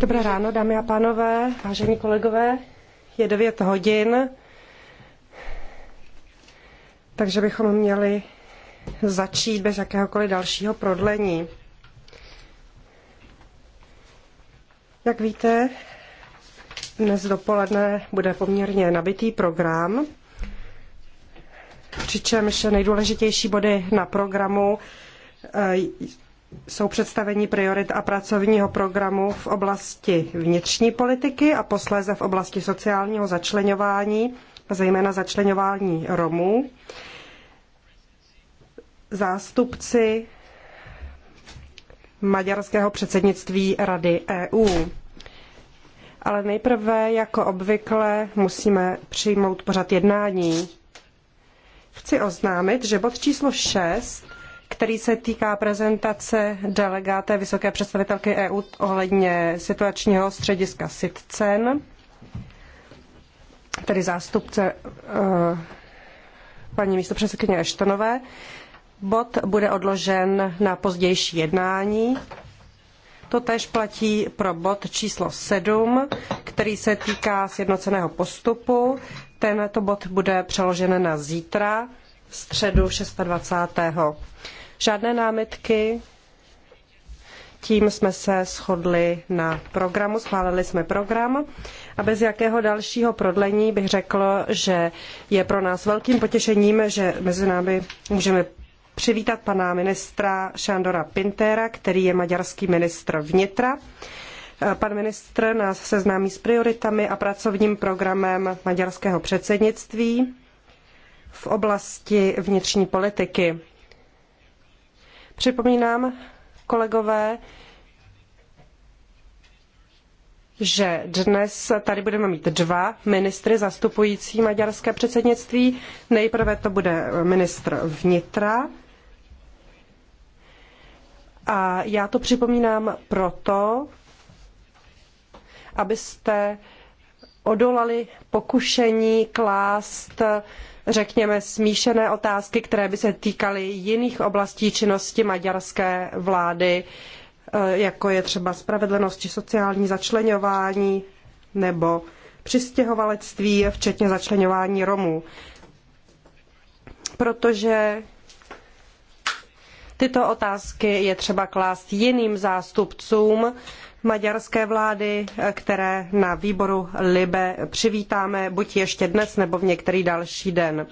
Dobré ráno, dámy a pánové, vážení kolegové. Je 9 hodin, takže bychom měli začít bez jakéhokoliv dalšího prodlení. Jak víte, dnes dopoledne bude poměrně nabitý program, přičemž nejdůležitější body na programu eh, jsou představení priorit a pracovního programu v oblasti vnitřní politiky a posléze v oblasti sociálního začlenování, zejména začlenování Romů. Zástupci maďarského předsednictví Rady EU. Ale nejprve, jako obvykle, musíme přijmout pořad jednání. Chci oznámit, že bod číslo 6 který se týká prezentace delegáta vysoké představitelky EU ohledně situačního střediska SITCEN, tedy zástupce uh, paní místopředsedkyně Eštonové. Bod bude odložen na pozdější jednání. To tež platí pro bod číslo 7, který se týká sjednoceného postupu. Tento bod bude přeložen na zítra, středu 26. Žádné námitky? Tím jsme se shodli na programu, schválili jsme program a bez jakého dalšího prodlení bych řekl, že je pro nás velkým potěšením, že mezi námi můžeme přivítat pana ministra Šandora Pintera, který je maďarský ministr vnitra. Pan ministr nás seznámí s prioritami a pracovním programem maďarského předsednictví v oblasti vnitřní politiky. Připomínám, kolegové, že dnes tady budeme mít dva ministry zastupující maďarské předsednictví. Nejprve to bude ministr vnitra. A já to připomínám proto, abyste odolali pokušení klást, řekněme, smíšené otázky, které by se týkaly jiných oblastí činnosti maďarské vlády, e, jako je třeba spravedlnost či sociální začlenování nebo přistěhovalectví, včetně začlenování Romů. Protože tyto otázky je třeba klást jiným zástupcům maďarské vlády, které na výboru Libe přivítáme buď ještě dnes nebo v některý další den.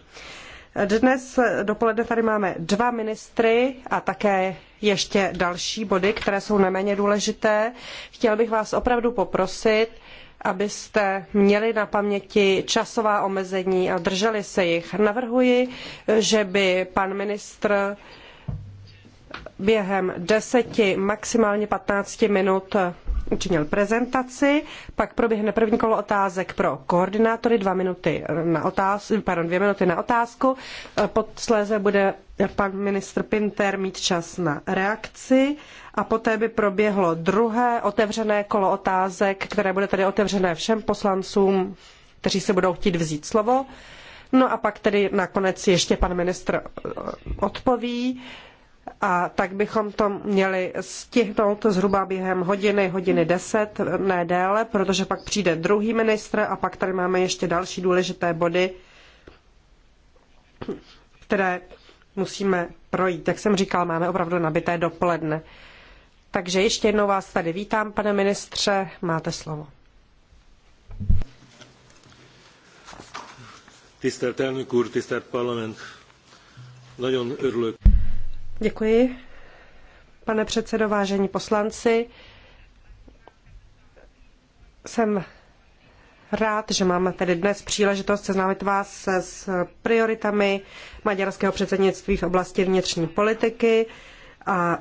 Dnes dopoledne tady máme dva ministry a také ještě další body, které jsou neméně důležité. Chtěl bych vás opravdu poprosit, abyste měli na paměti časová omezení a drželi se jich. Navrhuji, že by pan ministr během deseti, maximálně patnácti minut učinil prezentaci, pak proběhne první kolo otázek pro koordinátory, dva minuty na otáz, pardon, dvě minuty na otázku, e, posléze bude pan ministr Pinter mít čas na reakci a poté by proběhlo druhé otevřené kolo otázek, které bude tedy otevřené všem poslancům, kteří se budou chtít vzít slovo. No a pak tedy nakonec ještě pan ministr e, odpoví a tak bychom to měli stihnout zhruba během hodiny, hodiny deset, ne déle, protože pak přijde druhý ministr a pak tady máme ještě další důležité body, které musíme projít. Jak jsem říkal, máme opravdu nabité dopoledne. Takže ještě jednou vás tady vítám, pane ministře, máte slovo. Tisztelt elnök úr, tisztelt parlament! Nagyon örülök. Děkuji. Pane předsedo, vážení poslanci, jsem rád, že mám tedy dnes příležitost seznámit vás s prioritami maďarského předsednictví v oblasti vnitřní politiky a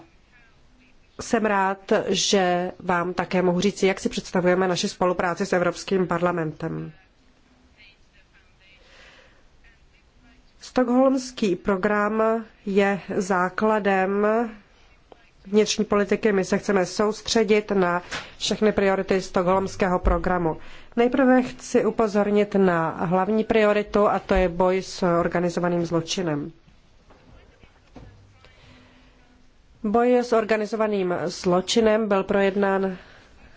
jsem rád, že vám také mohu říct, jak si představujeme naši spolupráci s Evropským parlamentem. Stockholmský program je základem vnitřní politiky. My se chceme soustředit na všechny priority Stockholmského programu. Nejprve chci upozornit na hlavní prioritu a to je boj s organizovaným zločinem. Boj s organizovaným zločinem byl projednán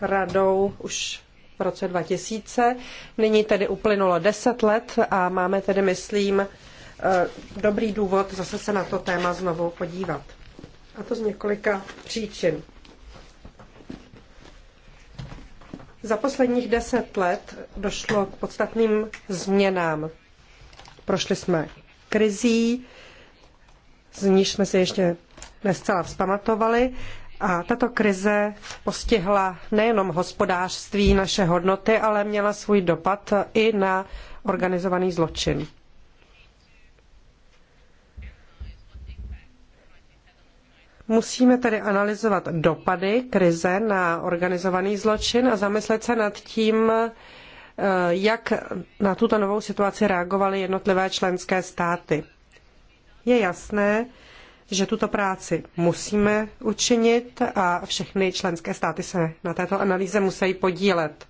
radou už v roce 2000. Nyní tedy uplynulo 10 let a máme tedy, myslím, Eh, dobrý důvod zase se na to téma znovu podívat. A to z několika příčin. Za posledních deset let došlo k podstatným změnám. Prošli jsme krizí, z níž jsme se ještě nescela vzpamatovali, a tato krize postihla nejenom hospodářství, naše hodnoty, ale měla svůj dopad i na organizovaný zločin. Musíme tedy analyzovat dopady krize na organizovaný zločin a zamyslet se nad tím, eh, jak na tuto novou situaci reagovaly jednotlivé členské státy. Je jasné, že tuto práci musíme učinit a všechny členské státy se na této analýze musí podílet.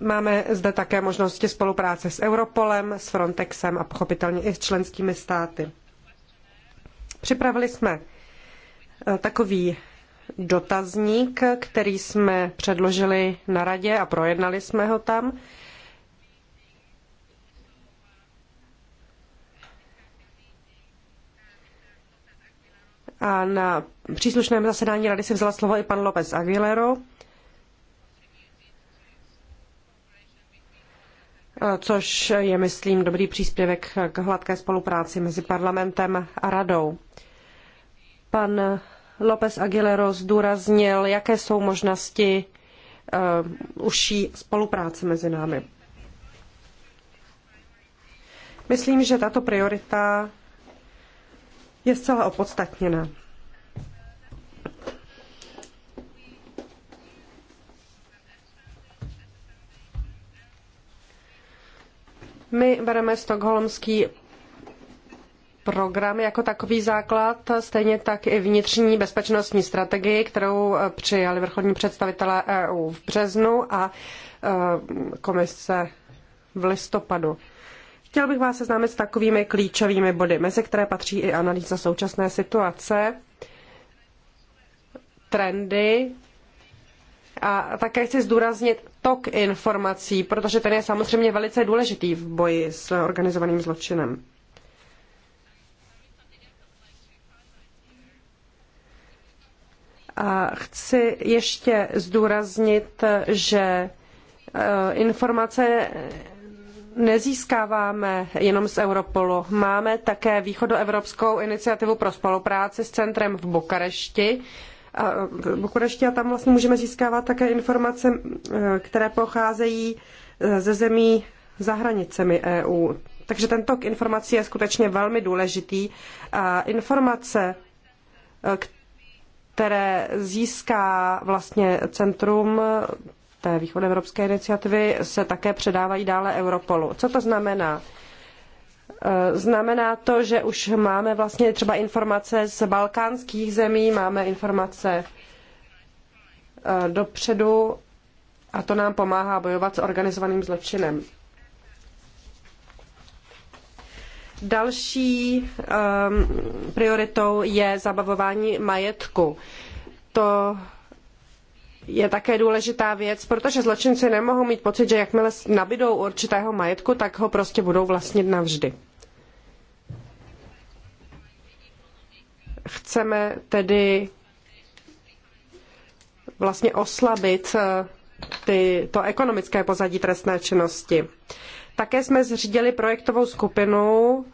Máme zde také možnosti spolupráce s Europolem, s Frontexem a pochopitelně i s členskými státy. Připravili jsme Eh, takový dotazník, který jsme předložili na radě a projednali jsme ho tam. A na příslušném zasedání rady si vzala slovo i pan López Aguilero, eh, což je, myslím, dobrý příspěvek k hladké spolupráci mezi parlamentem a radou. Pan López Aguilero zdůraznil, jaké jsou možnosti uh, užší spolupráce mezi námi. Myslím, že tato priorita je zcela opodstatněná. My bereme stokholmský program jako takový základ, stejně tak i vnitřní bezpečnostní strategii, kterou eh, přijali vrcholní představitelé EU v březnu a eh, komise v listopadu. Chtěl bych vás seznámit s takovými klíčovými body, mezi které patří i analýza současné situace, trendy a také chci zdůraznit tok informací, protože ten je samozřejmě velice důležitý v boji s organizovaným zločinem. A chci ještě zdůraznit, že eh, informace nezískáváme jenom z Europolu. Máme také východoevropskou iniciativu pro spolupráci s centrem v Bukarešti. A, v Bukarešti a tam vlastně můžeme získávat také informace, eh, které pocházejí eh, ze zemí za hranicemi EU. Takže ten tok informací je skutečně velmi důležitý a informace, které které získá vlastně centrum té východoevropské iniciativy, se také předávají dále Europolu. Co to znamená? E, znamená to, že už máme vlastně třeba informace z balkánských zemí, máme informace e, dopředu a to nám pomáhá bojovat s organizovaným zločinem. Další um, prioritou je zabavování majetku. To je také důležitá věc, protože zločinci nemohou mít pocit, že jakmile nabidou určitého majetku, tak ho prostě budou vlastnit navždy. Chceme tedy vlastně oslabit eh, ty, to ekonomické pozadí trestné činnosti. Také jsme zřídili projektovou skupinu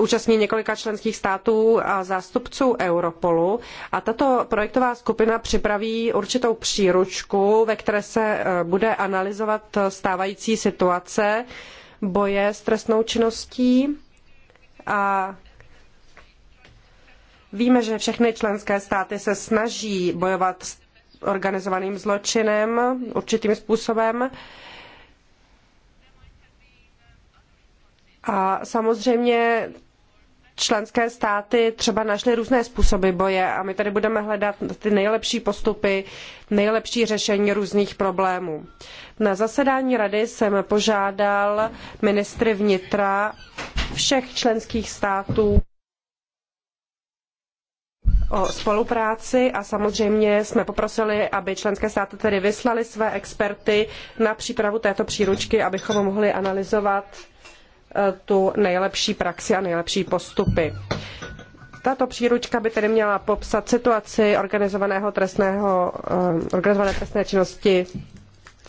účastní několika členských států a zástupců Europolu. A tato projektová skupina připraví určitou příručku, ve které se eh, bude analyzovat stávající situace boje s trestnou činností a Víme, že všechny členské státy se snaží bojovat s organizovaným zločinem určitým způsobem A samozřejmě členské státy třeba našly různé způsoby boje a my tady budeme hledat ty nejlepší postupy, nejlepší řešení různých problémů. Na zasedání rady jsem požádal ministry vnitra všech členských států o spolupráci a samozřejmě jsme poprosili, aby členské státy tedy vyslali své experty na přípravu této příručky, abychom mohli analyzovat Eh, tu nejlepší praxi a nejlepší postupy. Tato příručka by tedy měla popsat situaci organizovaného trestného, eh, organizované trestné činnosti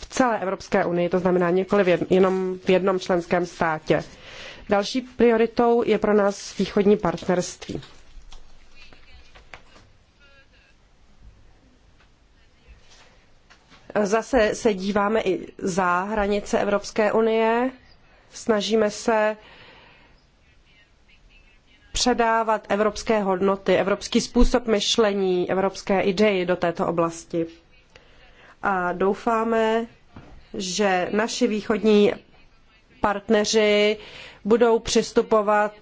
v celé Evropské unii, to znamená nikoli v jed, jenom v jednom členském státě. Další prioritou je pro nás východní partnerství. Zase se díváme i za hranice Evropské unie Snažíme se předávat evropské hodnoty, evropský způsob myšlení, evropské ideje do této oblasti. A doufáme, že naši východní partneři budou přistupovat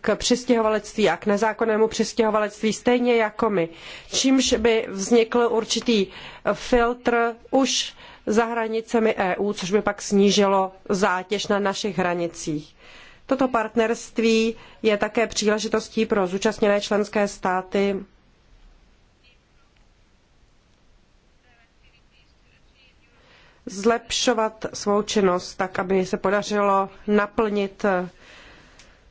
k přistěhovalectví a k nezákonnému přistěhovalectví stejně jako my, čímž by vznikl určitý filtr už za hranicemi EU, což by pak snížilo zátěž na našich hranicích. Toto partnerství je také příležitostí pro zúčastněné členské státy zlepšovat svou činnost tak, aby se podařilo naplnit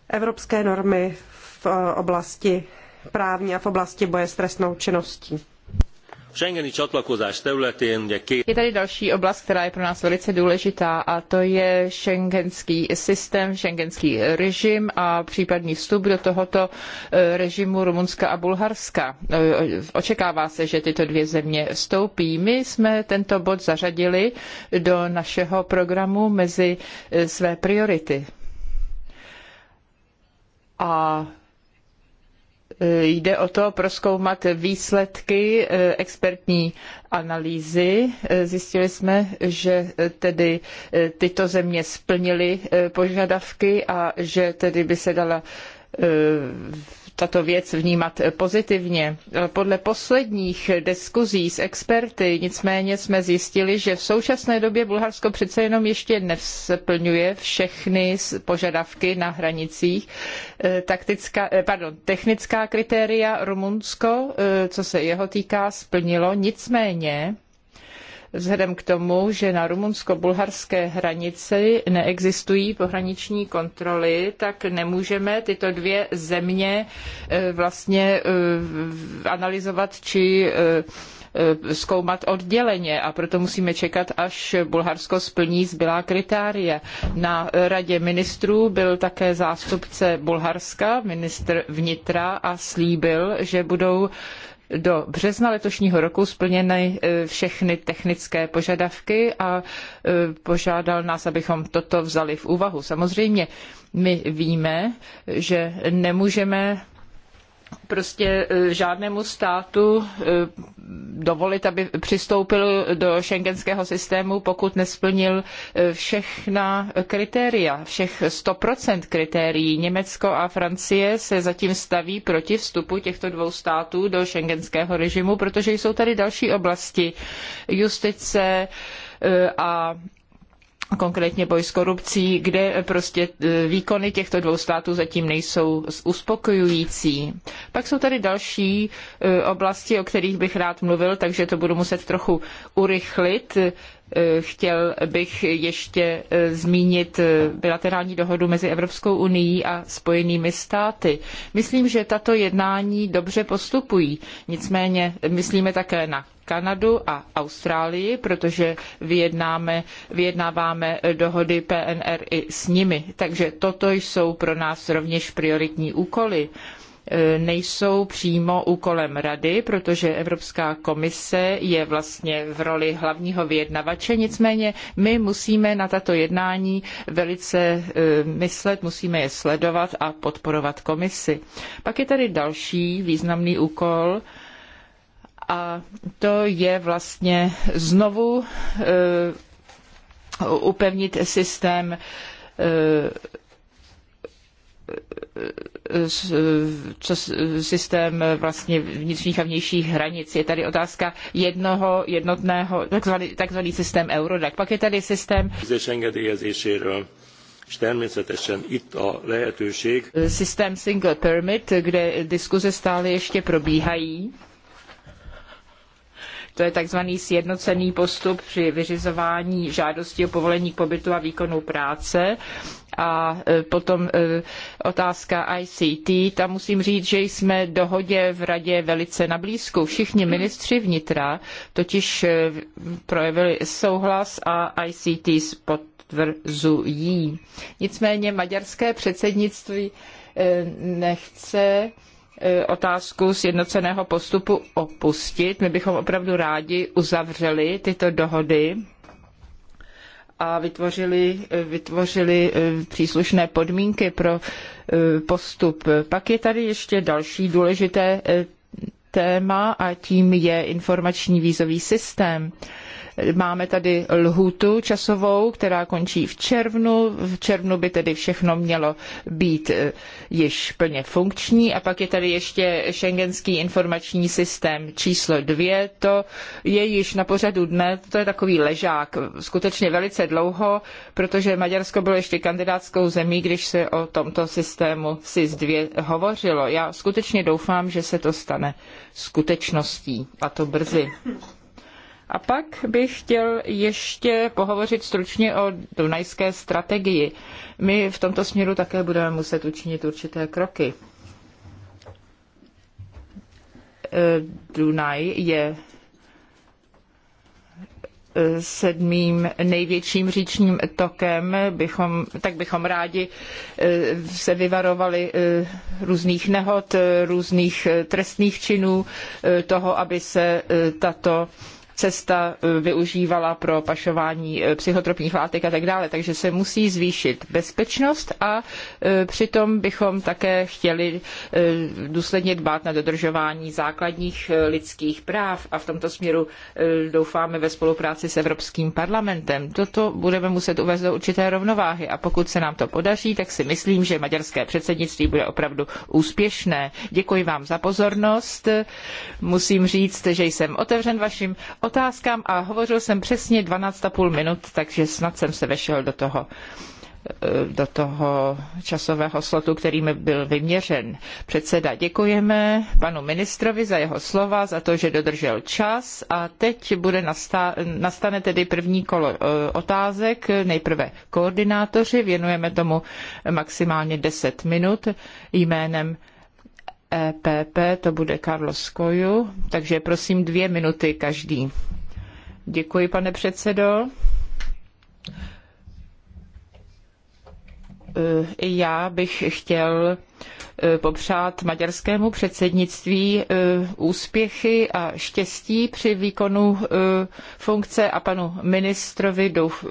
evropské normy v oblasti právní a v oblasti boje s trestnou činností. Je tady další oblast, která je pro nás velice důležitá a to je šengenský systém, šengenský režim a případný vstup do tohoto eh, režimu Rumunska a Bulharska. Eh, očekává se, že tyto dvě země vstoupí. My jsme tento bod zařadili do našeho programu mezi eh, své priority. A Jde o to prozkoumat výsledky eh, expertní analýzy. Eh, zjistili jsme, že eh, tedy tyto země splnily požadavky a že tedy by se dala tato věc vnímat pozitivně. Podle posledních diskuzí s experty nicméně jsme zjistili, že v současné době Bulharsko přece jenom ještě nesplňuje všechny požadavky na hranicích. Eh, taktická, eh, pardon, technická kritéria Rumunsko, eh, co se jeho týká, splnilo. Nicméně vzhledem k tomu, že na rumunsko-bulharské hranici neexistují pohraniční kontroly, tak nemůžeme tyto dvě země e, vlastně e, analyzovat či e, zkoumat odděleně a proto musíme čekat, až Bulharsko splní zbylá kritéria. Na radě ministrů byl také zástupce Bulharska, ministr vnitra a slíbil, že budou do března letošního roku splněny e, všechny technické požadavky a e, požádal nás, abychom toto vzali v úvahu. Samozřejmě my víme, že nemůžeme prostě e, žádnému státu e, dovolit, aby přistoupil do šengenského systému, pokud nesplnil e, všechna kritéria, všech 100% kritérií. Německo a Francie se zatím staví proti vstupu těchto dvou států do šengenského režimu, protože jsou tady další oblasti justice a konkrétně boj s korupcí, kde prostě e, výkony těchto dvou států zatím nejsou uspokojující. Pak jsou tady další e, oblasti, o kterých bych rád mluvil, takže to budu muset trochu urychlit. Chtěl bych ještě eh, zmínit eh, bilaterální dohodu mezi Evropskou unií a Spojenými státy. Myslím, že tato jednání dobře postupují. Nicméně myslíme také na Kanadu a Austrálii, protože vyjednáme, vyjednáváme dohody PNR i s nimi. Takže toto jsou pro nás rovněž prioritní úkoly. E, nejsou přímo úkolem rady, protože Evropská komise je vlastně v roli hlavního vyjednavače, nicméně my musíme na tato jednání velice e, myslet, musíme je sledovat a podporovat komisi. Pak je tady další významný úkol, a to je vlastně znovu e, upevnit systém systém vlastně vnitřních a vnějších hranic. Je tady otázka jednoho jednotného, takzvaný, takzvaný systém Eurodac. Pak je tady systém Systém single permit, kde diskuze stále ještě probíhají. To je takzvaný sjednocený postup při vyřizování žádosti o povolení k pobytu a výkonu práce. A e, potom e, otázka ICT. Tam musím říct, že jsme dohodě v radě velice nablízku. Všichni ministři vnitra totiž e, projevili souhlas a ICT potvrzují. Nicméně maďarské předsednictví nechce Eh, otázku sjednoceného postupu opustit. My bychom opravdu rádi uzavřeli tyto dohody a vytvořili, eh, vytvořili eh, příslušné podmínky pro postup. Pak je tady ještě další důležité téma a tím je informační vízový systém. Máme tady lhůtu časovou, která končí v červnu. V červnu by tedy všechno mělo být eh, již plně funkční. A pak je tady ještě šengenský informační systém číslo dvě. To je již na pořadu dne, to je takový ležák skutečně velice dlouho, protože Maďarsko bylo ještě kandidátskou zemí, když se o tomto systému SIS-2 hovořilo. Já skutečně doufám, že se to stane skutečností a to brzy. A pak bych chtěl ještě pohovořit stručně o dunajské strategii. My v tomto směru také budeme muset učinit určité kroky. E, Dunaj je e, sedmým největším říčním tokem, bychom, tak bychom rádi e, se vyvarovali různých nehod, různých trestných činů, toho, aby se tato cesta eh, využívala pro pašování eh, psychotropních látek a tak dále. Takže se musí zvýšit bezpečnost a eh, přitom bychom také chtěli důsledně dbát na dodržování základních lidských práv a v tomto směru doufáme ve spolupráci s Evropským parlamentem. Toto budeme muset uvést do určité rovnováhy a pokud se nám to podaří, tak si myslím, že maďarské předsednictví bude opravdu úspěšné. Děkuji vám za pozornost. Musím říct, že jsem otevřen vašim otázkám a hovořil jsem přesně 12,5 minut, takže snad jsem se vešel do toho eh, do toho časového slotu, který mi byl vyměřen. Předseda, děkujeme panu ministrovi za jeho slova, za to, že dodržel čas a teď bude nastá, nastane tedy první kolo eh, otázek. Nejprve koordinátoři, věnujeme tomu maximálně 10 minut jménem EPP, to bude Carlos Koju, takže prosím dvě minuty každý. Děkuji, pane předsedo. E, já bych chtěl Eh, popřát maďarskému předsednictví eh, úspěchy a štěstí při výkonu eh, funkce a panu ministrovi douf,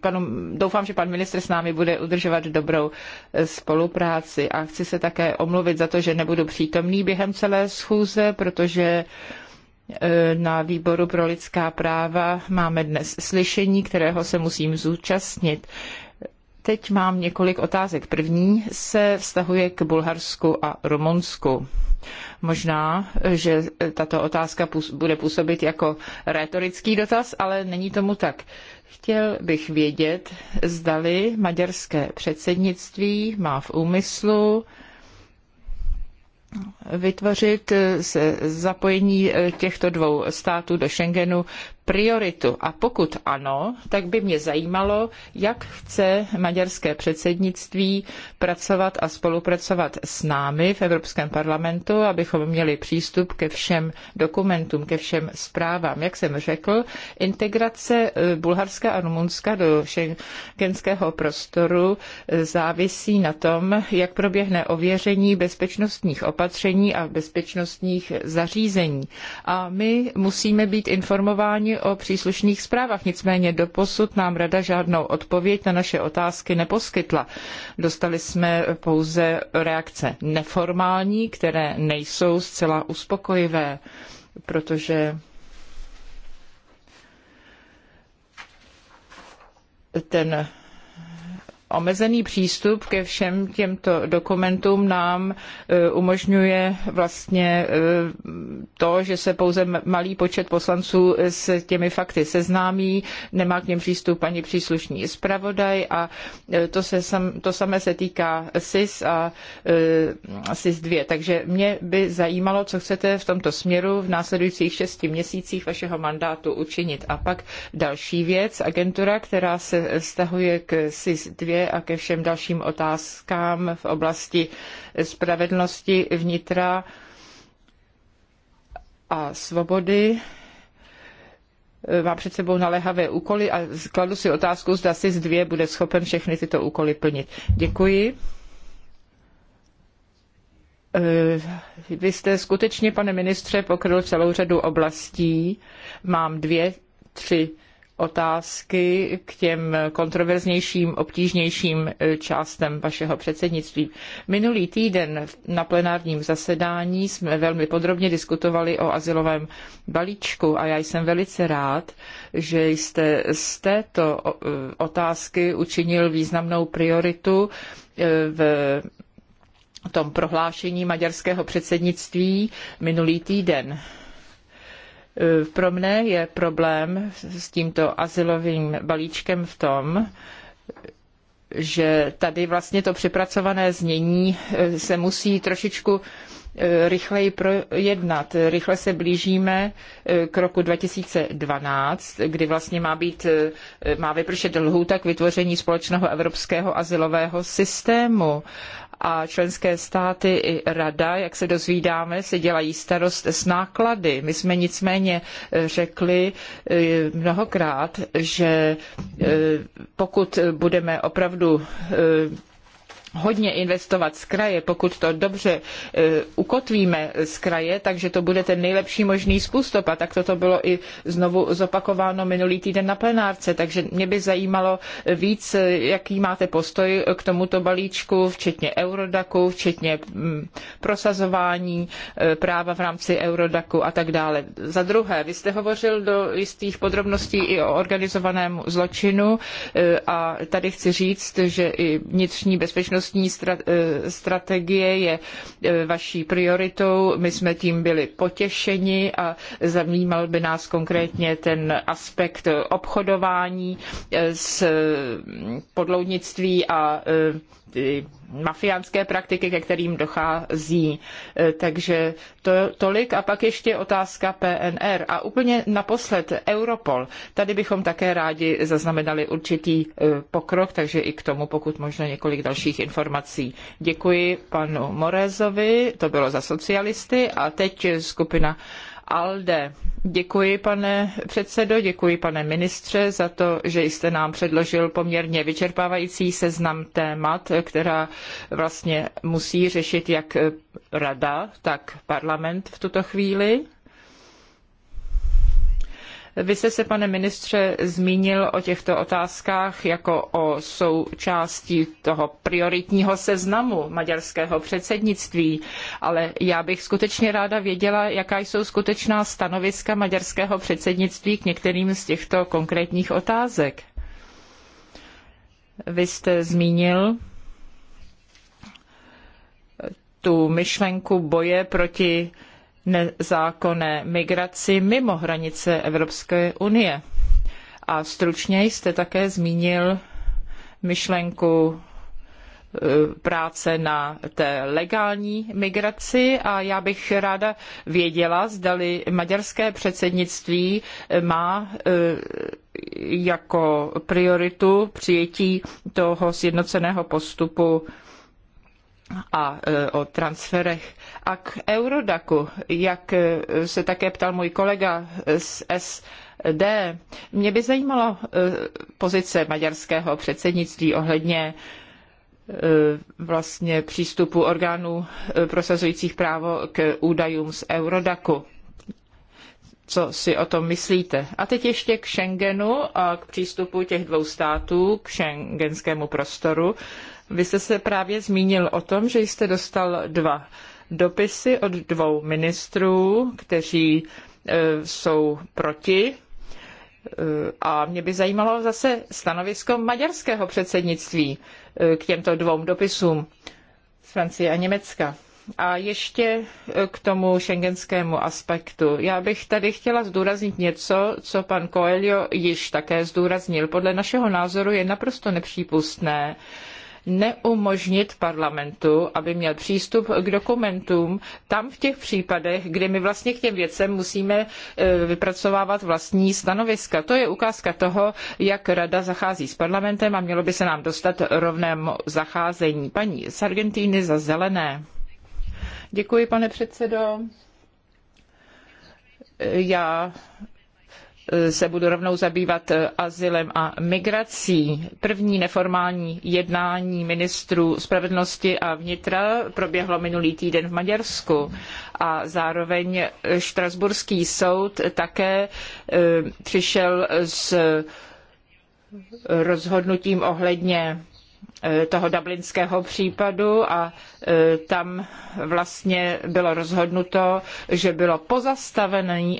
panu, doufám, že pan ministr s námi bude udržovat dobrou spolupráci a chci se také omluvit za to, že nebudu přítomný během celé schůze, protože na výboru pro lidská práva máme dnes slyšení, kterého se musím zúčastnit. Teď mám několik otázek. První se vztahuje k Bulharsku a Rumunsku. Možná, že tato otázka bude působit jako rétorický dotaz, ale není tomu tak. Chtěl bych vědět, zdali maďarské předsednictví má v úmyslu vytvořit se zapojení těchto dvou států do Schengenu prioritu? A pokud ano, tak by mě zajímalo, jak chce maďarské předsednictví pracovat a spolupracovat s námi v Evropském parlamentu, abychom měli přístup ke všem dokumentům, ke všem zprávám. Jak jsem řekl, integrace eh, Bulharska a Rumunska do šengenského prostoru eh, závisí na tom, jak proběhne ověření bezpečnostních opatření a bezpečnostních zařízení. A my musíme být informováni o příslušných zprávách. Nicméně doposud nám rada žádnou odpověď na naše otázky neposkytla. Dostali jsme pouze reakce neformální, které nejsou zcela uspokojivé, protože ten omezený přístup ke všem těmto dokumentům nám e, umožňuje vlastně e, to, že se pouze malý počet poslanců s těmi fakty seznámí, nemá k něm přístup ani příslušný zpravodaj a e, to, se sam, to samé se týká SIS a SIS 2. Takže mě by zajímalo, co chcete v tomto směru v následujících šesti měsících vašeho mandátu učinit. A pak další věc, agentura, která se vztahuje k SIS 2, rozvoje a ke všem dalším otázkám v oblasti spravedlnosti vnitra a svobody má před sebou naléhavé úkoly a kladu si otázku, zda SIS dvě bude schopen všechny tyto úkoly plnit. Děkuji. Eh, vy jste skutečně, pane ministře, pokryl celou řadu oblastí. Mám dvě, tři otázky k těm kontroverznějším, obtížnějším eh, částem vašeho předsednictví. Minulý týden na plenárním zasedání jsme velmi podrobně diskutovali o asilovém balíčku a já jsem velice rád, že jste z této eh, otázky učinil významnou prioritu eh, v tom prohlášení maďarského předsednictví minulý týden. Eh, pro mne je problém s tímto asilovým balíčkem v tom, že tady vlastně to přepracované znění eh, se musí trošičku eh, rychleji projednat. Rychle se blížíme k roku 2012, kdy vlastně má, být, má vypršet lhůta k vytvoření společného evropského asilového systému a členské státy i rada, jak se dozvídáme, si dělají starost s náklady. My jsme nicméně eh, řekli eh, mnohokrát, že eh, pokud budeme opravdu hodně investovat z kraje, pokud to dobře e, ukotvíme z kraje, takže to bude ten nejlepší možný způsob. A tak to bylo i znovu zopakováno minulý týden na plenárce. Takže mě by zajímalo víc, e, jaký máte postoj k tomuto balíčku, včetně Eurodaku, včetně mm, prosazování e, práva v rámci Eurodaku a tak dále. Za druhé, vy jste hovořil do jistých podrobností i o organizovaném zločinu a tady chci říct, že i vnitřní bezpečnost bezpečnostní eh, strategie je eh, vaší prioritou. My jsme tím byli potěšeni a zajímal by nás konkrétně ten aspekt obchodování eh, s mm, podloudnictví a ty mafiánské praktiky, ke kterým dochází. E, takže to, tolik. A pak ještě otázka PNR. A úplně naposled Europol. Tady bychom také rádi zaznamenali určitý e, pokrok, takže i k tomu pokud možno několik dalších informací. Děkuji panu Morézovi, to bylo za socialisty. A teď skupina ALDE. Děkuji, pane předsedo, děkuji, pane ministře, za to, že jste nám předložil poměrně vyčerpávající seznam témat, která vlastně musí řešit jak rada, tak parlament v tuto chvíli. Vy jste se, pane ministře, zmínil o těchto otázkách jako o součástí toho prioritního seznamu maďarského předsednictví, ale já bych skutečně ráda věděla, jaká jsou skutečná stanoviska maďarského předsednictví k některým z těchto konkrétních otázek. Vy jste zmínil tu myšlenku boje proti nezákonné migraci mimo hranice Evropské unie. A stručně jste také zmínil myšlenku e, práce na té legální migraci a já bych ráda věděla, zdali maďarské předsednictví má e, jako prioritu přijetí toho sjednoceného postupu a e, o transferech. A k Eurodaku, jak e, se také ptal můj kolega z SD, mě by zajímalo e, pozice maďarského předsednictví ohledně vlastně přístupu orgánů prosazujících právo k údajům z Eurodaku. Co si o tom myslíte? A teď ještě k Schengenu a k přístupu těch dvou států k šengenskému prostoru. Vy jste se právě zmínil o tom, že jste dostal dva dopisy od dvou ministrů, kteří e, jsou proti e, a mě by zajímalo zase stanovisko maďarského předsednictví e, k těmto dvou dopisům z Francie a Německa. A ještě k tomu šengenskému aspektu. Já bych tady chtěla zdůraznit něco, co pan Coelho již také zdůraznil. Podle našeho názoru je naprosto nepřípustné, neumožnit parlamentu, aby měl přístup k dokumentům tam v těch případech, kdy my vlastně k těm věcem musíme e, vypracovávat vlastní stanoviska. To je ukázka toho, jak rada zachází s parlamentem a mělo by se nám dostat rovnému zacházení. Paní z Argentíny za zelené. Děkuji, pane předsedo. Já se budu rovnou zabývat eh, azylem a migrací. První neformální jednání ministrů spravedlnosti a vnitra proběhlo minulý týden v Maďarsku a zároveň Štrasburský soud také eh, přišel s rozhodnutím ohledně Eh, toho dublinského případu a eh, tam vlastně bylo rozhodnuto, že, bylo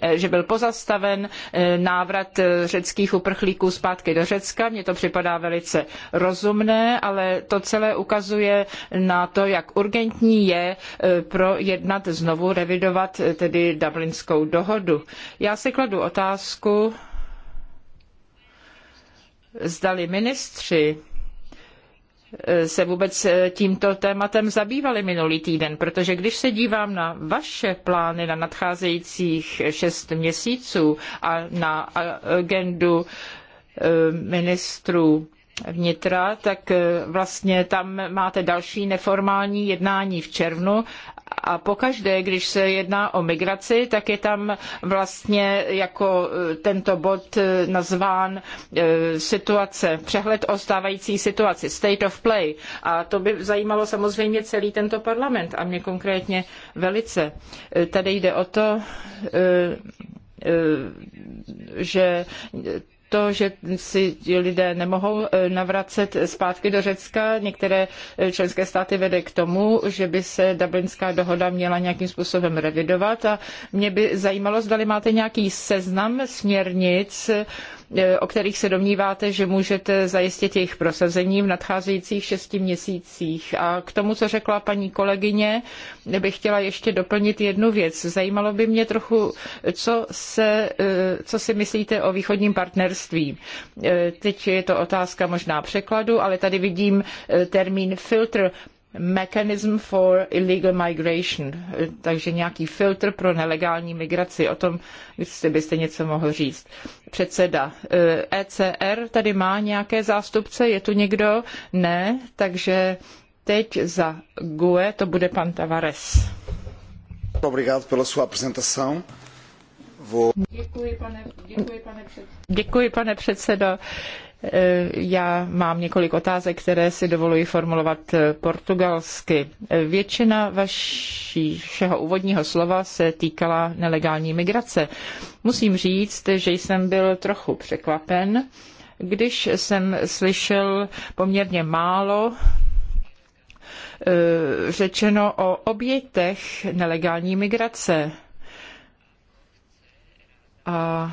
eh, že byl pozastaven návrat řeckých uprchlíků zpátky do Řecka. Mně to připadá velice rozumné, ale to celé ukazuje na to, jak urgentní je projednat znovu, revidovat tedy dublinskou dohodu. Já si kladu otázku, zdali ministři Eh, se vůbec eh, tímto tématem zabývali minulý týden, protože když se dívám na vaše plány na nadcházejících šest měsíců a na agendu eh, ministrů vnitra, tak vlastně tam máte další neformální jednání v červnu a pokaždé, když se jedná o migraci, tak je tam vlastně jako e, tento bod e, nazván e, situace, přehled o stávající situaci, state of play. A to by zajímalo samozřejmě celý tento parlament a mě konkrétně velice. Tady jde o to, že to, že si lidé nemohou eh, navracet zpátky do Řecka. Některé eh, členské státy vede k tomu, že by se Dublinská dohoda měla nějakým způsobem revidovat. A mě by zajímalo, zdali máte nějaký seznam směrnic, Eh, o kterých se domníváte, že můžete zajistit jejich prosazení v nadcházejících šesti měsících. A k tomu, co řekla paní kolegyně, bych chtěla ještě doplnit jednu věc. Zajímalo by mě trochu, co, se, eh, co si myslíte o východním partnerství. Eh, teď je to otázka možná překladu, ale tady vidím termín filtr Mechanism for Illegal Migration, takže nějaký filtr pro nelegální migraci. O tom jestli byste něco mohl říct. Předseda ECR eh, e tady má nějaké zástupce, je tu někdo? Ne, takže teď za GUE to bude pan Tavares. Obrigado pela sua apresentação. Děkuji, pane, děkuji, pane, před... děkuji, pane předsedo. Eh, já mám několik otázek, které si dovoluji formulovat eh, portugalsky. Eh, většina vašeho úvodního slova se týkala nelegální migrace. Musím říct, že jsem byl trochu překvapen, když jsem slyšel poměrně málo řečeno o obětech nelegální migrace. A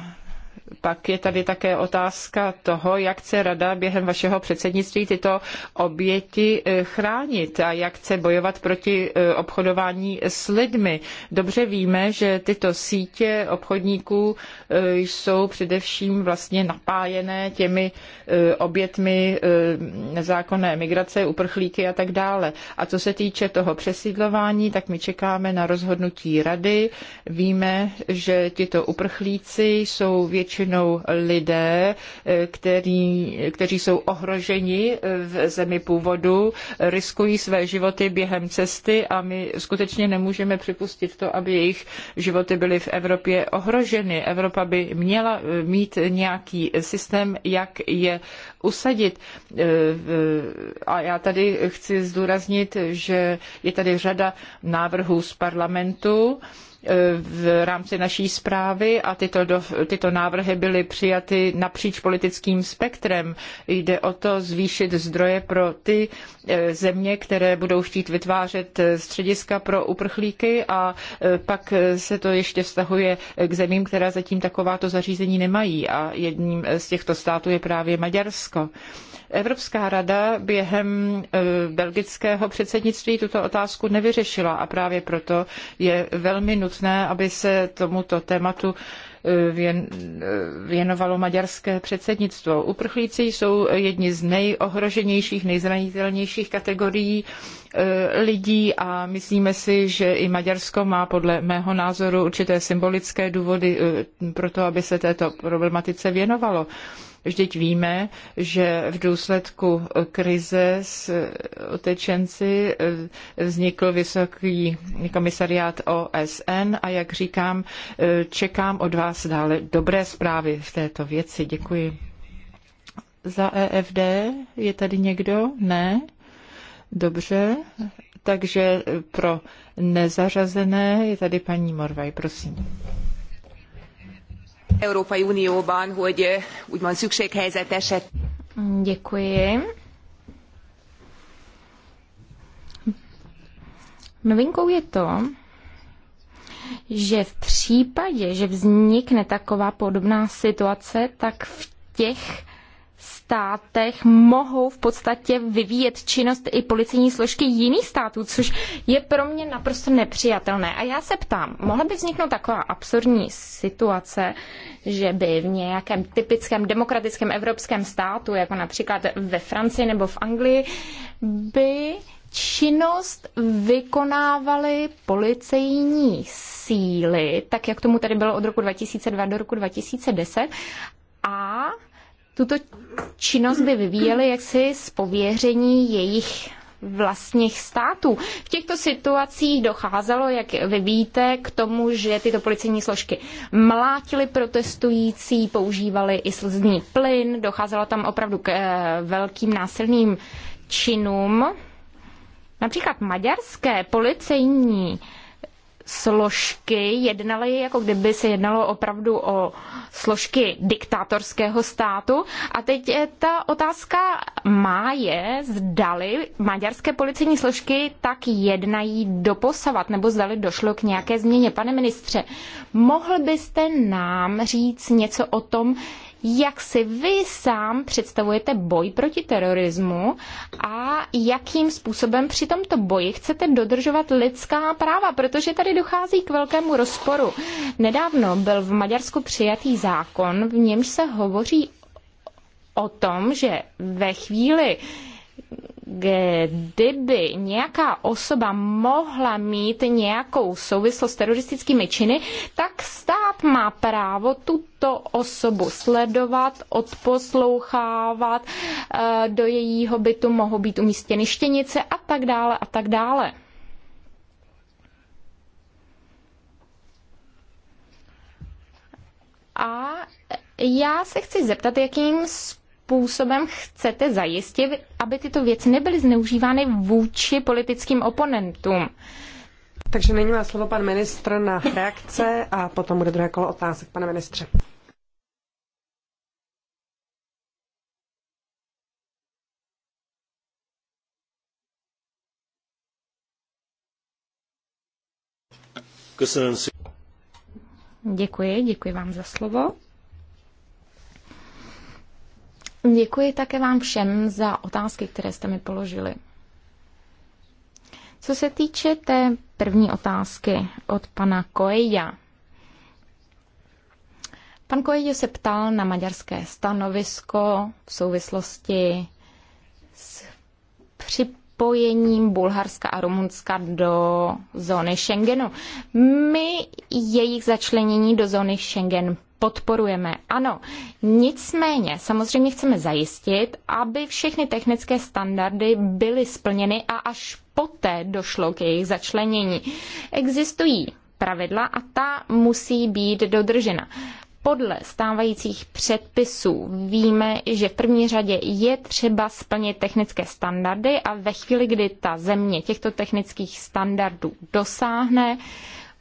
pak je tady také otázka toho, jak chce rada během vašeho předsednictví tyto oběti eh, chránit a jak chce bojovat proti eh, obchodování s lidmi. Dobře víme, že tyto sítě obchodníků eh, jsou především vlastně napájené těmi obětmi nezákonné migrace, uprchlíky a tak dále. A co se týče toho přesídlování, tak my čekáme na rozhodnutí rady. Víme, že tito uprchlíci jsou většinou většinou lidé, eh, který, kteří jsou ohroženi eh, v zemi původu, riskují své životy během cesty a my skutečně nemůžeme připustit to, aby jejich životy byly v Evropě ohroženy. Evropa by měla eh, mít nějaký systém, jak je usadit. A já tady chci zdůraznit, že je tady řada návrhů z parlamentu, v rámci naší zprávy a tyto, do, tyto návrhy byly přijaty napříč politickým spektrem. Jde o to zvýšit zdroje pro ty eh, země, které budou chtít vytvářet eh, střediska pro uprchlíky a eh, pak se to ještě vztahuje k zemím, které zatím takováto zařízení nemají a jedním z těchto států je právě Maďarsko. Evropská rada během eh, belgického předsednictví tuto otázku nevyřešila a právě proto je velmi nutné, aby se tomuto tématu eh, eh, věnovalo maďarské předsednictvo. Uprchlíci jsou jedni z nejohroženějších, nejzranitelnějších kategorií lidí a myslíme si, že i Maďarsko má podle mého názoru určité symbolické důvody pro to, aby se této problematice věnovalo. Vždyť víme, že v důsledku krize s utečenci eh, vznikl vysoký komisariát OSN a jak říkám, eh, čekám od vás dále dobré zprávy v této věci. Děkuji. Za EFD je tady někdo? Ne? Dobře, takže pro nezařazené je tady paní Morvaj, prosím. Európai Unióban, hogy eh, úgymond szükséghelyzet eset. Novinkou je to, že v případě, že vznikne taková podobná situace, tak v těch státech mohou v podstatě vyvíjet činnost i policejní složky jiných států, což je pro mě naprosto nepřijatelné. A já se ptám, mohla by vzniknout taková absurdní situace, že by v nějakém typickém demokratickém evropském státu, jako například ve Francii nebo v Anglii, by činnost vykonávaly policejní síly, tak jak tomu tady bylo od roku 2002 do roku 2010, a tuto činnost by vyvíjeli jaksi z pověření jejich vlastních států. V těchto situacích docházelo, jak vy víte, k tomu, že tyto policejní složky mlátily protestující, používali i slzný plyn, docházelo tam opravdu k eh, velkým násilným činům. Například maďarské policejní složky jednaly, jako kdyby se jednalo opravdu o složky diktátorského státu. A teď ta otázka má je, zdali maďarské policejní složky tak jednají doposavat, nebo zdali došlo k nějaké změně. Pane ministře, mohl byste nám říct něco o tom, jak si vy sám představujete boj proti terorismu a jakým způsobem při tomto boji chcete dodržovat lidská práva, protože tady dochází k velkému rozporu. Nedávno byl v Maďarsku přijatý zákon, v němž se hovoří o tom, že ve chvíli, kdyby nějaká osoba mohla mít nějakou souvislost s teroristickými činy, tak stát má právo tuto osobu sledovat, odposlouchávat, eh, do jejího bytu mohou být umístěny štěnice a tak dále a tak dále. A já se chci zeptat, jakým způsobem způsobem chcete zajistit, aby tyto věci nebyly zneužívány vůči politickým oponentům? Takže nyní má slovo pan ministr na reakce a potom bude druhé kolo otázek, pane ministře. Děkuji, děkuji vám za slovo. Děkuji také vám všem za otázky, které jste mi položili. Co se týče té první otázky od pana Koeja, pan Koeja se ptal na maďarské stanovisko v souvislosti s připojením Bulharska a Rumunska do zóny Schengenu. My jejich začlenění do zóny Schengen podporujeme. Ano, nicméně samozřejmě chceme zajistit, aby všechny technické standardy byly splněny a až poté došlo k jejich začlenění. Existují pravidla a ta musí být dodržena. Podle stávajících předpisů víme, že v první řadě je třeba splnit technické standardy a ve chvíli, kdy ta země těchto technických standardů dosáhne,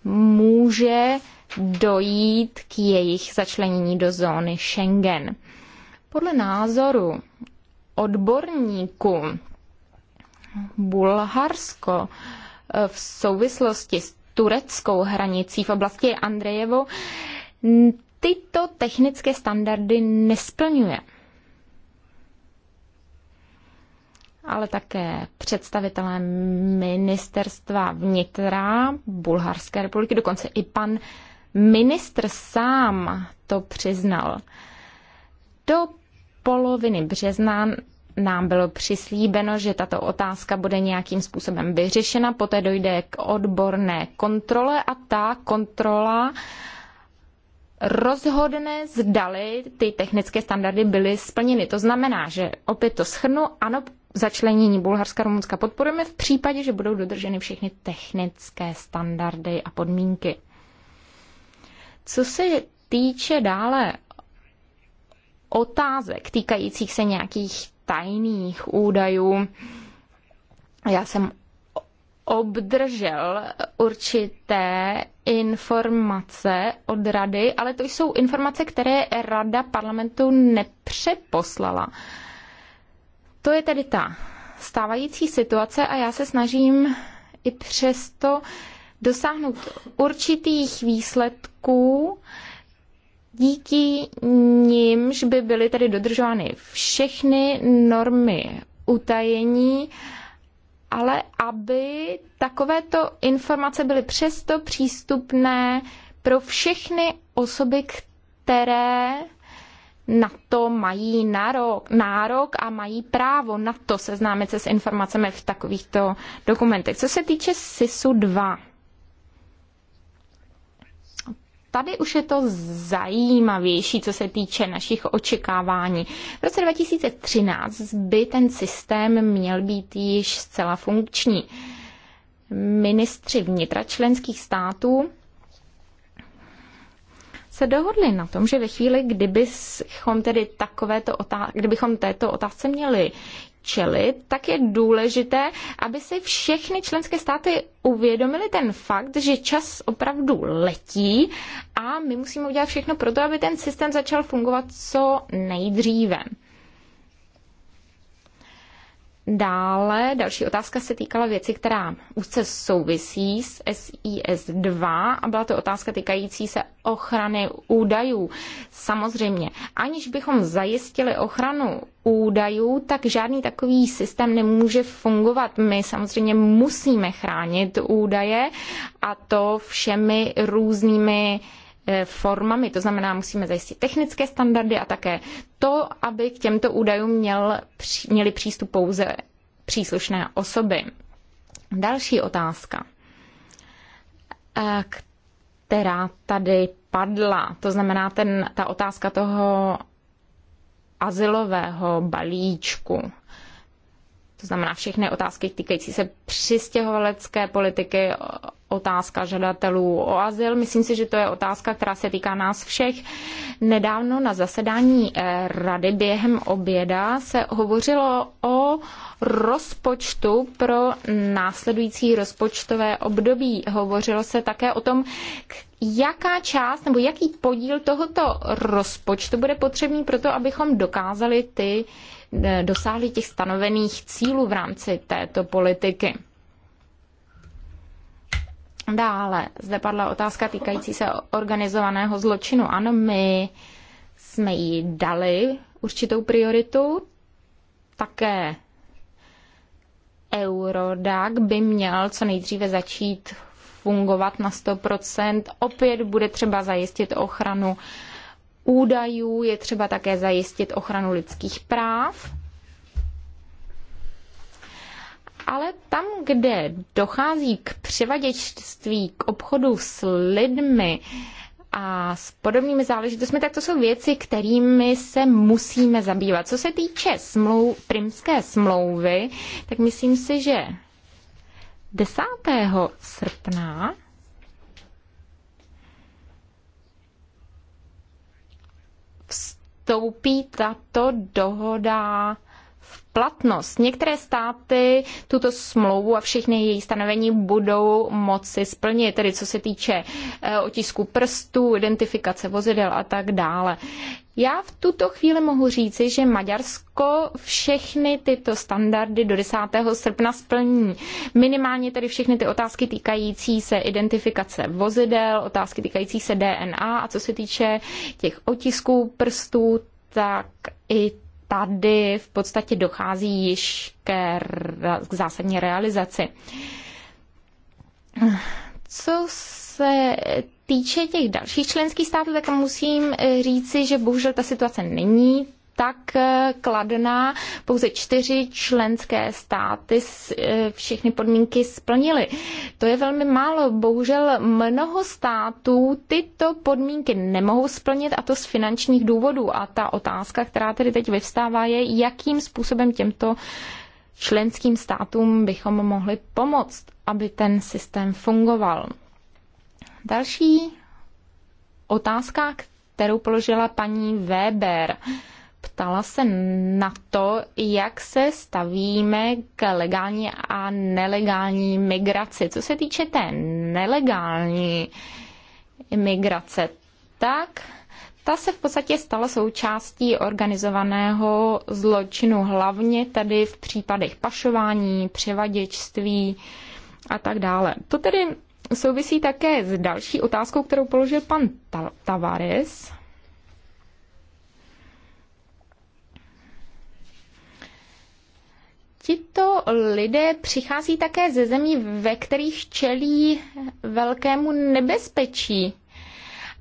může dojít k jejich začlenění do zóny Schengen. Podle názoru odborníků Bulharsko eh, v souvislosti s tureckou hranicí v oblasti Andrejevo tyto technické standardy nesplňuje. ale také představitelé ministerstva vnitra Bulharské republiky, dokonce i pan Ministr sám to přiznal. Do poloviny března nám bylo přislíbeno, že tato otázka bude nějakým způsobem vyřešena, poté dojde k odborné kontrole a ta kontrola rozhodne, zdali ty technické standardy byly splněny. To znamená, že opět to schrnu, ano, začlenění Bulharska a Rumunska podporujeme v případě, že budou dodrženy všechny technické standardy a podmínky. Co se týče dále otázek týkajících se nějakých tajných údajů, já jsem obdržel určité informace od rady, ale to jsou informace, které rada parlamentu nepřeposlala. To je tedy ta stávající situace a já se snažím i přesto dosáhnout určitých výsledků, díky nímž by byly tady dodržovány všechny normy utajení, ale aby takovéto informace byly přesto přístupné pro všechny osoby, které na to mají nárok, nárok a mají právo na to seznámit se s informacemi v takovýchto dokumentech. Co se týče SISu 2, tady už je to zajímavější, co se týče našich očekávání. V roce 2013 by ten systém měl být již zcela funkční. Ministři vnitra členských států se dohodli na tom, že ve chvíli, kdybychom tedy takovéto otázky, kdybychom této otázce měli čelit, tak je důležité, aby si všechny členské státy uvědomili ten fakt, že čas opravdu letí a my musíme udělat všechno pro to, aby ten systém začal fungovat co nejdříve. Dále další otázka se týkala věci, která úzce souvisí s SIS 2 a byla to otázka týkající se ochrany údajů. Samozřejmě, aniž bychom zajistili ochranu údajů, tak žádný takový systém nemůže fungovat. My samozřejmě musíme chránit údaje a to všemi různými E, formami. To znamená, musíme zajistit technické standardy a také to, aby k těmto údajům měl, měli přístup pouze příslušné osoby. Další otázka, e, která tady padla, to znamená ten, ta otázka toho azylového balíčku. To znamená všechny otázky týkající se přistěhovalecké politiky, otázka žadatelů o azyl. Myslím si, že to je otázka, která se týká nás všech. Nedávno na zasedání eh, rady během oběda se hovořilo o rozpočtu pro následující rozpočtové období. Hovořilo se také o tom, jaká část nebo jaký podíl tohoto rozpočtu bude potřebný pro to, abychom dokázali ty Eh, dosáhli těch stanovených cílů v rámci této politiky. Dále zde padla otázka týkající se organizovaného zločinu. Ano, my jsme jí dali určitou prioritu. Také Eurodac by měl co nejdříve začít fungovat na 100%. Opět bude třeba zajistit ochranu údajů, je třeba také zajistit ochranu lidských práv. Ale tam, kde dochází k převaděčství, k obchodu s lidmi a s podobnými záležitostmi, tak to jsou věci, kterými se musíme zabývat. Co se týče smlou, primské smlouvy, tak myslím si, že 10. srpna vstoupí tato dohoda v platnost. Některé státy tuto smlouvu a všechny její stanovení budou moci splnit, tedy co se týče eh, otisku prstů, identifikace vozidel a tak dále. Já v tuto chvíli mohu říci, že Maďarsko všechny tyto standardy do 10. srpna splní. Minimálně tedy všechny ty otázky týkající se identifikace vozidel, otázky týkající se DNA a co se týče těch otisků prstů, tak i tady v podstatě dochází již k, k zásadní realizaci. Co se týče těch dalších členských států, tak musím eh, říci, že bohužel ta situace není tak eh, kladná. Pouze čtyři členské státy eh, všechny podmínky splnily. To je velmi málo. Bohužel mnoho států tyto podmínky nemohou splnit a to z finančních důvodů. A ta otázka, která tedy teď vyvstává, je, jakým způsobem těmto členským státům bychom mohli pomoct, aby ten systém fungoval. Další otázka, kterou položila paní Weber. Ptala se na to, jak se stavíme k legální a nelegální migraci. Co se týče té nelegální migrace, tak ta se v podstatě stala součástí organizovaného zločinu, hlavně tedy v případech pašování, převaděčství a tak dále. To tedy souvisí také s další otázkou, kterou položil pan Tavares. Tito lidé přichází také ze zemí, ve kterých čelí velkému nebezpečí.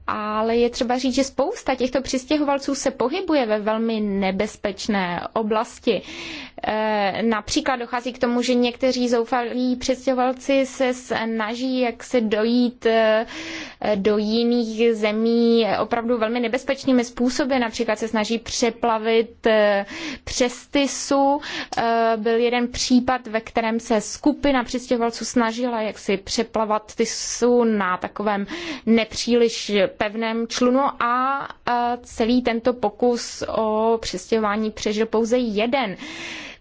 Ale je třeba říct, že spousta těchto přistěhovalců se pohybuje ve velmi nebezpečné oblasti. Eh, například dochází k tomu, že někteří zoufalí přistěhovalci se snaží jak se dojít eh, do jiných zemí opravdu velmi nebezpečnými způsoby. Například se snaží přeplavit eh, přes Tisu. Byl jeden případ, ve kterém se skupina přistěhovalců snažila jak si přeplavat Tisu na takovém nepříliš pevném člunu a celý tento pokus o přistěhování přežil pouze jeden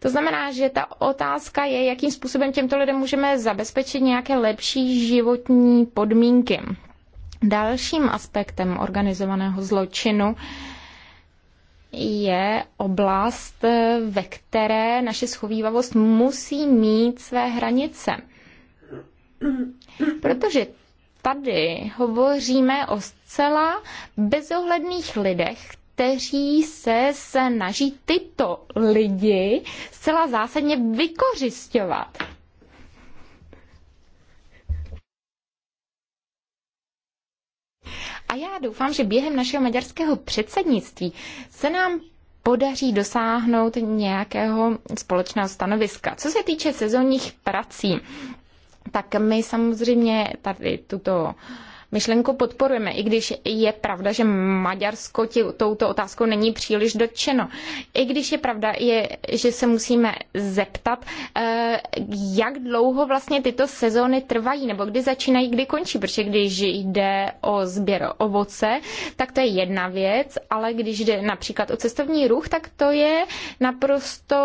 to znamená, že ta otázka je, jakým způsobem těmto lidem můžeme zabezpečit nějaké lepší životní podmínky. Dalším aspektem organizovaného zločinu je oblast, ve které naše schovývavost musí mít své hranice. Protože tady hovoříme o zcela bezohledných lidech, kteří se snaží tyto lidi zcela zásadně vykořišťovat. A já doufám, že během našeho maďarského předsednictví se nám podaří dosáhnout nějakého společného stanoviska. Co se týče sezónních prací, tak my samozřejmě tady tuto uh, myšlenku podporujeme, i když je pravda, že Maďarsko tě, touto otázkou není příliš dotčeno. I když je pravda, je, že se musíme zeptat, eh, jak dlouho vlastně tyto sezóny trvají, nebo kdy začínají, kdy končí, protože když jde o sběr ovoce, tak to je jedna věc, ale když jde například o cestovní ruch, tak to je naprosto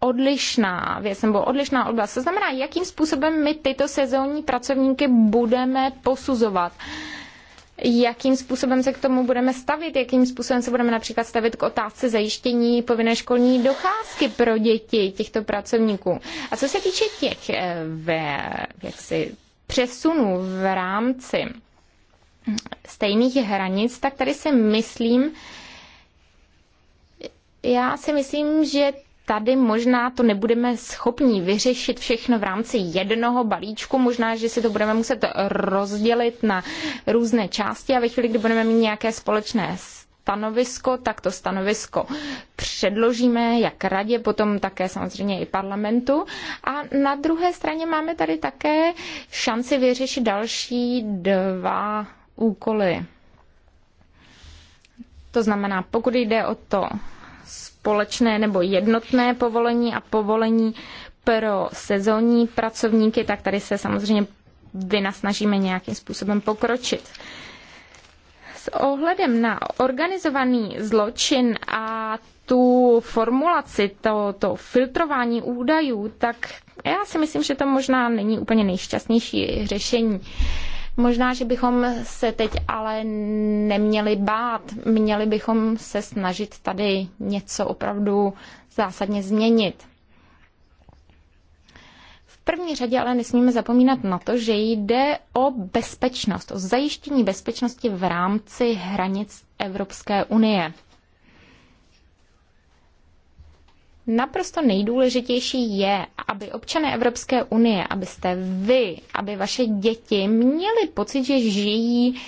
odlišná věc nebo odlišná oblast. To znamená, jakým způsobem my tyto sezónní pracovníky budeme posuzovat jakým způsobem se k tomu budeme stavit, jakým způsobem se budeme například stavit k otázce zajištění povinné školní docházky pro děti těchto pracovníků. A co se týče těch eh, ve, jaksi, přesunů v rámci stejných hranic, tak tady si myslím, já si myslím, že tady možná to nebudeme schopni vyřešit všechno v rámci jednoho balíčku, možná, že si to budeme muset rozdělit na různé části a ve chvíli, kdy budeme mít nějaké společné stanovisko, tak to stanovisko předložíme jak radě, potom také samozřejmě i parlamentu. A na druhé straně máme tady také šanci vyřešit další dva úkoly. To znamená, pokud jde o to společné nebo jednotné povolení a povolení pro sezónní pracovníky, tak tady se samozřejmě vynasnažíme nějakým způsobem pokročit. S ohledem na organizovaný zločin a tu formulaci, to, to filtrování údajů, tak já si myslím, že to možná není úplně nejšťastnější řešení. Možná, že bychom se teď ale neměli bát. Měli bychom se snažit tady něco opravdu zásadně změnit. V první řadě ale nesmíme zapomínat na to, že jde o bezpečnost, o zajištění bezpečnosti v rámci hranic Evropské unie. naprosto nejdůležitější je, aby občané Evropské unie, abyste vy, aby vaše děti měli pocit, že žijí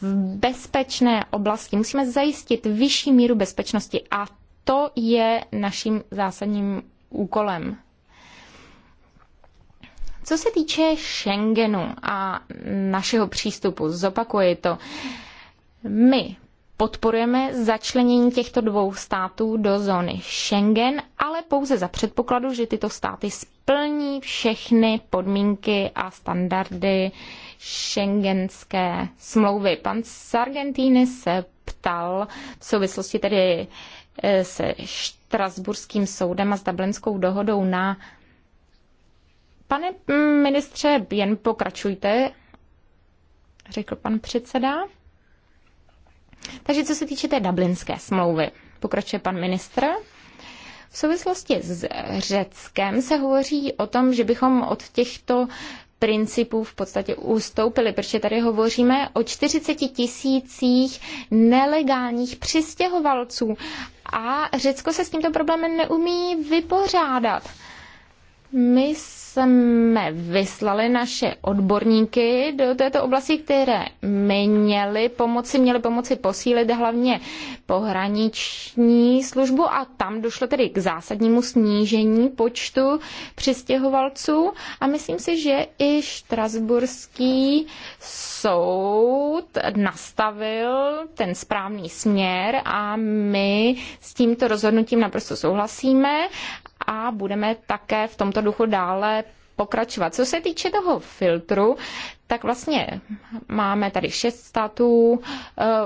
v bezpečné oblasti. Musíme zajistit vyšší míru bezpečnosti a to je naším zásadním úkolem. Co se týče Schengenu a našeho přístupu, zopakuji to. My podporujeme začlenění těchto dvou států do zóny Schengen, ale pouze za předpokladu, že tyto státy splní všechny podmínky a standardy šengenské smlouvy. Pan Sargentini se ptal v souvislosti tedy eh, se Štrasburským soudem a s Dublinskou dohodou na Pane mm, ministře, jen pokračujte, řekl pan předseda. Takže co se týče té dublinské smlouvy, pokračuje pan ministr. V souvislosti s Řeckem se hovoří o tom, že bychom od těchto principů v podstatě ustoupili, protože tady hovoříme o 40 tisících nelegálních přistěhovalců a Řecko se s tímto problémem neumí vypořádat. My jsme vyslali naše odborníky do této oblasti, které měly pomoci, měly pomoci posílit hlavně pohraniční službu a tam došlo tedy k zásadnímu snížení počtu přistěhovalců a myslím si, že i Štrasburský soud nastavil ten správný směr a my s tímto rozhodnutím naprosto souhlasíme a budeme také v tomto duchu dále pokračovat. Co se týče toho filtru, tak vlastně máme tady šest států, eh,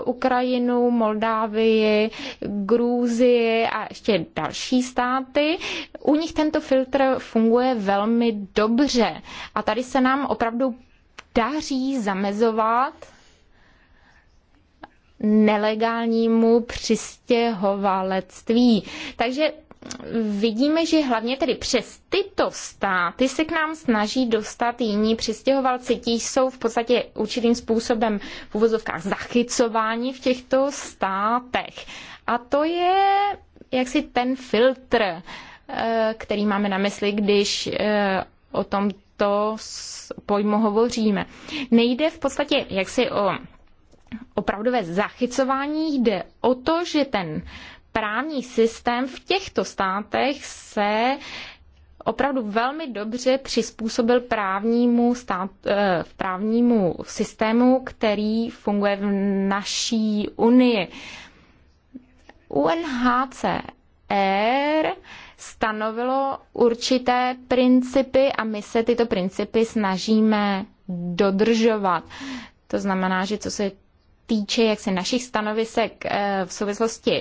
Ukrajinu, Moldávii, Grúzii a ještě další státy. U nich tento filtr funguje velmi dobře a tady se nám opravdu daří zamezovat nelegálnímu přistěhovalectví. Takže vidíme, že hlavně tedy přes tyto státy se k nám snaží dostat jiní přistěhovalci. Ti jsou v podstatě určitým způsobem v uvozovkách zachycováni v těchto státech. A to je jaksi ten filtr, eh, který máme na mysli, když eh, o tomto pojmu hovoříme. Nejde v podstatě jaksi o opravdové zachycování, jde o to, že ten právní systém v těchto státech se opravdu velmi dobře přizpůsobil právnímu, stát, eh, právnímu systému, který funguje v naší unii. UNHCR stanovilo určité principy a my se tyto principy snažíme dodržovat. To znamená, že co se týče jak se našich stanovisek eh, v souvislosti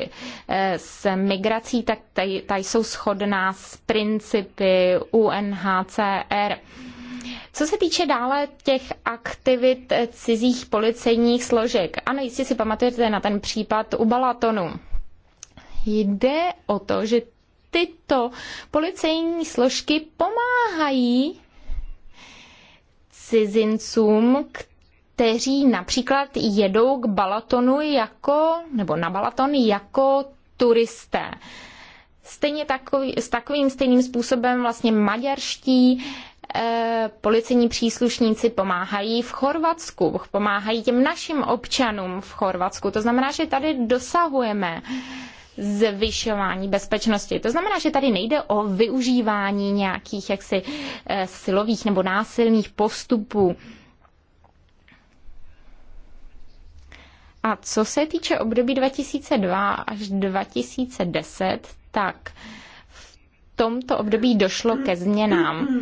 eh, s migrací, tak ta jsou shodná s principy UNHCR. Co se týče dále těch aktivit cizích policejních složek, ano, jistě si pamatujete na ten případ u Balatonu. Jde o to, že tyto policejní složky pomáhají cizincům, kteří kteří například jedou k Balatonu jako, nebo na Balaton jako turisté. Stejně takový, s takovým stejným způsobem vlastně maďarští eh, policejní příslušníci pomáhají v Chorvatsku, pomáhají těm našim občanům v Chorvatsku. To znamená, že tady dosahujeme zvyšování bezpečnosti. To znamená, že tady nejde o využívání nějakých jaksi eh, silových nebo násilných postupů. A co se týče období 2002 až 2010, tak v tomto období došlo ke změnám.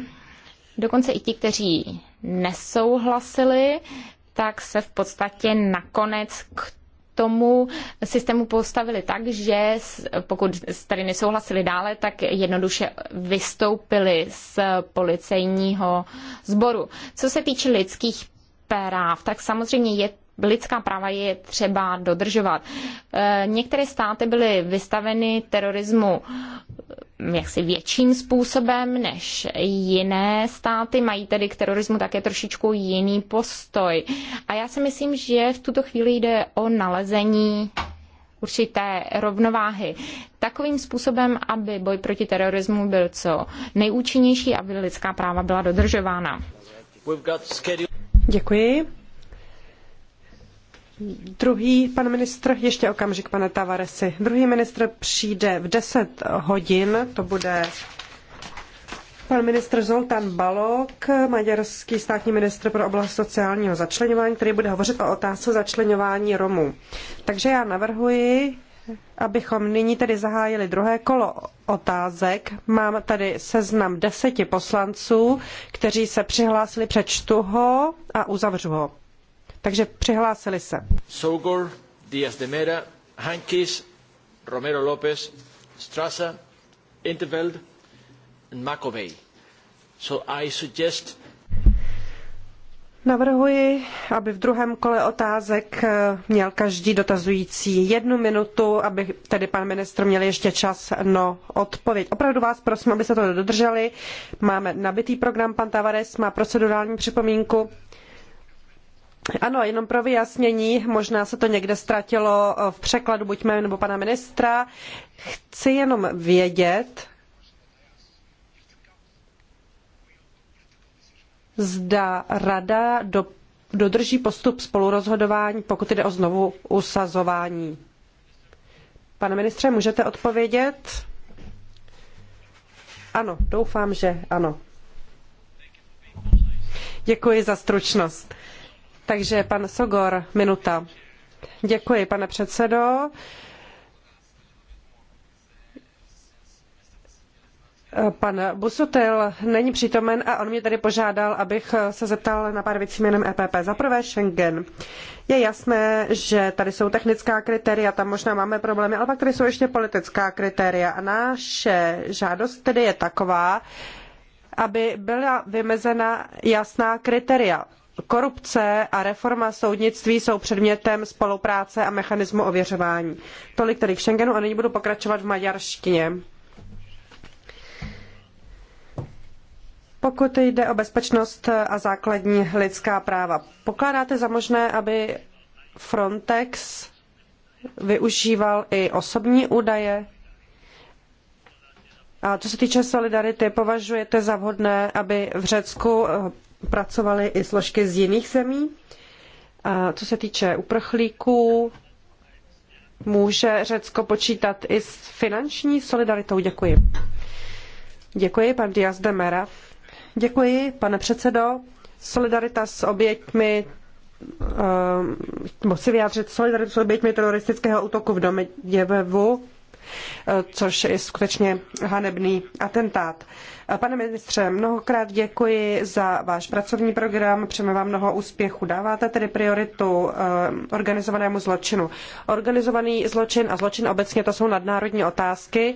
Dokonce i ti, kteří nesouhlasili, tak se v podstatě nakonec k tomu systému postavili tak, že pokud tady nesouhlasili dále, tak jednoduše vystoupili z policejního sboru. Co se týče lidských práv, tak samozřejmě je lidská práva je třeba dodržovat. E, některé státy byly vystaveny terorismu e, jaksi větším způsobem než jiné státy, mají tedy k terorismu také trošičku jiný postoj. A já si myslím, že v tuto chvíli jde o nalezení určité rovnováhy takovým způsobem, aby boj proti terorismu byl co nejúčinnější, aby lidská práva byla dodržována. Děkuji. Druhý pan ministr, ještě okamžik, pane Tavaresi. Druhý ministr přijde v 10 hodin, to bude pan ministr Zoltán Balok, maďarský státní ministr pro oblast sociálního začlenování, který bude hovořit o otázce začlenování Romů. Takže já navrhuji, abychom nyní tedy zahájili druhé kolo otázek. Mám tady seznam deseti poslanců, kteří se přihlásili, přečtu ho a uzavřu ho. Takže přihlásili se. Sogor, Díaz de Mera, Hankis, Romero López, Strasa, Interveld and McAvey. So I suggest Navrhuji, aby v druhém kole otázek eh, měl každý dotazující jednu minutu, aby tedy pan ministr měl ještě čas na odpověď. Opravdu vás prosím, aby se to dodrželi. Máme nabitý program, pan Tavares má procedurální připomínku. Ano, jenom pro vyjasnění, možná se to někde ztratilo eh, v překladu buď mé nebo pana ministra. Chci jenom vědět, zda rada do, dodrží postup spolurozhodování, pokud jde o znovu usazování. Pane ministře, můžete odpovědět? Ano, doufám, že ano. Děkuji za stručnost. Takže pan Sogor, minuta. Děkuji, pane předsedo. Pan Busutil není přítomen a on mě tedy požádal, abych se zeptal na pár věcí jménem EPP. Za prvé Schengen. Je jasné, že tady jsou technická kritéria, tam možná máme problémy, ale pak tady jsou ještě politická kritéria. A naše žádost tedy je taková, aby byla vymezena jasná kritéria Korupce a reforma soudnictví jsou předmětem spolupráce a mechanismu ověřování. Tolik tedy k Schengenu a nyní budu pokračovat v maďarštině. Pokud jde o bezpečnost a základní lidská práva, pokládáte za možné, aby Frontex využíval i osobní údaje? A co se týče solidarity, považujete za vhodné, aby v Řecku pracovaly i složky z jiných zemí. A co se týče uprchlíků, může Řecko počítat i s finanční solidaritou? Děkuji. Děkuji, pan Diaz de Mera. Děkuji, pane předsedo. Solidarita s oběťmi uh, ehm, chci vyjádřit solidaritu s oběťmi teroristického útoku v domě Děvevu, Eh, což je skutečně hanebný atentát. Eh, pane ministře, mnohokrát děkuji za váš pracovní program, přejeme vám mnoho úspěchu. Dáváte tedy prioritu eh, organizovanému zločinu. Organizovaný zločin a zločin obecně to jsou nadnárodní otázky,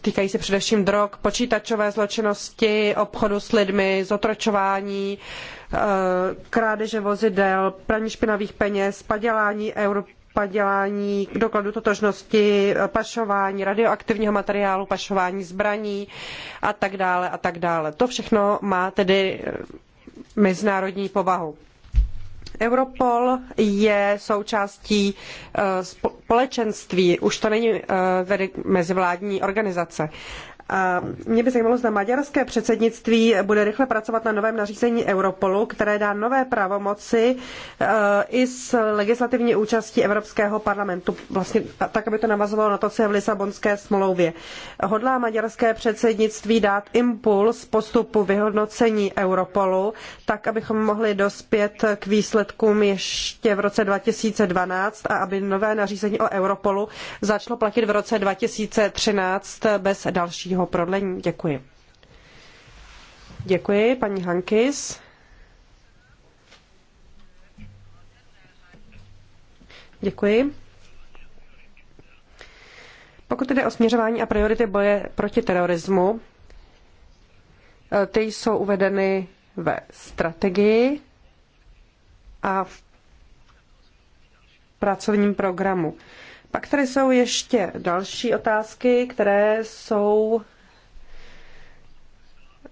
týkají se především drog, počítačové zločinnosti, obchodu s lidmi, zotročování, krádeže vozidel, praní špinavých peněz, padělání euro padělání dokladu totožnosti, pašování radioaktivního materiálu, pašování zbraní a tak dále a tak dále. To všechno má tedy eh, mezinárodní povahu. Europol je součástí eh, společenství, už to není eh, mezivládní organizace mě by zajímalo, zda maďarské předsednictví bude rychle pracovat na novém nařízení Europolu, které dá nové pravomoci e, i s legislativní účastí Evropského parlamentu, vlastně tak, aby to navazovalo na to, co je v Lisabonské smlouvě. Hodlá maďarské předsednictví dát impuls postupu vyhodnocení Europolu, tak, abychom mohli dospět k výsledkům ještě v roce 2012 a aby nové nařízení o Europolu začalo platit v roce 2013 bez dalšího finančního prodlení. Děkuji. Děkuji, paní Hankis. Děkuji. Pokud jde o směřování a priority boje proti terorismu, ty jsou uvedeny ve strategii a v pracovním programu. Pak tady jsou ještě další otázky, které jsou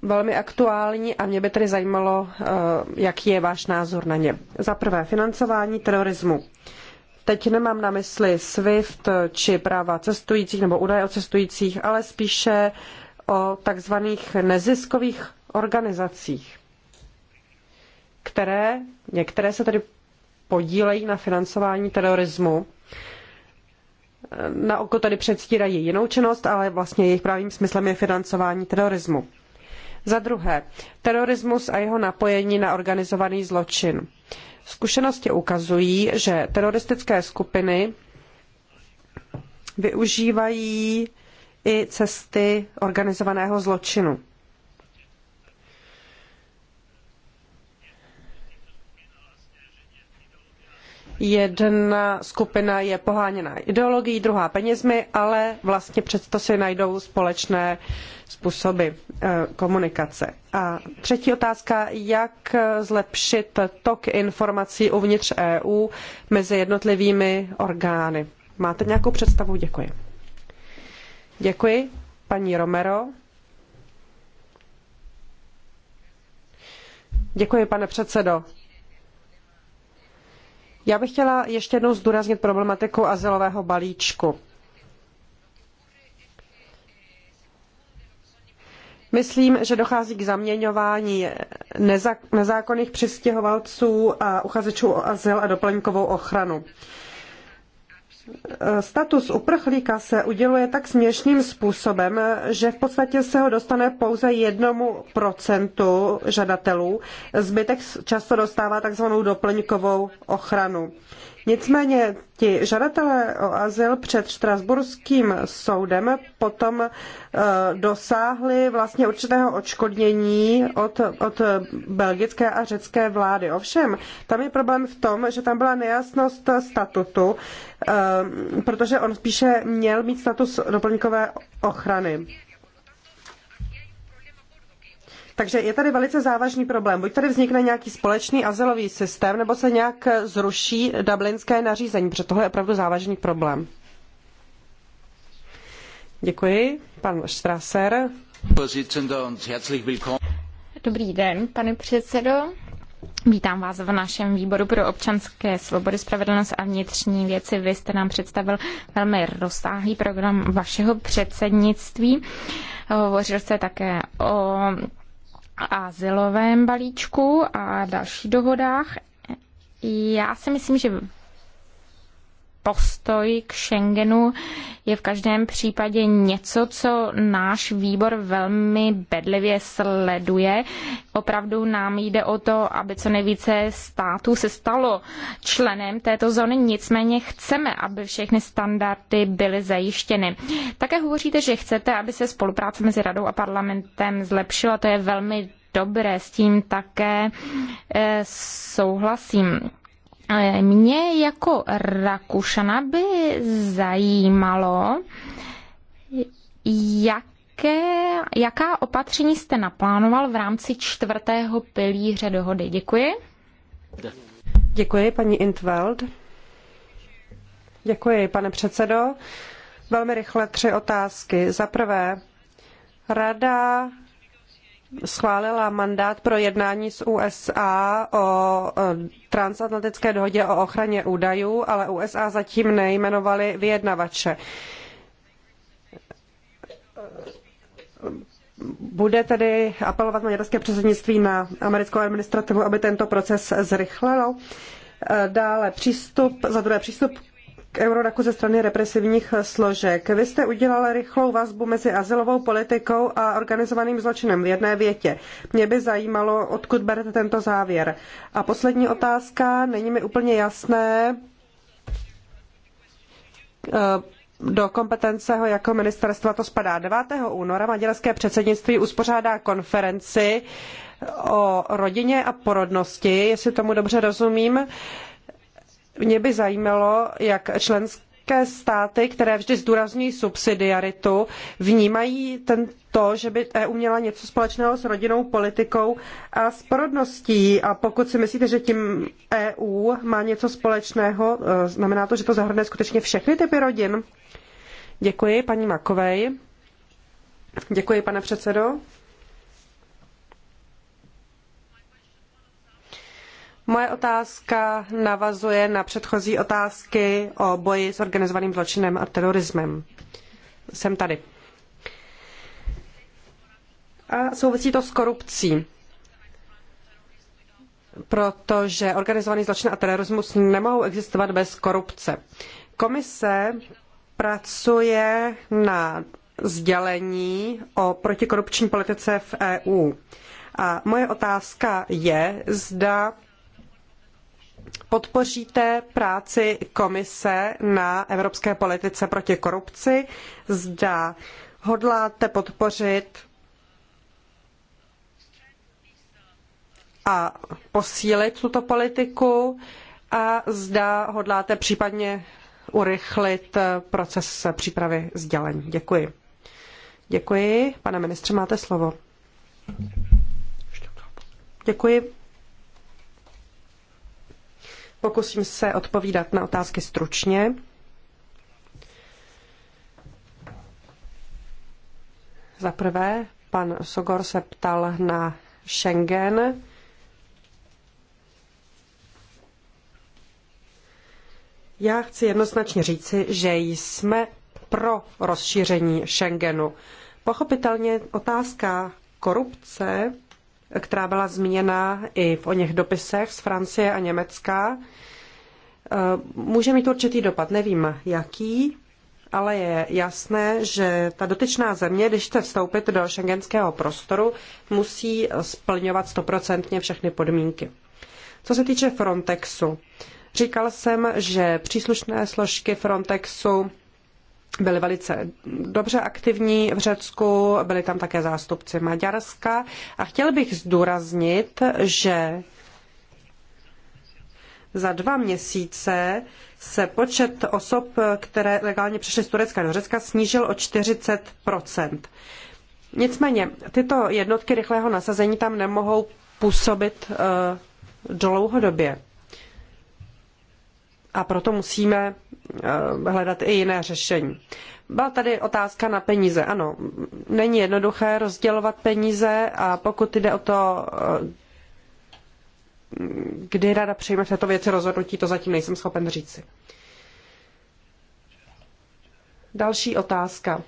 velmi aktuální a mě by tedy zajímalo, eh, jaký je váš názor na ně. Za prvé, financování terorismu. Teď nemám na mysli SWIFT či práva cestujících nebo údaje o cestujících, ale spíše o takzvaných neziskových organizacích, které, některé se tedy podílejí na financování terorismu. Na oko tedy předstírají jinou činnost, ale vlastně jejich pravým smyslem je financování terorismu. Za druhé, terorismus a jeho napojení na organizovaný zločin. Zkušenosti ukazují, že teroristické skupiny využívají i cesty organizovaného zločinu. Jedna skupina je poháněna ideologií, druhá penězmi, ale vlastně přesto si najdou společné způsoby eh, komunikace. A třetí otázka, jak zlepšit tok informací uvnitř EU mezi jednotlivými orgány. Máte nějakou představu? Děkuji. Děkuji. Paní Romero. Děkuji, pane předsedo. Já bych chtěla ještě jednou zdůraznit problematiku azylového balíčku. Myslím, že dochází k zaměňování nezákonných přistěhovalců a uchazečů o azyl a doplňkovou ochranu. Status uprchlíka se uděluje tak směšným způsobem, že v podstatě se ho dostane pouze jednomu procentu žadatelů. Zbytek často dostává takzvanou doplňkovou ochranu. Nicméně ti žadatelé o azyl před Štrasburským soudem potom eh, dosáhli vlastně určitého odškodnění od, od belgické a řecké vlády. Ovšem, tam je problém v tom, že tam byla nejasnost statutu, eh, protože on spíše měl mít status doplňkové ochrany. Takže je tady velice závažný problém. Buď tady vznikne nějaký společný azylový systém, nebo se nějak zruší dublinské nařízení, protože tohle je opravdu závažný problém. Děkuji. Pan Strasser. Dobrý den, pane předsedo. Vítám vás v našem výboru pro občanské svobody, spravedlnost a vnitřní věci. Vy jste nám představil velmi rozsáhlý program vašeho předsednictví. Hovořil jste také o azylovém balíčku a dalších dohodách. Já si myslím, že postoj k Schengenu je v každém případě něco, co náš výbor velmi bedlivě sleduje. Opravdu nám jde o to, aby co nejvíce států se stalo členem této zóny, nicméně chceme, aby všechny standardy byly zajištěny. Také hovoříte, že chcete, aby se spolupráce mezi radou a parlamentem zlepšila, to je velmi dobré, s tím také eh, souhlasím. Mě jako Rakušana by zajímalo, jaké, jaká opatření jste naplánoval v rámci čtvrtého pilíře dohody. Děkuji. Děkuji, paní Intveld. Děkuji, pane předsedo. Velmi rychle tři otázky. Za prvé, Rada schválila mandát pro jednání s USA o e, transatlantické dohodě o ochraně údajů, ale USA zatím nejmenovali vyjednavače. Bude tedy apelovat maďarské předsednictví na americkou administrativu, aby tento proces zrychlilo. E, dále přístup, za druhé přístup k Eurodaku ze strany represivních složek. Vy jste udělal rychlou vazbu mezi azylovou politikou a organizovaným zločinem v jedné větě. Mě by zajímalo, odkud berete tento závěr. A poslední otázka, není mi úplně jasné, eh, do kompetence ho jako ministerstva to spadá. 9. února maďarské předsednictví uspořádá konferenci o rodině a porodnosti, jestli tomu dobře rozumím. Mě by zajímalo, jak členské státy, které vždy zdůrazňují subsidiaritu, vnímají ten, to, že by EU měla něco společného s rodinnou politikou a s porodností. A pokud si myslíte, že tím EU má něco společného, e, znamená to, že to zahrne skutečně všechny typy rodin? Děkuji paní Makovej. Děkuji, pane předsedo. Moje otázka navazuje na předchozí otázky o boji s organizovaným zločinem a terorismem. Jsem tady. A souvisí to s korupcí protože organizovaný zločin a terorismus nemohou existovat bez korupce. Komise pracuje na sdělení o protikorupční politice v EU. A moje otázka je, zda podpoříte práci komise na evropské politice proti korupci, zda hodláte podpořit a posílit tuto politiku a zda hodláte případně urychlit proces přípravy sdělení. Děkuji. Děkuji. Pane ministře, máte slovo. Děkuji. Pokusím se odpovídat na otázky stručně. Za prvé, pan Sogor se ptal na Schengen. Já chci jednoznačně říci, že jsme pro rozšíření Schengenu. Pochopitelně otázka korupce která byla zmíněna i v o něch dopisech z Francie a Německa, eh, může mít určitý dopad. Nevím, jaký, ale je jasné, že ta dotyčná země, když chce vstoupit do šengenského prostoru, musí splňovat stoprocentně všechny podmínky. Co se týče Frontexu, říkal jsem, že příslušné složky Frontexu byli velice dobře aktivní v Řecku, byli tam také zástupci Maďarska a chtěl bych zdůraznit, že za dva měsíce se počet osob, které legálně přišly z Turecka do Řecka, snížil o 40 Nicméně tyto jednotky rychlého nasazení tam nemohou působit eh, dlouhodobě a proto musíme eh, hledat i jiné řešení. Byla tady otázka na peníze. Ano, není jednoduché rozdělovat peníze a pokud jde o to, eh, kdy rada přijme v této věci rozhodnutí, to zatím nejsem schopen říci. Další otázka.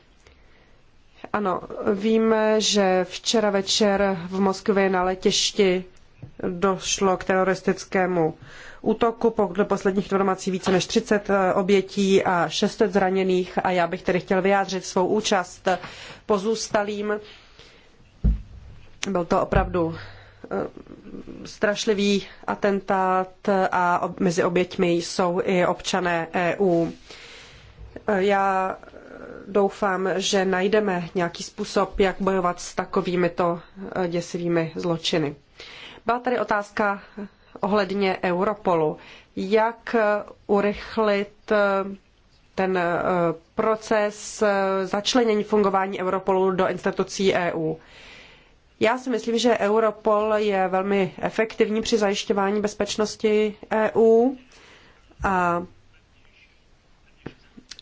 Ano, víme, že včera večer v Moskvě na letišti došlo k teroristickému útoku. Podle posledních informací více než 30 eh, obětí a 600 zraněných a já bych tedy chtěl vyjádřit svou účast pozůstalým. Byl to opravdu eh, strašlivý atentát a mezi oběťmi jsou i občané EU. Eh, já doufám, že najdeme nějaký způsob, jak bojovat s takovýmito děsivými zločiny. Byla tady otázka ohledně Europolu. Jak urychlit eh, ten eh, proces eh, začlenění fungování Europolu do institucí EU? Já si myslím, že Europol je velmi efektivní při zajišťování bezpečnosti EU a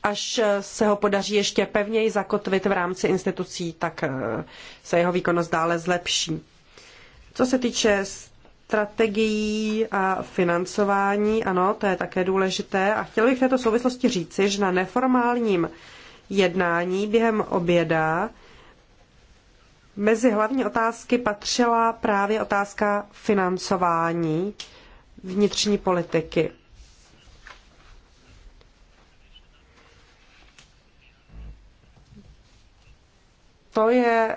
až se ho podaří ještě pevněji zakotvit v rámci institucí, tak se jeho výkonnost dále zlepší. Co se týče strategií a financování, ano, to je také důležité. A chtěl bych v této souvislosti říci, že na neformálním jednání během oběda mezi hlavní otázky patřila právě otázka financování vnitřní politiky. To je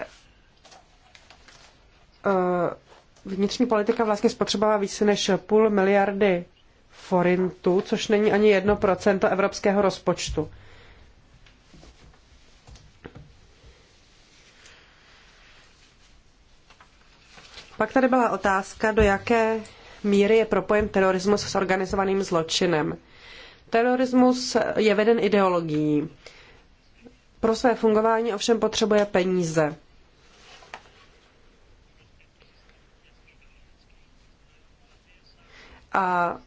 eh, vnitřní politika vlastně spotřebovala více než půl miliardy forintů, což není ani jedno procento evropského rozpočtu. Pak tady byla otázka, do jaké míry je propojen terorismus s organizovaným zločinem. Terorismus je veden ideologií. Pro své fungování ovšem potřebuje peníze. A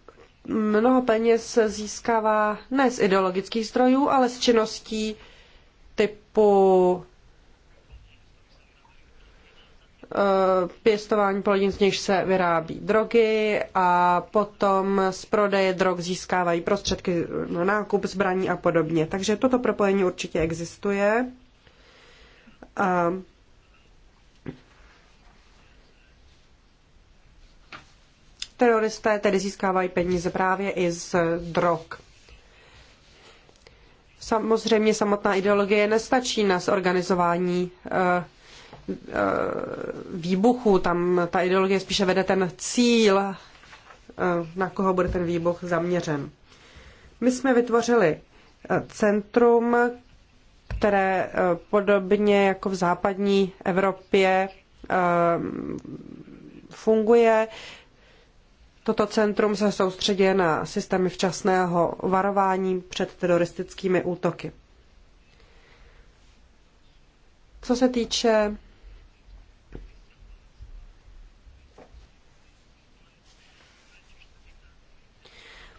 mnoho peněz se získává ne z ideologických zdrojů, ale z činností typu eh, pěstování plodin, z nichž se vyrábí drogy a potom z prodeje drog získávají prostředky na nákup zbraní a podobně. Takže toto propojení určitě existuje. A Teroristé tedy získávají peníze právě i z drog. Samozřejmě samotná ideologie nestačí na zorganizování eh, eh, výbuchu. Tam ta ideologie spíše vede ten cíl, eh, na koho bude ten výbuch zaměřen. My jsme vytvořili centrum, které podobně jako v západní Evropě funguje. Toto centrum se soustředí na systémy včasného varování před teroristickými útoky. Co se týče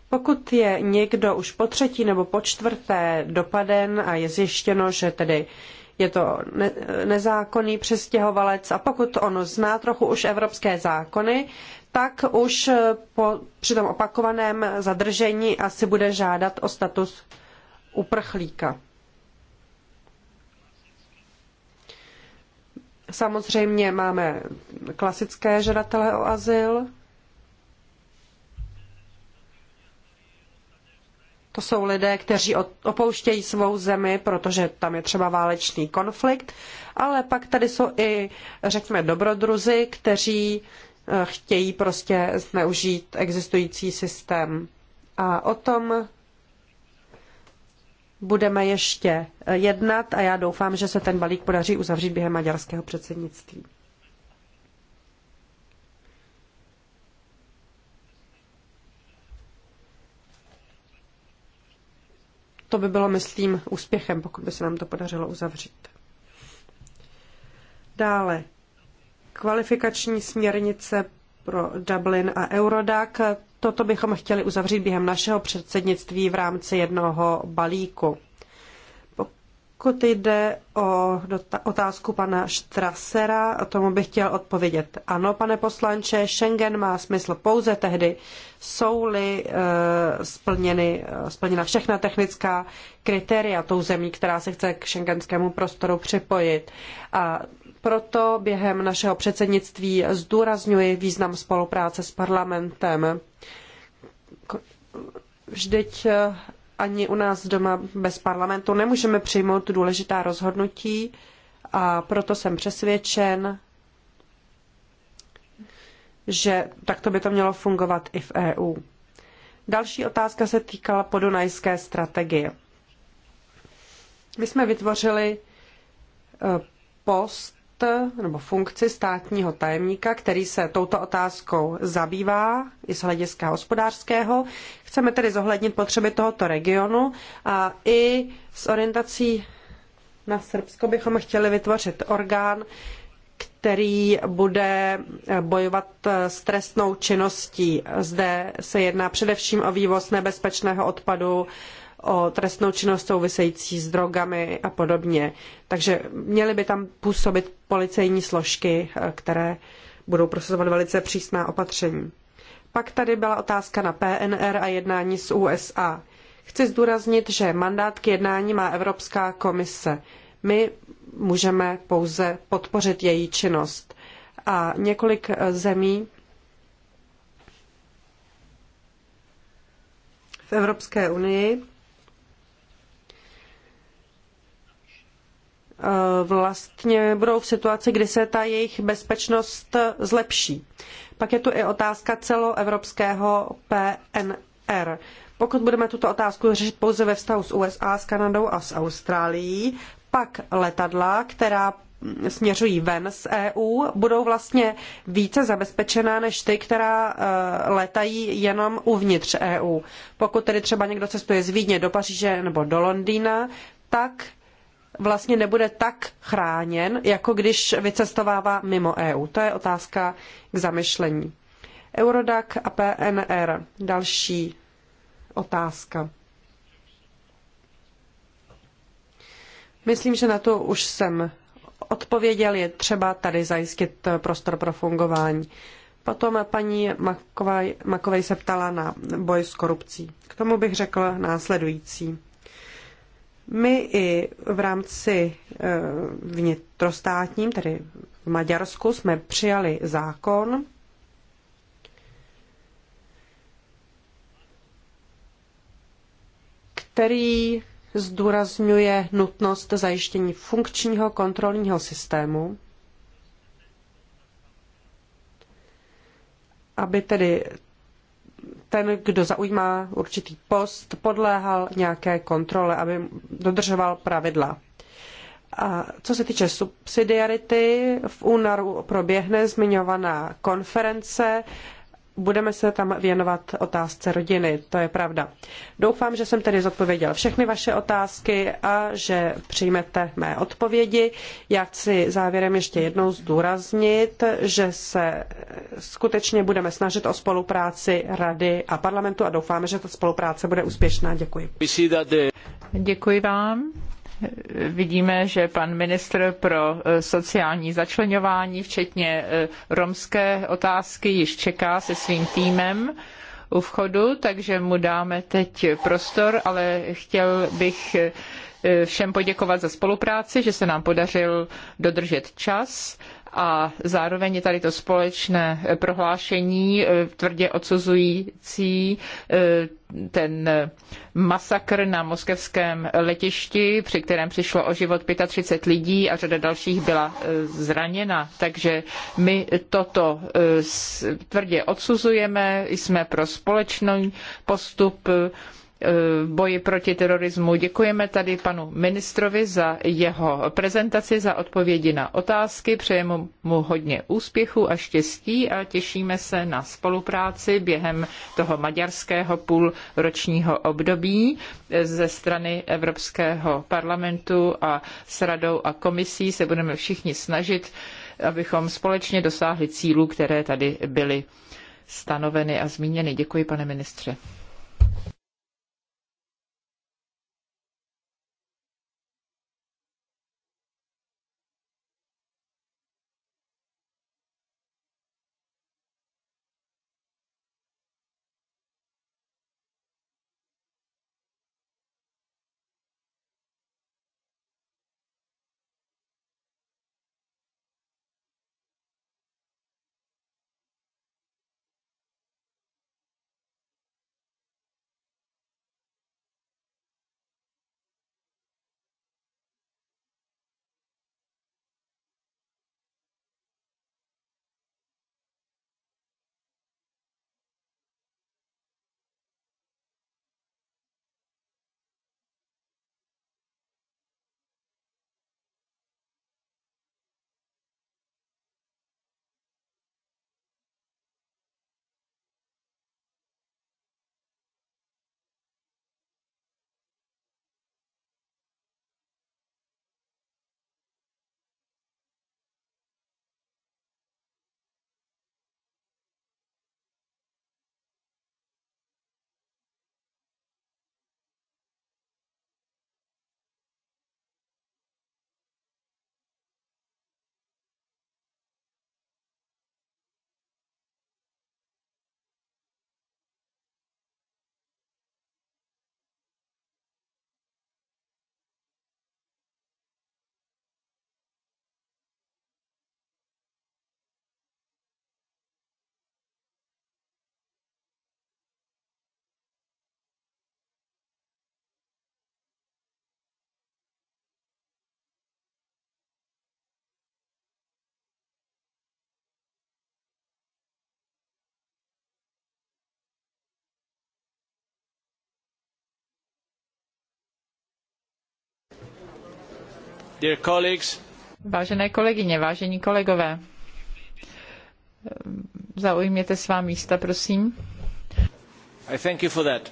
Pokud je někdo už po třetí nebo po čtvrté dopaden a je zjištěno, že tedy je to ne- nezákonný přestěhovalec a pokud on zná trochu už evropské zákony, tak už po, při tom opakovaném zadržení asi bude žádat o status uprchlíka. Samozřejmě máme klasické žadatele o azyl. To jsou lidé, kteří opouštějí svou zemi, protože tam je třeba válečný konflikt, ale pak tady jsou i, řekněme, dobrodruzi, kteří Eh, chtějí prostě zneužít existující systém. A o tom budeme ještě jednat a já doufám, že se ten balík podaří uzavřít během maďarského předsednictví. To by bylo, myslím, úspěchem, pokud by se nám to podařilo uzavřít. Dále kvalifikační směrnice pro Dublin a Eurodac. Toto bychom chtěli uzavřít během našeho předsednictví v rámci jednoho balíku. Pokud jde o otázku pana Strassera, tomu bych chtěl odpovědět. Ano, pane poslanče, Schengen má smysl pouze tehdy, jsou-li e, splněny, e, splněna všechna technická kritéria tou zemí, která se chce k šengenskému prostoru připojit. A proto během našeho předsednictví zdůrazňuji význam spolupráce s parlamentem. Vždyť eh, ani u nás doma bez parlamentu nemůžeme přijmout důležitá rozhodnutí a proto jsem přesvědčen, že takto by to mělo fungovat i v EU. Další otázka se týkala podunajské strategie. My jsme vytvořili eh, post nebo funkci státního tajemníka, který se touto otázkou zabývá i z hlediska hospodářského. Chceme tedy zohlednit potřeby tohoto regionu a i s orientací na Srbsko bychom chtěli vytvořit orgán, který bude bojovat s trestnou činností. Zde se jedná především o vývoz nebezpečného odpadu, o trestnou činnost související s drogami a podobně. Takže měly by tam působit policejní složky, eh, které budou prosazovat velice přísná opatření. Pak tady byla otázka na PNR a jednání s USA. Chci zdůraznit, že mandát k jednání má Evropská komise. My můžeme pouze podpořit její činnost. A několik eh, zemí v Evropské unii Eh, vlastně budou v situaci, kdy se ta jejich bezpečnost zlepší. Pak je tu i otázka celoevropského PNR. Pokud budeme tuto otázku řešit pouze ve vztahu s USA, s Kanadou a s Austrálií, pak letadla, která mm, směřují ven z EU, budou vlastně více zabezpečená než ty, která eh, letají jenom uvnitř EU. Pokud tedy třeba někdo cestuje z Vídně do Paříže nebo do Londýna, tak vlastně nebude tak chráněn, jako když vycestovává mimo EU. To je otázka k zamyšlení. Eurodac a PNR. Další otázka. Myslím, že na to už jsem odpověděl. Je třeba tady zajistit prostor pro fungování. Potom paní Makovej, se ptala na boj s korupcí. K tomu bych řekl následující. My i v rámci e, vnitrostátním, tedy v Maďarsku, jsme přijali zákon, který zdůrazňuje nutnost zajištění funkčního kontrolního systému, aby tedy ten, kdo zaujímá určitý post, podléhal nějaké kontrole, aby dodržoval pravidla. A co se týče subsidiarity, v únoru proběhne zmiňovaná konference budeme se tam věnovat otázce rodiny, to je pravda. Doufám, že jsem tedy zodpověděl všechny vaše otázky a že přijmete mé odpovědi. Já chci závěrem ještě jednou zdůraznit, že se skutečně budeme snažit o spolupráci Rady a parlamentu a doufáme, že ta spolupráce bude úspěšná. Děkuji. Děkuji vám vidíme, že pan ministr pro eh, sociální začlenování, včetně eh, romské otázky, již čeká se svým týmem u vchodu, takže mu dáme teď prostor, ale chtěl bych eh, všem poděkovat za spolupráci, že se nám podařil dodržet čas a zároveň je tady to společné eh, prohlášení eh, tvrdě odsuzující eh, ten masakr na moskevském letišti, při kterém přišlo o život 35 lidí a řada dalších byla zraněna. Takže my toto tvrdě odsuzujeme, jsme pro společný postup Eh, boji proti terorismu. Děkujeme tady panu ministrovi za jeho prezentaci, za odpovědi na otázky. Přejeme mu hodně úspěchu a štěstí a těšíme se na spolupráci během toho maďarského půlročního období eh, ze strany Evropského parlamentu a s radou a komisí se budeme všichni snažit, abychom společně dosáhli cílů, které tady byly stanoveny a zmíněny. Děkuji, pane ministře. Dear colleagues. Vážené kolegyně, vážení kolegové, zaujměte svá místa, prosím. I thank you for that.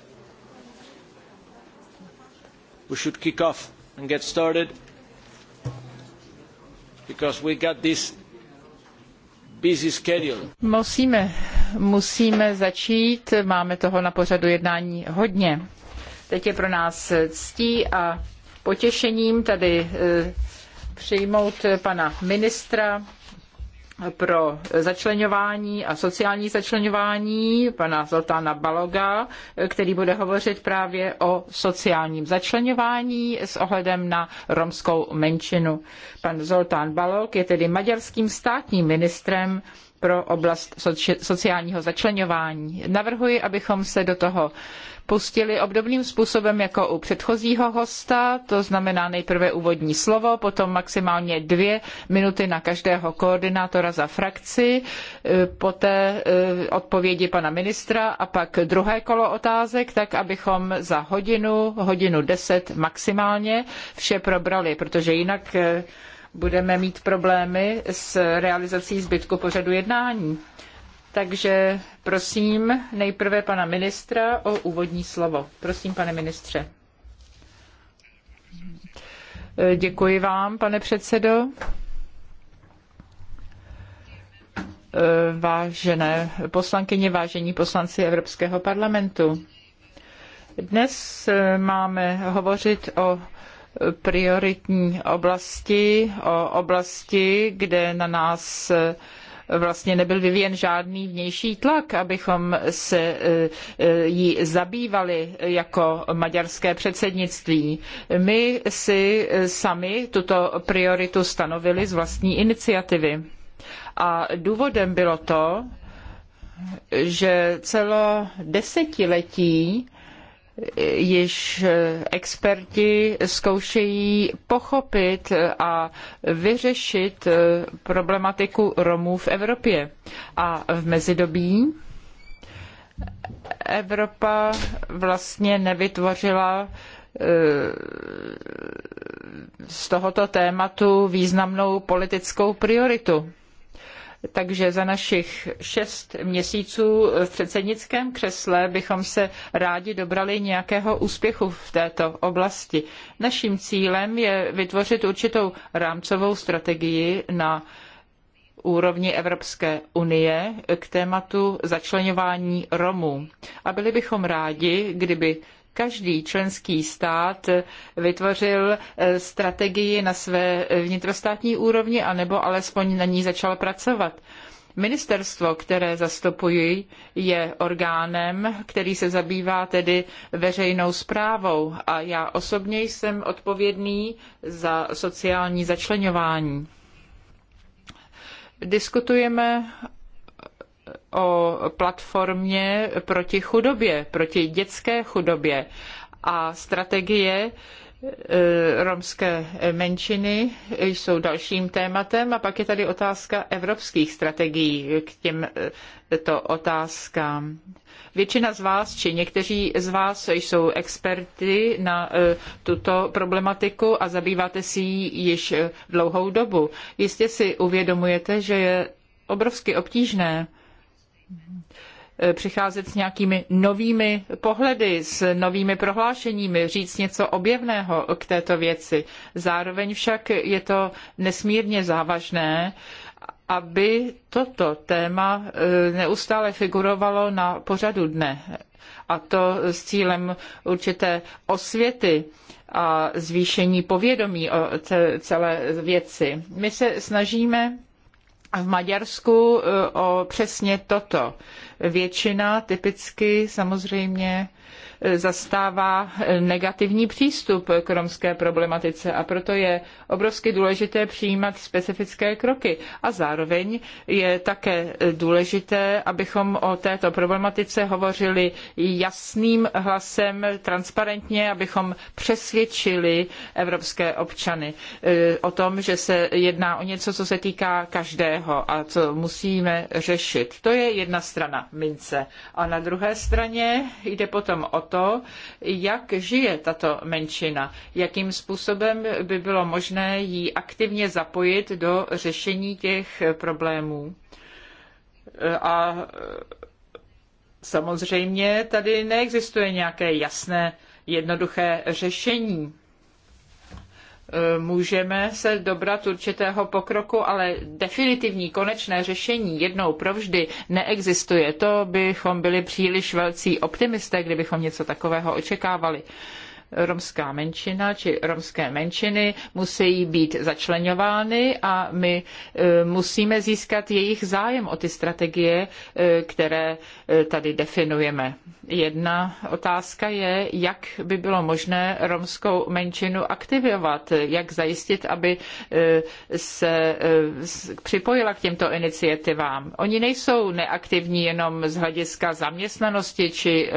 We should kick off and get started because we got this busy schedule. Musíme, musíme začít, máme toho na pořadu jednání hodně. Teď je pro nás ctí a potěšením tady eh, přijmout pana ministra pro začlenování a sociální začlenování pana Zoltána Baloga, eh, který bude hovořit právě o sociálním začlenování s ohledem na romskou menšinu. Pan Zoltán Balog je tedy maďarským státním ministrem pro oblast sociálního začlenování. Navrhuji, abychom se do toho pustili obdobným způsobem jako u předchozího hosta, to znamená nejprve úvodní slovo, potom maximálně dvě minuty na každého koordinátora za frakci, e, poté e, odpovědi pana ministra a pak druhé kolo otázek, tak abychom za hodinu, hodinu deset maximálně vše probrali, protože jinak e, budeme mít problémy s realizací zbytku pořadu jednání. Takže prosím nejprve pana ministra o úvodní slovo. Prosím, pane ministře. Děkuji vám, pane předsedo. Vážené poslankyně, vážení poslanci Evropského parlamentu. Dnes máme hovořit o prioritní oblasti, o oblasti, kde na nás vlastně nebyl vyvíjen žádný vnější tlak, abychom se e, e, jí zabývali jako maďarské předsednictví. My si e, sami tuto prioritu stanovili z vlastní iniciativy. A důvodem bylo to, že celo desetiletí již eh, experti zkoušejí pochopit a vyřešit eh, problematiku Romů v Evropě. A v mezidobí Evropa vlastně nevytvořila eh, z tohoto tématu významnou politickou prioritu. Takže za našich šest měsíců v předsednickém křesle bychom se rádi dobrali nějakého úspěchu v této oblasti. Naším cílem je vytvořit určitou rámcovou strategii na úrovni Evropské unie k tématu začlenování Romů. A byli bychom rádi, kdyby Každý členský stát vytvořil eh, strategii na své vnitrostátní úrovni, anebo alespoň na ní začal pracovat. Ministerstvo, které zastupuji, je orgánem, který se zabývá tedy veřejnou správou a já osobně jsem odpovědný za sociální začlenování. Diskutujeme o platformě proti chudobě, proti dětské chudobě a strategie e, romské menšiny jsou dalším tématem a pak je tady otázka evropských strategií k těmto e, otázkám. Většina z vás, či někteří z vás jsou experty na e, tuto problematiku a zabýváte si ji již dlouhou dobu. Jistě si uvědomujete, že je obrovsky obtížné Eh, přicházet s nějakými novými pohledy, s novými prohlášeními, říct něco objevného k této věci. Zároveň však je to nesmírně závažné, aby toto téma eh, neustále figurovalo na pořadu dne. A to s cílem určité osvěty a zvýšení povědomí o celé věci. My se snažíme a v Maďarsku eh, o přesně toto. Většina typicky samozřejmě zastává negativní přístup k romské problematice a proto je obrovsky důležité přijímat specifické kroky. A zároveň je také důležité, abychom o této problematice hovořili jasným hlasem, transparentně, abychom přesvědčili evropské občany eh, o tom, že se jedná o něco, co se týká každého a co musíme řešit. To je jedna strana mince. A na druhé straně jde potom o to, jak žije tato menšina, jakým způsobem by bylo možné ji aktivně zapojit do řešení těch problémů. A e, samozřejmě tady neexistuje nějaké jasné, jednoduché řešení Eh, můžeme se dobrat určitého pokroku, ale definitivní konečné řešení jednou provždy neexistuje. To bychom byli příliš velcí optimisté, kdybychom něco takového očekávali romská menšina či romské menšiny musí být začlenovány a my e, musíme získat jejich zájem o ty strategie, e, které e, tady definujeme. Jedna otázka je, jak by bylo možné romskou menšinu aktivovat, jak zajistit, aby se připojila k těmto iniciativám. Oni nejsou neaktivní jenom z hlediska zaměstnanosti či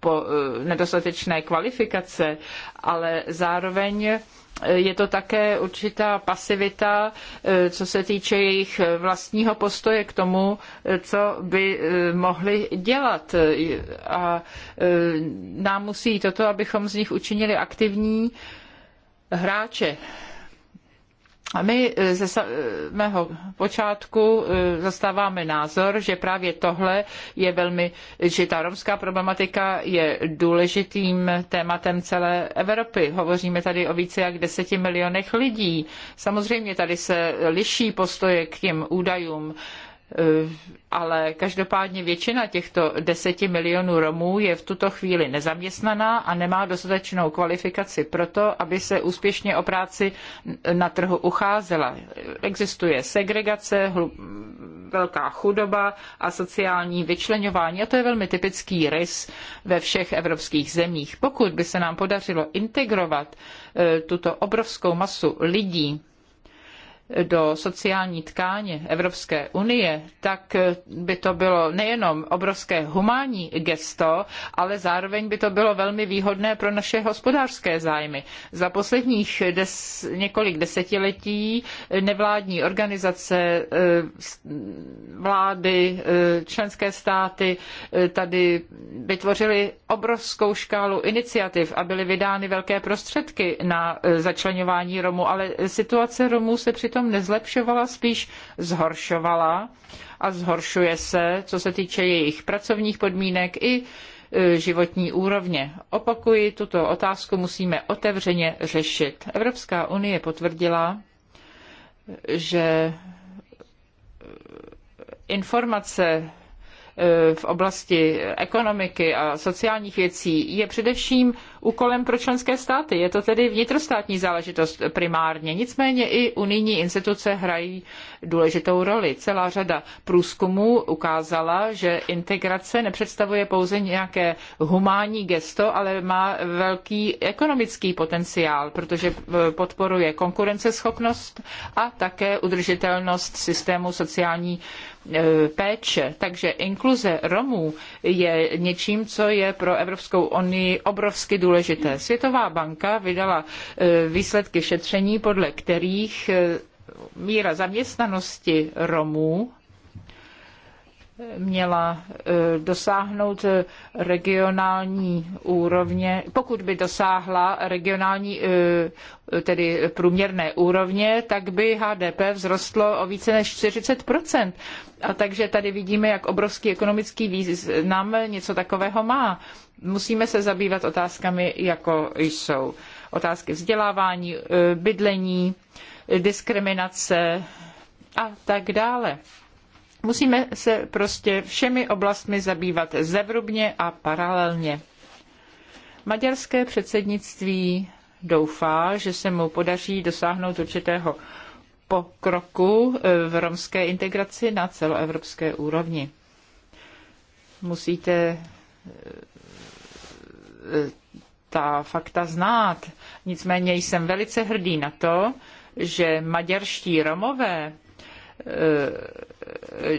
po nedostatečné kvalifikace, dobře, ale zároveň je to také určitá pasivita, eh, co se týče jejich vlastního postoje k tomu, eh, co by eh, mohli dělat. A nám musí toto, abychom z nich učinili aktivní hráče a my eh, ze samého eh, počátku eh, zastáváme názor, že právě tohle je velmi, že ta romská problematika je důležitým tématem celé Evropy. Hovoříme tady o více jak deseti milionech lidí. Samozřejmě tady se liší postoje k těm údajům Eh, ale každopádně většina těchto deseti milionů Romů je v tuto chvíli nezaměstnaná a nemá dostatečnou kvalifikaci pro to, aby se úspěšně o práci na trhu ucházela. Existuje segregace, velká chudoba a sociální vyčlenování a to je velmi typický rys ve všech evropských zemích. Pokud by se nám podařilo integrovat eh, tuto obrovskou masu lidí, do sociální tkáně Evropské unie, tak by to bylo nejenom obrovské humánní gesto, ale zároveň by to bylo velmi výhodné pro naše hospodářské zájmy. Za posledních des, několik desetiletí nevládní organizace, eh, vlády, eh, členské státy eh, tady vytvořily obrovskou škálu iniciativ a byly vydány velké prostředky na začlenování Romů, ale situace Romů se přitom potom nezlepšovala, spíš zhoršovala a zhoršuje se, co se týče jejich pracovních podmínek i e, životní úrovně. Opakuji, tuto otázku musíme otevřeně řešit. Evropská unie potvrdila, že e, informace e, v oblasti ekonomiky a sociálních věcí je především úkolem pro členské státy. Je to tedy vnitrostátní záležitost primárně. Nicméně i unijní instituce hrají důležitou roli. Celá řada průzkumů ukázala, že integrace nepředstavuje pouze nějaké humánní gesto, ale má velký ekonomický potenciál, protože eh, podporuje konkurenceschopnost a také udržitelnost systému sociální eh, péče. Takže inkluze Romů je něčím, co je pro Evropskou unii obrovsky důležité důležité. Světová banka vydala e, výsledky šetření, podle kterých e, míra zaměstnanosti Romů měla e, dosáhnout regionální úrovně, pokud by dosáhla regionální, e, tedy průměrné úrovně, tak by HDP vzrostlo o více než 40 A takže tady vidíme, jak obrovský ekonomický význam něco takového má. Musíme se zabývat otázkami, jako jsou otázky vzdělávání, e, bydlení, diskriminace a tak dále. Musíme se prostě všemi oblastmi zabývat zevrubně a paralelně. Maďarské předsednictví doufá, že se mu podaří dosáhnout určitého pokroku eh, v romské integraci na celoevropské úrovni. Musíte eh, ta fakta znát. Nicméně jsem velice hrdý na to, že maďarští Romové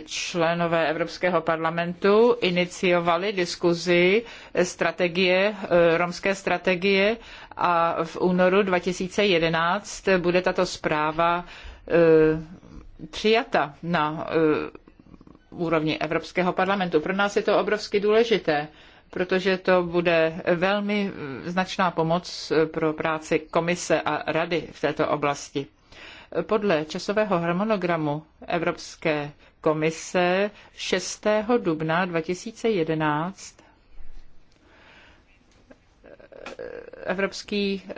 členové Evropského parlamentu iniciovali diskuzi strategie, eh, romské strategie a v únoru 2011 bude tato zpráva eh, přijata na eh, úrovni Evropského parlamentu. Pro nás je to obrovsky důležité, protože to bude velmi značná pomoc pro práci komise a rady v této oblasti. Podle časového harmonogramu Evropské komise 6. dubna 2011 eh, evropský eh,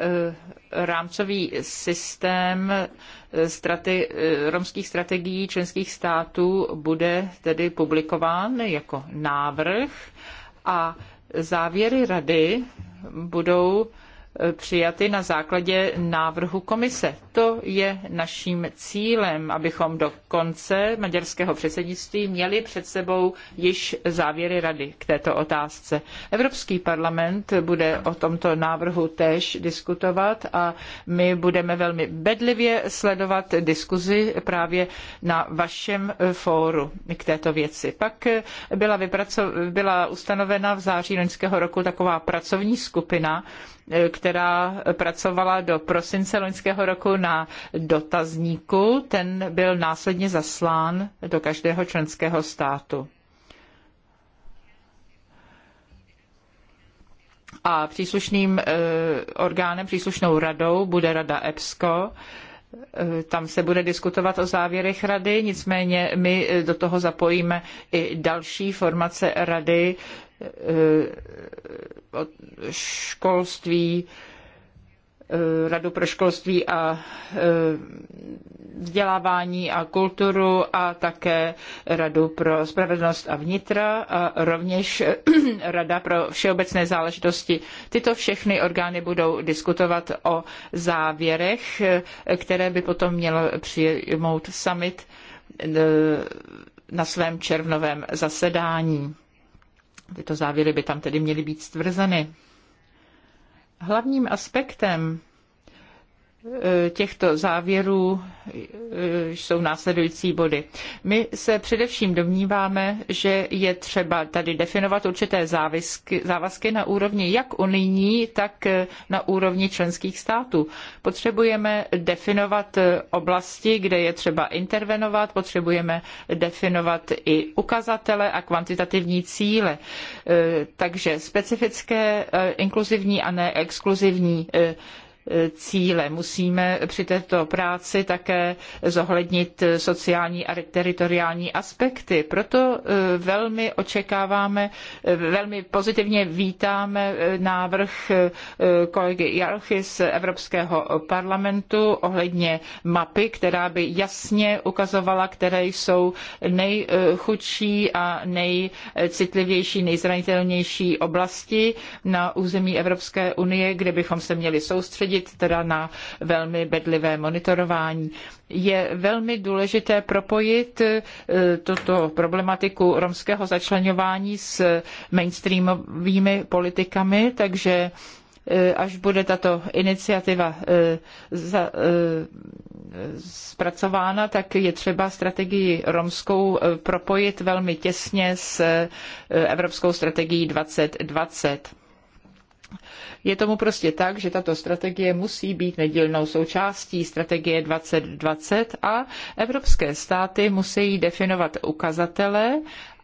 rámcový systém eh, strate, romských strategií členských států bude tedy publikován jako návrh a závěry rady budou přijaty na základě návrhu komise. To je naším cílem, abychom do konce maďarského předsednictví měli před sebou již závěry rady k této otázce. Evropský parlament bude o tomto návrhu též diskutovat a my budeme velmi bedlivě sledovat diskuzi právě na vašem fóru k této věci. Pak byla, byla ustanovena v září loňského roku taková pracovní skupina, která pracovala do prosince loňského roku na dotazníku. Ten byl následně zaslán do každého členského státu. A příslušným eh, orgánem, příslušnou radou bude Rada EPSCO, eh, tam se bude diskutovat o závěrech rady, nicméně my eh, do toho zapojíme i další formace rady, Eh, školství, eh, Radu pro školství a eh, vzdělávání a kulturu a také Radu pro spravedlnost a vnitra a rovněž Rada pro všeobecné záležitosti. Tyto všechny orgány budou diskutovat o závěrech, které by potom měl přijmout summit na svém červnovém zasedání. Tyto závěry by tam tedy měly být stvrzeny. Hlavním aspektem Eh, těchto závěrů eh, jsou následující body. My se především domníváme, že je třeba tady definovat určité závisky, závazky na úrovni jak unijní, tak eh, na úrovni členských států. Potřebujeme definovat oblasti, kde je třeba intervenovat, potřebujeme definovat i ukazatele a kvantitativní cíle. Takže specifické, inkluzivní a neexkluzivní cíle. Musíme při této práci také zohlednit sociální a teritoriální aspekty. Proto e, velmi očekáváme, e, velmi pozitivně vítáme e, návrh kolegy Jarchy z Evropského parlamentu ohledně mapy, která by jasně ukazovala, které jsou nejchudší a nejcitlivější, nejzranitelnější oblasti na území Evropské unie, kde bychom se měli soustředit soustředit teda na velmi bedlivé monitorování. Je velmi důležité propojit eh, tuto problematiku romského začlenování s mainstreamovými politikami, takže eh, až bude tato iniciativa eh, zpracována, tak je třeba strategii romskou propojit velmi těsně s Evropskou strategií 2020. Je tomu prostě tak, že tato strategie musí být nedílnou součástí strategie 2020 a evropské státy musí definovat ukazatele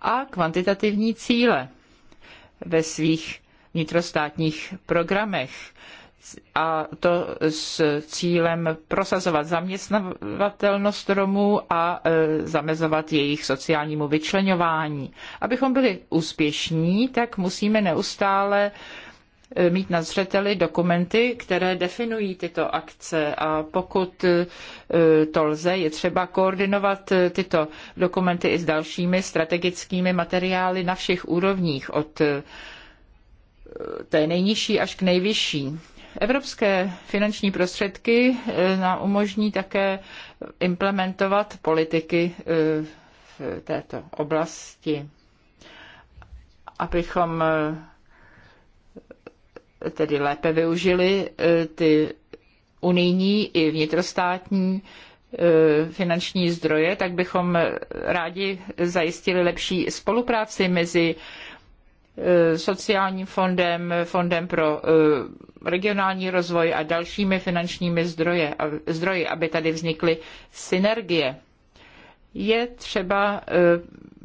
a kvantitativní cíle ve svých vnitrostátních programech a to s cílem prosazovat zaměstnavatelnost Romů a e, zamezovat jejich sociálnímu vyčlenování. Abychom byli úspěšní, tak musíme neustále Eh, mít na zřeteli dokumenty, které definují tyto akce a pokud eh, to lze, je třeba koordinovat eh, tyto dokumenty i s dalšími strategickými materiály na všech úrovních, od té nejnižší až k nejvyšší. Evropské finanční prostředky nám umožní také implementovat politiky v této oblasti, abychom tedy lépe využili e, ty unijní i vnitrostátní e, finanční zdroje, tak bychom rádi zajistili lepší spolupráci mezi e, sociálním fondem, fondem pro regionální rozvoj a dalšími finančními zdroje, zdroji, aby tady vznikly synergie. Je třeba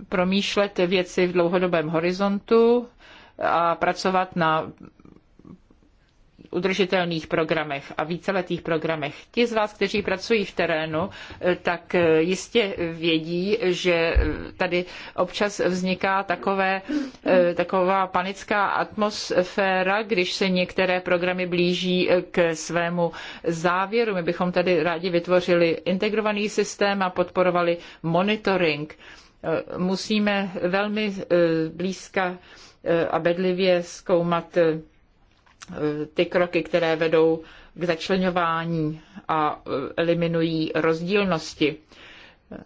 promýšlet věci v dlouhodobém horizontu a pracovat na udržitelných programech a víceletých programech. Ti z vás, kteří pracují v terénu, eh, tak eh, jistě vědí, že eh, tady občas vzniká takové, taková panická atmosféra, když se některé programy blíží k svému závěru. My bychom tady rádi vytvořili integrovaný systém a podporovali monitoring. Musíme velmi blízka a bedlivě zkoumat Eh, ty kroky, které vedou k začlenování a eh, eliminují rozdílnosti.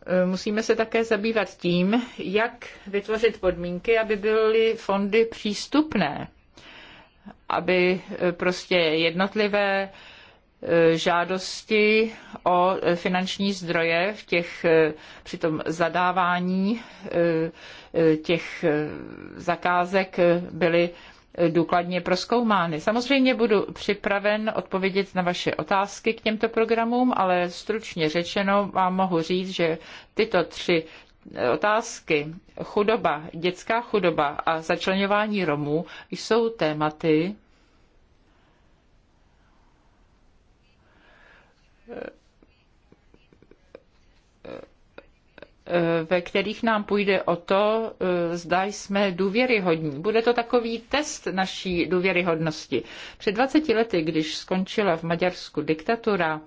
Eh, musíme se také zabývat tím, jak vytvořit podmínky, aby byly fondy přístupné, aby prostě jednotlivé žádosti o finanční zdroje v těch, při tom zadávání těch zakázek byly důkladně proskoumány. Samozřejmě budu připraven odpovědět na vaše otázky k těmto programům, ale stručně řečeno vám mohu říct, že tyto tři otázky chudoba, dětská chudoba a začlenování Romů jsou tématy, Eh, ve kterých nám půjde o to, eh, zda jsme důvěryhodní. Bude to takový test naší důvěryhodnosti. Před 20 lety, když skončila v Maďarsku diktatura,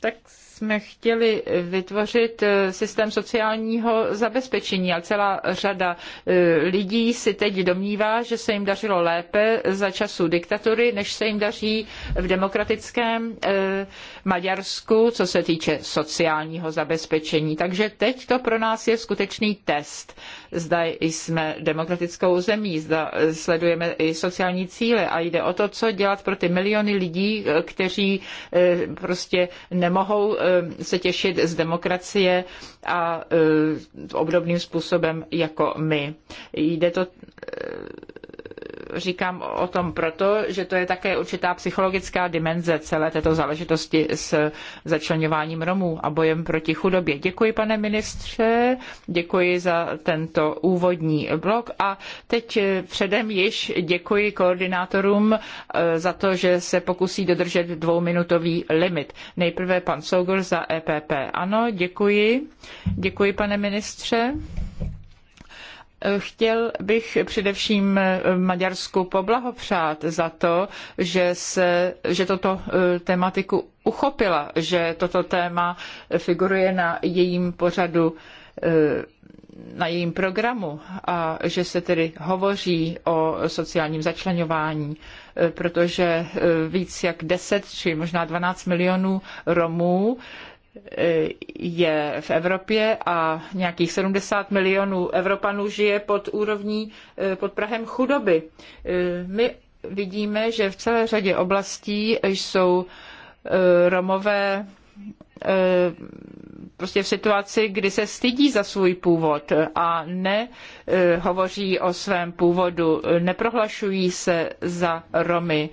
tak jsme chtěli vytvořit eh, systém sociálního zabezpečení, a celá řada eh, lidí si teď domnívá, že se jim dařilo lépe za času diktatury, než se jim daří v demokratickém eh, Maďarsku, co se týče sociálního zabezpečení. Takže teď to pro nás je skutečný test. Zda jsme demokratickou zemí, zda sledujeme i sociální cíle a jde o to, co dělat pro ty miliony lidí, kteří prostě nemohou Eh, se těšit z demokracie a eh, obdobným způsobem jako my. Jde to eh, říkám o tom proto, že to je také určitá psychologická dimenze celé této záležitosti s začlenováním Romů a bojem proti chudobě. Děkuji, pane ministře, děkuji za tento úvodní blok a teď eh, předem již děkuji koordinátorům eh, za to, že se pokusí dodržet dvouminutový limit. Nejprve pan Sogor za EPP. Ano, děkuji. Děkuji, pane ministře. Chtěl bych především eh, Maďarsku poblahopřát za to, že, se, že toto eh, tematiku uchopila, že toto téma figuruje na jejím pořadu eh, na jejím programu a že se tedy hovoří o sociálním začlenování, protože víc jak 10 či možná 12 milionů Romů je v Evropě a nějakých 70 milionů Evropanů žije pod úrovní, eh, pod Prahem chudoby. Eh, my vidíme, že v celé řadě oblastí jsou eh, Romové prostě v situaci, kdy se stydí za svůj původ a ne hovoří o svém původu, neprohlašují se za Romy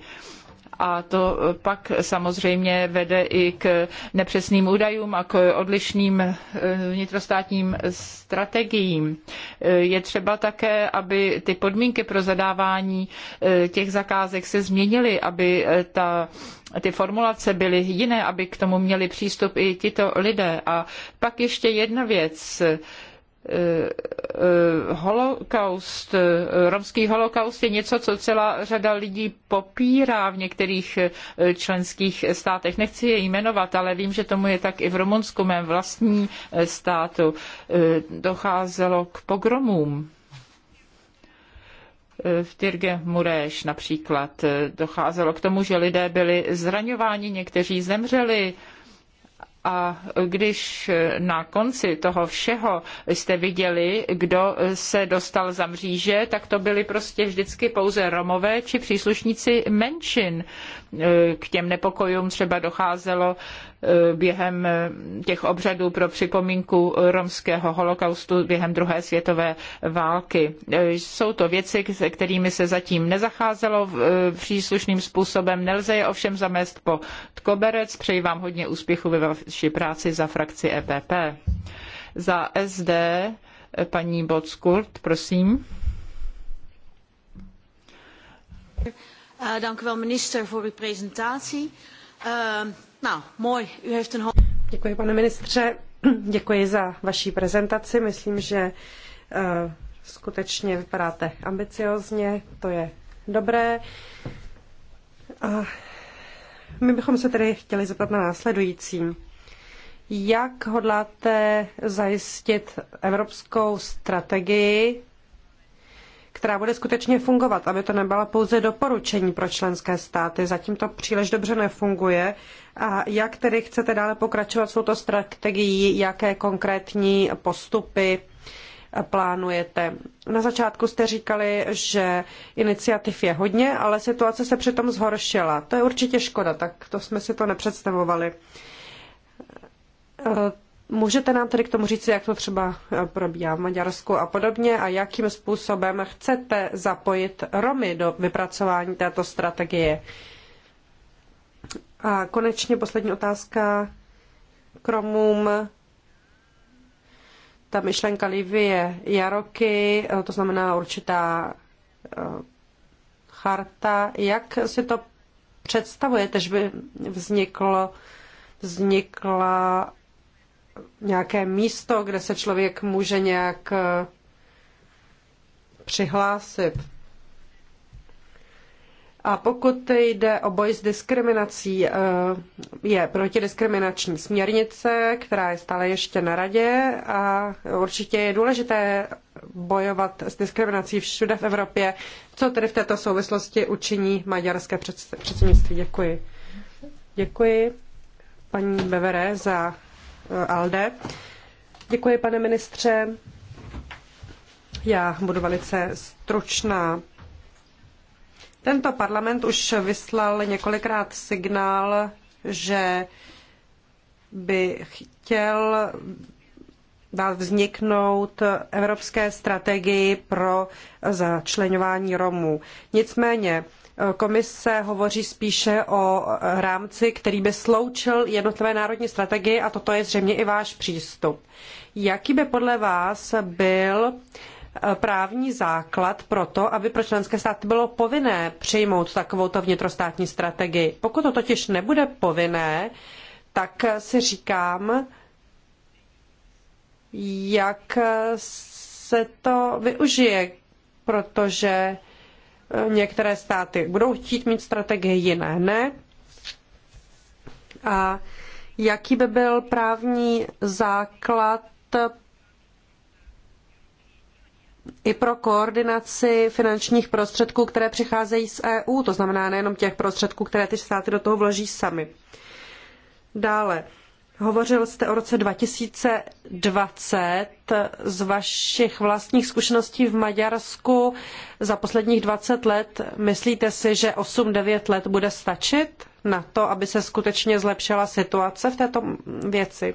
a to pak samozřejmě vede i k nepřesným údajům a k odlišným eh, vnitrostátním strategiím. Eh, je třeba také, aby ty podmínky pro zadávání eh, těch zakázek se změnily, aby ta ty formulace byly jiné, aby k tomu měli přístup i tito lidé. A pak ještě jedna věc Eh, eh, holokaust, eh, romský holokaust je něco, co celá řada lidí popírá v některých členských státech. Nechci je jmenovat, ale vím, že tomu je tak i v Rumunsku, mém vlastním státu. Docházelo k pogromům v Tyrge Muréš, například. Docházelo k tomu, že lidé byli zraňováni, někteří zemřeli a když na konci toho všeho jste viděli, kdo se dostal za mříže, tak to byli prostě vždycky pouze Romové či příslušníci menšin. K těm nepokojům třeba docházelo Eh, během eh, těch obřadů pro připomínku romského holokaustu během druhé světové války. Eh, jsou to věci, se kterými se zatím nezacházelo příslušným způsobem. Nelze je ovšem zamést po koberec. Přeji vám hodně úspěchu ve vaší práci za frakci EPP. Za SD paní Bockurt, prosím. dank u wel, minister, voor uw presentatie. Uh, Děkuji, pane ministře. Děkuji za vaší prezentaci. Myslím, že eh, skutečně vypadáte ambiciózně. to je dobré. A my bychom se tedy chtěli zeptat na následující. Jak hodláte zajistit evropskou strategii která bude skutečně fungovat, aby to nebyla pouze doporučení pro členské státy. Zatím to příliš dobře nefunguje. A jak tedy chcete dále pokračovat s touto strategií, jaké konkrétní postupy plánujete. Na začátku jste říkali, že iniciativ je hodně, ale situace se přitom zhoršila. To je určitě škoda, tak to jsme si to nepředstavovali. Můžete nám tedy k tomu říct, jak to třeba eh, probíhá v Maďarsku a podobně a jakým způsobem chcete zapojit Romy do vypracování této strategie? A konečně poslední otázka k Romům. Ta myšlenka Livie Jaroky, eh, to znamená určitá eh, charta. Jak si to představujete, že by vzniklo, vznikla nějaké místo, kde se člověk může nějak eh, přihlásit. A pokud jde o boj s diskriminací, eh, je protidiskriminační směrnice, která je stále ještě na radě a určitě je důležité bojovat s diskriminací všude v Evropě. Co tedy v této souvislosti učiní maďarské předsednictví? Děkuji. Děkuji paní Bevere za Eh, ALDE. Děkuji, pane ministře. Já budu velice stručná. Tento parlament už vyslal několikrát signál, že by chtěl dát vzniknout evropské strategii pro začlenování Romů. Nicméně Eh, komise hovoří spíše o eh, rámci, který by sloučil jednotlivé národní strategie a toto je zřejmě i váš přístup. Jaký by podle vás byl eh, právní základ pro to, aby pro členské státy bylo povinné přijmout takovouto vnitrostátní strategii. Pokud to totiž nebude povinné, tak si říkám, jak se to využije, protože Některé státy budou chtít mít strategii, jiné ne. A jaký by byl právní základ i pro koordinaci finančních prostředků, které přicházejí z EU, to znamená nejenom těch prostředků, které ty státy do toho vloží sami. Dále, Hovořil jste o roce 2020. Z vašich vlastních zkušeností v Maďarsku za posledních 20 let myslíte si, že 8-9 let bude stačit na to, aby se skutečně zlepšila situace v této věci?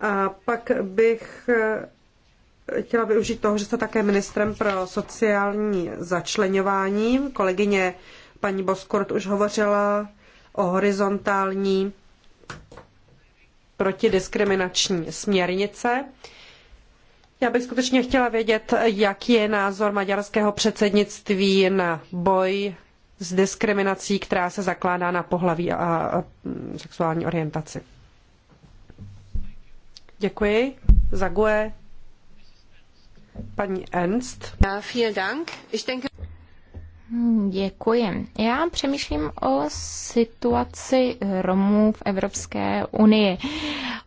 A pak bych eh, chtěla využít toho, že jste také ministrem pro sociální začlenování. Kolegyně paní Boskort už hovořila o horizontální protidiskriminační směrnice. Já bych skutečně chtěla vědět, jaký je názor maďarského předsednictví na boj s diskriminací, která se zakládá na pohlaví a mm, sexuální orientaci. Děkuji. Zague. Paní Ernst. Ja, vielen Dank. Ich denke... Hmm, děkuji. Já přemýšlím o situaci Romů v Evropské unii.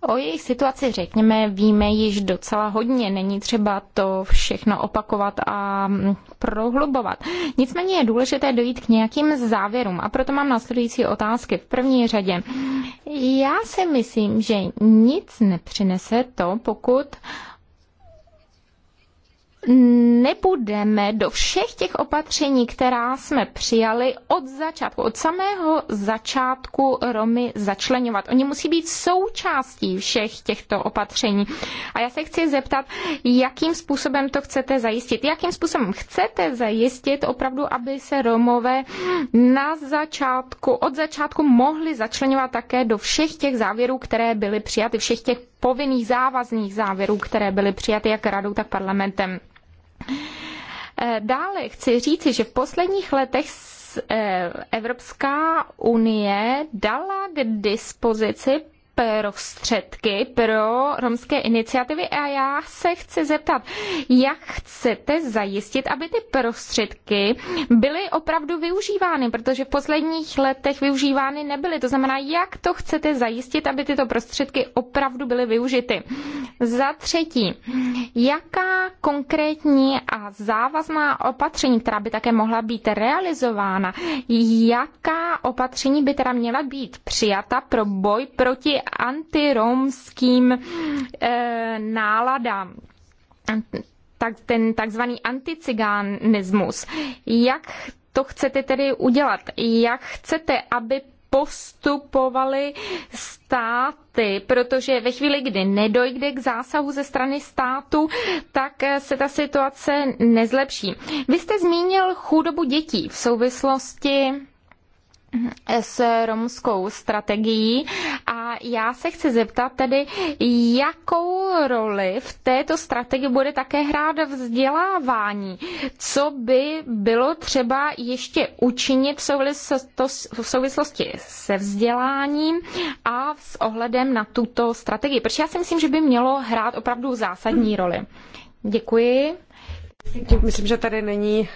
O jejich situaci, řekněme, víme již docela hodně. Není třeba to všechno opakovat a prohlubovat. Nicméně je důležité dojít k nějakým závěrům a proto mám následující otázky. V první řadě, já si myslím, že nic nepřinese to, pokud nebudeme do všech těch opatření, která jsme přijali od začátku, od samého začátku Romy začlenovat. Oni musí být součástí všech těchto opatření. A já se chci zeptat, jakým způsobem to chcete zajistit? Jakým způsobem chcete zajistit opravdu, aby se Romové na začátku, od začátku mohli začlenovat také do všech těch závěrů, které byly přijaty, všech těch povinných závazných závěrů, které byly přijaty jak radou, tak parlamentem. Eh, dále chci říci, že v posledních letech eh, Evropská unie dala k dispozici prostředky pro romské iniciativy a já se chci zeptat, jak chcete zajistit, aby ty prostředky byly opravdu využívány, protože v posledních letech využívány nebyly. To znamená, jak to chcete zajistit, aby tyto prostředky opravdu byly využity. Za třetí, jaká konkrétní a závazná opatření, která by také mohla být realizována, jaká opatření by teda měla být přijata pro boj proti antiromským eh, náladám tak, ten takzvaný anticigánismus. Jak to chcete tedy udělat? Jak chcete, aby postupovaly státy, protože ve chvíli, kdy nedojde k zásahu ze strany státu, tak eh, se ta situace nezlepší. Vy jste zmínil chudobu dětí v souvislosti s romskou strategií a já se chci zeptat tedy, jakou roli v této strategii bude také hrát vzdělávání. Co by bylo třeba ještě učinit v souvislosti se vzděláním a s ohledem na tuto strategii? Protože já si myslím, že by mělo hrát opravdu zásadní roli. Děkuji. Myslím, že tady není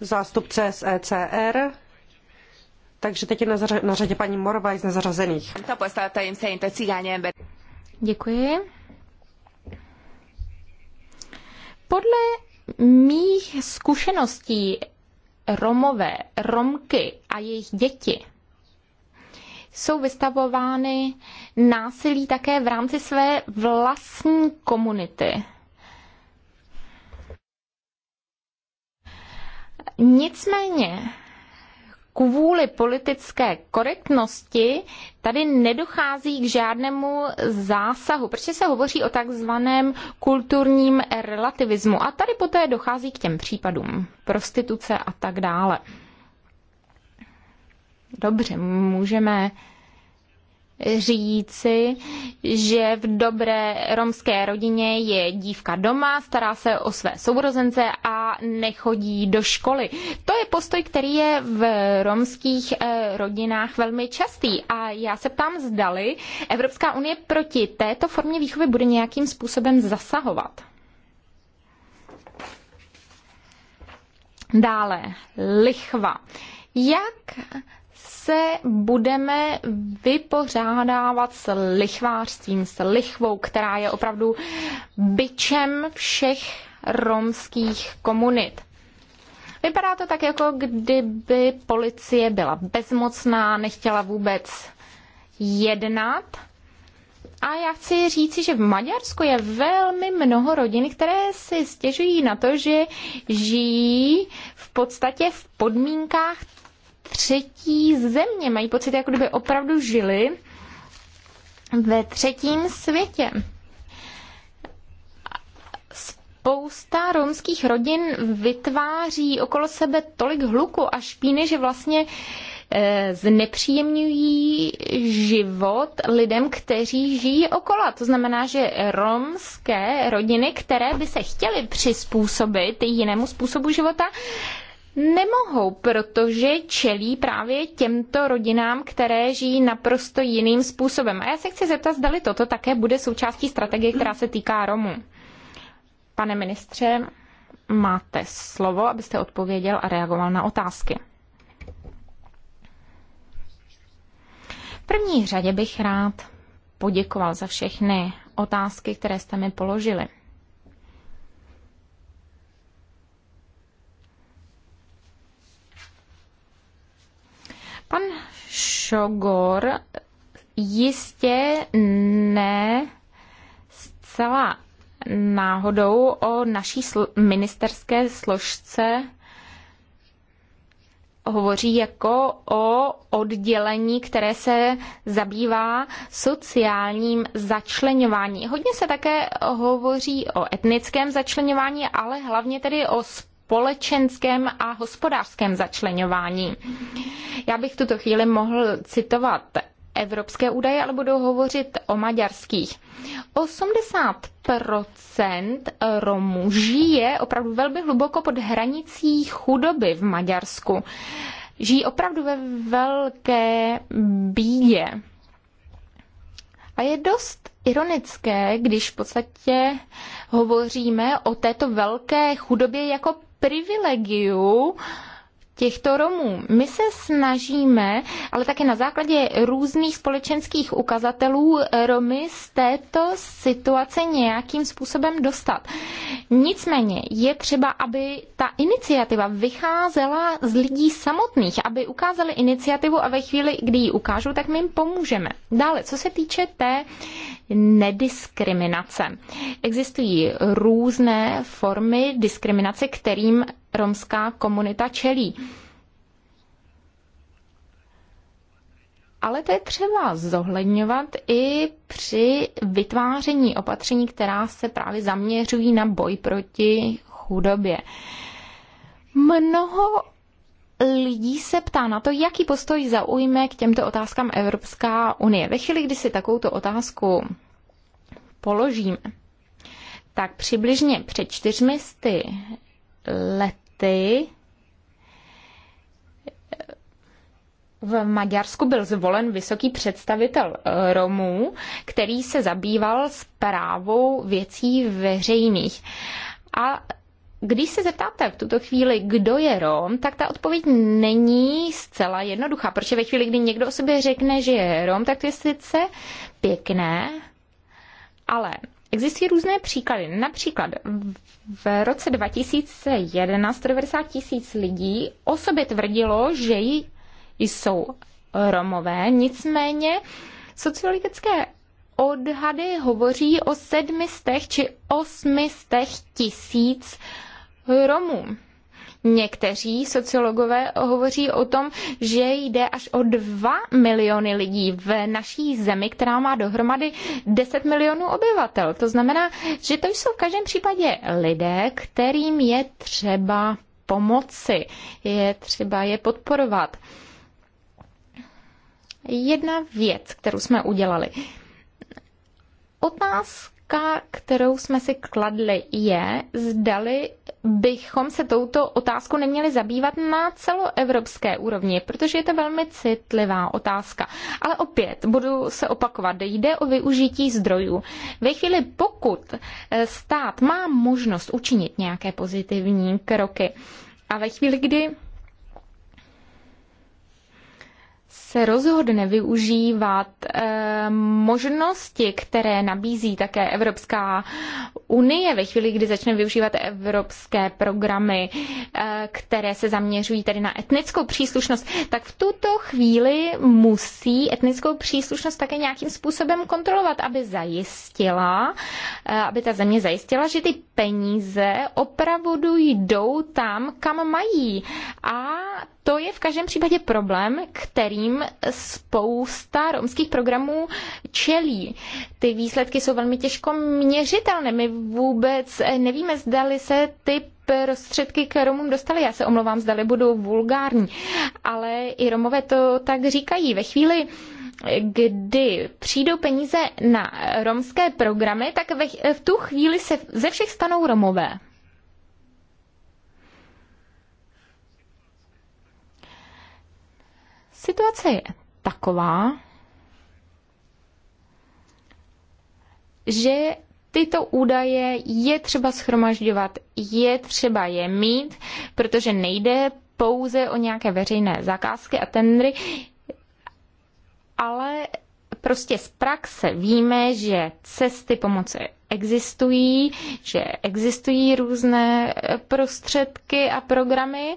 zástupce z ECR. Takže teď je na, zařadě, na řadě paní Morová z nezařazených. Děkuji. Podle mých zkušeností Romové, Romky a jejich děti jsou vystavovány násilí také v rámci své vlastní komunity. Nicméně kvůli politické korektnosti tady nedochází k žádnému zásahu, protože se hovoří o takzvaném kulturním relativismu. A tady poté dochází k těm případům prostituce a tak dále. Dobře, můžeme říci, že v dobré romské rodině je dívka doma, stará se o své sourozence a nechodí do školy. To je postoj, který je v romských eh, rodinách velmi častý a já se ptám, zdali Evropská unie proti této formě výchovy bude nějakým způsobem zasahovat. Dále, lichva. Jak se budeme vypořádávat s lichvářstvím, s lichvou, která je opravdu byčem všech romských komunit. Vypadá to tak, jako kdyby policie byla bezmocná, nechtěla vůbec jednat. A já chci říci, že v Maďarsku je velmi mnoho rodin, které si stěžují na to, že žijí v podstatě v podmínkách třetí země. Mají pocit, jako kdyby opravdu žili ve třetím světě. Spousta romských rodin vytváří okolo sebe tolik hluku a špíny, že vlastně eh, znepříjemňují život lidem, kteří žijí okolo. To znamená, že romské rodiny, které by se chtěly přizpůsobit jinému způsobu života, nemohou, protože čelí právě těmto rodinám, které žijí naprosto jiným způsobem. A já se chci zeptat, zdali toto také bude součástí strategie, která se týká Romů. Pane ministře, máte slovo, abyste odpověděl a reagoval na otázky. V první řadě bych rád poděkoval za všechny otázky, které jste mi položili. Pan Šogor jistě ne zcela náhodou o naší sl- ministerské složce hovoří jako o oddělení, které se zabývá sociálním začlenování. Hodně se také hovoří o etnickém začlenování, ale hlavně tedy o společenském a hospodářském začlenování. Já bych tuto chvíli mohl citovat evropské údaje, ale budu hovořit o maďarských. 80% Romů žije opravdu velmi hluboko pod hranicí chudoby v Maďarsku. Žijí opravdu ve velké bídě. A je dost ironické, když v podstatě hovoříme o této velké chudobě jako privilegiu těchto Romů. My se snažíme, ale také na základě různých společenských ukazatelů eh, Romy z této situace nějakým způsobem dostat. Nicméně je třeba, aby ta iniciativa vycházela z lidí samotných, aby ukázali iniciativu a ve chvíli, kdy ji ukážou, tak my jim pomůžeme. Dále, co se týče té nediskriminace. Existují různé formy diskriminace, kterým romská komunita čelí. ale to je třeba zohledňovat i při vytváření opatření, která se právě zaměřují na boj proti chudobě. Mnoho lidí se ptá na to, jaký postoj zaujme k těmto otázkám Evropská unie. Ve chvíli, kdy si takovouto otázku položíme, tak přibližně před čtyřmi lety v Maďarsku byl zvolen vysoký představitel eh, Romů, který se zabýval zprávou věcí veřejných. A když se zeptáte v tuto chvíli, kdo je Rom, tak ta odpověď není zcela jednoduchá, protože ve chvíli, kdy někdo o sobě řekne, že je Rom, tak to je sice pěkné, ale existují různé příklady. Například v roce 2011 190 tisíc lidí o sobě tvrdilo, že ji jsou Romové, nicméně sociologické odhady hovoří o sedmistech či osmistech tisíc Romů. Někteří sociologové hovoří o tom, že jde až o 2 miliony lidí v naší zemi, která má dohromady 10 milionů obyvatel. To znamená, že to jsou v každém případě lidé, kterým je třeba pomoci, je třeba je podporovat jedna věc, kterou jsme udělali. Otázka, kterou jsme si kladli, je, zdali bychom se touto otázkou neměli zabývat na celoevropské úrovni, protože je to velmi citlivá otázka. Ale opět, budu se opakovat, jde o využití zdrojů. Ve chvíli, pokud eh, stát má možnost učinit nějaké pozitivní kroky a ve chvíli, kdy se rozhodne využívat eh, možnosti, které nabízí také Evropská unie ve chvíli, kdy začne využívat evropské programy, eh, které se zaměřují tedy na etnickou příslušnost, tak v tuto chvíli musí etnickou příslušnost také nějakým způsobem kontrolovat, aby zajistila, eh, aby ta země zajistila, že ty peníze opravdu jdou tam, kam mají. A to je v každém případě problém, kterým spousta romských programů čelí. Ty výsledky jsou velmi těžko měřitelné. My vůbec nevíme, zdali se ty prostředky k Romům dostaly. Já se omlouvám, zdali budu vulgární, ale i Romové to tak říkají. Ve chvíli, kdy přijdou peníze na romské programy, tak v tu chvíli se ze všech stanou Romové. Situace je taková, že tyto údaje je třeba schromažďovat, je třeba je mít, protože nejde pouze o nějaké veřejné zakázky a tendry, ale prostě z praxe víme, že cesty pomoci existují, že existují různé eh, prostředky a programy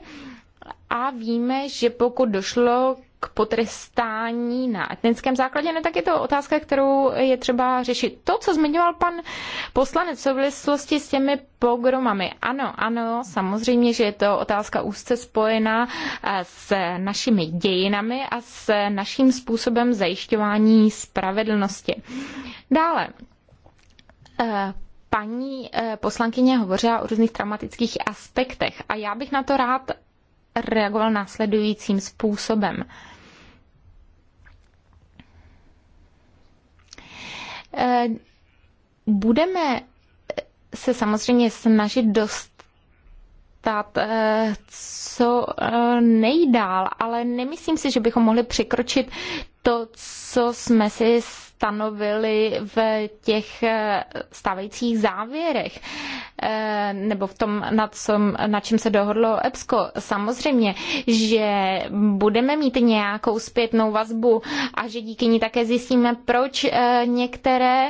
a víme, že pokud došlo k potrestání na etnickém základě, ne, tak je to otázka, kterou je třeba řešit. To, co zmiňoval pan poslanec v souvislosti s těmi pogromami. Ano, ano, samozřejmě, že je to otázka úzce spojená eh, s našimi dějinami a s naším způsobem zajišťování spravedlnosti. Dále, eh, paní eh, poslankyně hovořila o různých traumatických aspektech a já bych na to rád reagoval následujícím způsobem. Eh, budeme eh, se samozřejmě snažit dostat eh, co nejdál, ale nemyslím si, že bychom mohli překročit to, co jsme si stanovili v těch eh, stávajících závěrech eh, nebo v tom, na, com, na čem se dohodlo EPSCO. Samozřejmě, že budeme mít nějakou zpětnou vazbu a že díky ní také zjistíme, proč eh, některé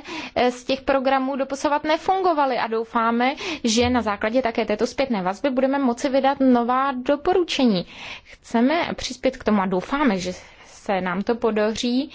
z těch programů doposovat nefungovaly a doufáme, že na základě také této zpětné vazby budeme moci vydat nová doporučení. Chceme přispět k tomu a doufáme, že se nám to podaří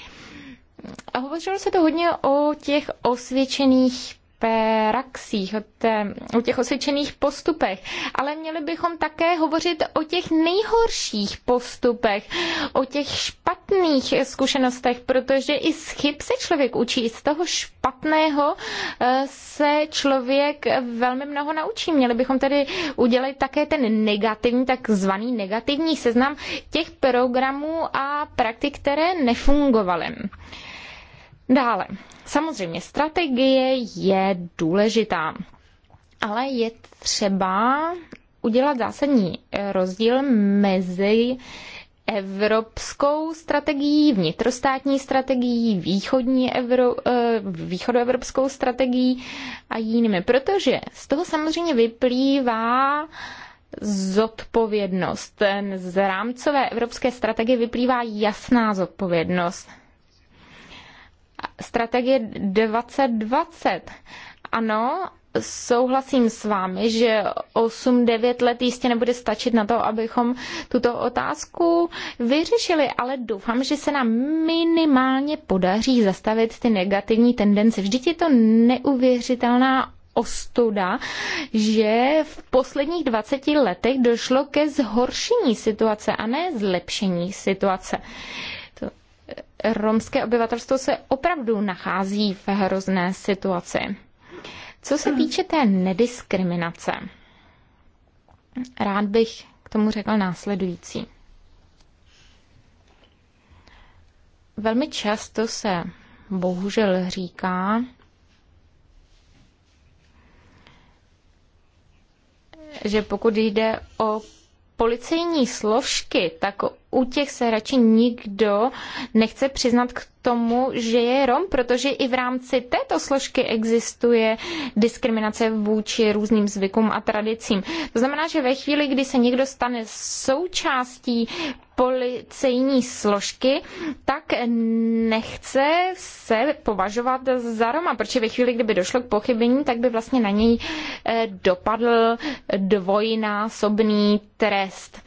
a hovořilo se to hodně o těch osvědčených praxích, o, té, o těch osvědčených postupech, ale měli bychom také hovořit o těch nejhorších postupech, o těch špatných zkušenostech, protože i z chyb se člověk učí, z toho špatného eh, se člověk velmi mnoho naučí. Měli bychom tedy udělat také ten negativní, takzvaný negativní seznam těch programů a praktik, které nefungovaly. Dále, samozřejmě strategie je důležitá, ale je třeba udělat zásadní eh, rozdíl mezi evropskou strategií, vnitrostátní strategií, východní Evro, eh, východoevropskou strategií a jinými. Protože z toho samozřejmě vyplývá zodpovědnost. Z rámcové evropské strategie vyplývá jasná zodpovědnost strategie 2020. Ano, souhlasím s vámi, že 8-9 let jistě nebude stačit na to, abychom tuto otázku vyřešili, ale doufám, že se nám minimálně podaří zastavit ty negativní tendence. Vždyť je to neuvěřitelná ostuda, že v posledních 20 letech došlo ke zhoršení situace a ne zlepšení situace romské obyvatelstvo se opravdu nachází v hrozné situaci. Co se týče té nediskriminace, rád bych k tomu řekl následující. Velmi často se bohužel říká, že pokud jde o policejní složky, tak u těch se radši nikdo nechce přiznat k tomu, že je Rom, protože i v rámci této složky existuje diskriminace vůči různým zvykům a tradicím. To znamená, že ve chvíli, kdy se někdo stane součástí policejní složky, tak nechce se považovat za Roma, protože ve chvíli, kdyby došlo k pochybení, tak by vlastně na něj eh, dopadl dvojnásobný trest.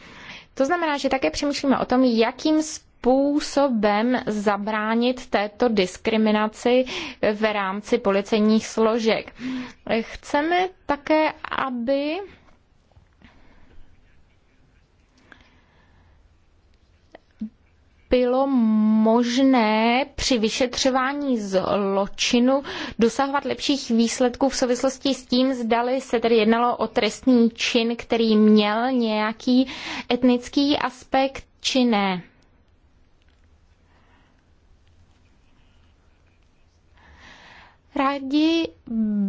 To znamená, že také přemýšlíme o tom, jakým způsobem zabránit této diskriminaci v rámci policejních složek. Chceme také, aby bylo možné při vyšetřování zločinu dosahovat lepších výsledků v souvislosti s tím, zdali se tedy jednalo o trestný čin, který měl nějaký etnický aspekt či ne. Rádi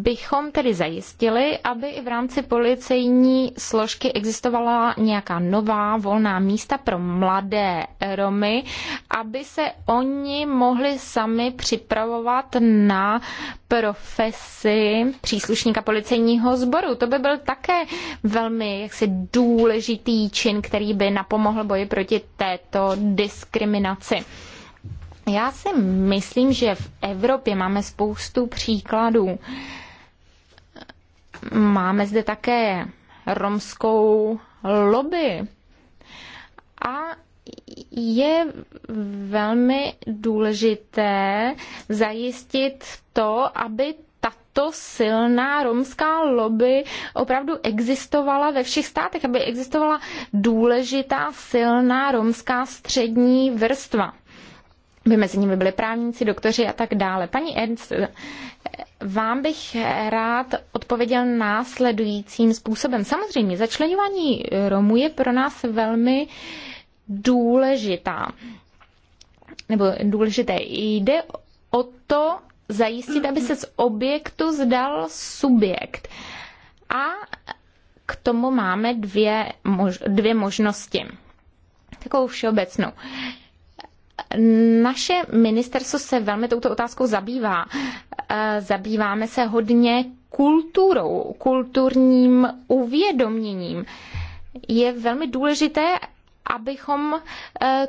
bychom tedy zajistili, aby i v rámci policejní složky existovala nějaká nová volná místa pro mladé Romy, aby se oni mohli sami připravovat na profesi příslušníka policejního sboru. To by byl také velmi jaksi důležitý čin, který by napomohl boji proti této diskriminaci. Já si myslím, že v Evropě máme spoustu příkladů. Máme zde také romskou lobby. A je velmi důležité zajistit to, aby tato silná romská lobby opravdu existovala ve všech státech, aby existovala důležitá silná romská střední vrstva by mezi nimi byli právníci, doktoři a tak dále. Paní Ernst, vám bych rád odpověděl následujícím způsobem. Samozřejmě, začlenování Romů je pro nás velmi důležitá. Nebo důležité. Jde o to zajistit, aby se z objektu zdal subjekt. A k tomu máme dvě, mož, dvě možnosti. Takovou všeobecnou. Naše ministerstvo se velmi touto otázkou zabývá. Eh, zabýváme se hodně kulturou, kulturním uvědoměním. Je velmi důležité, abychom eh,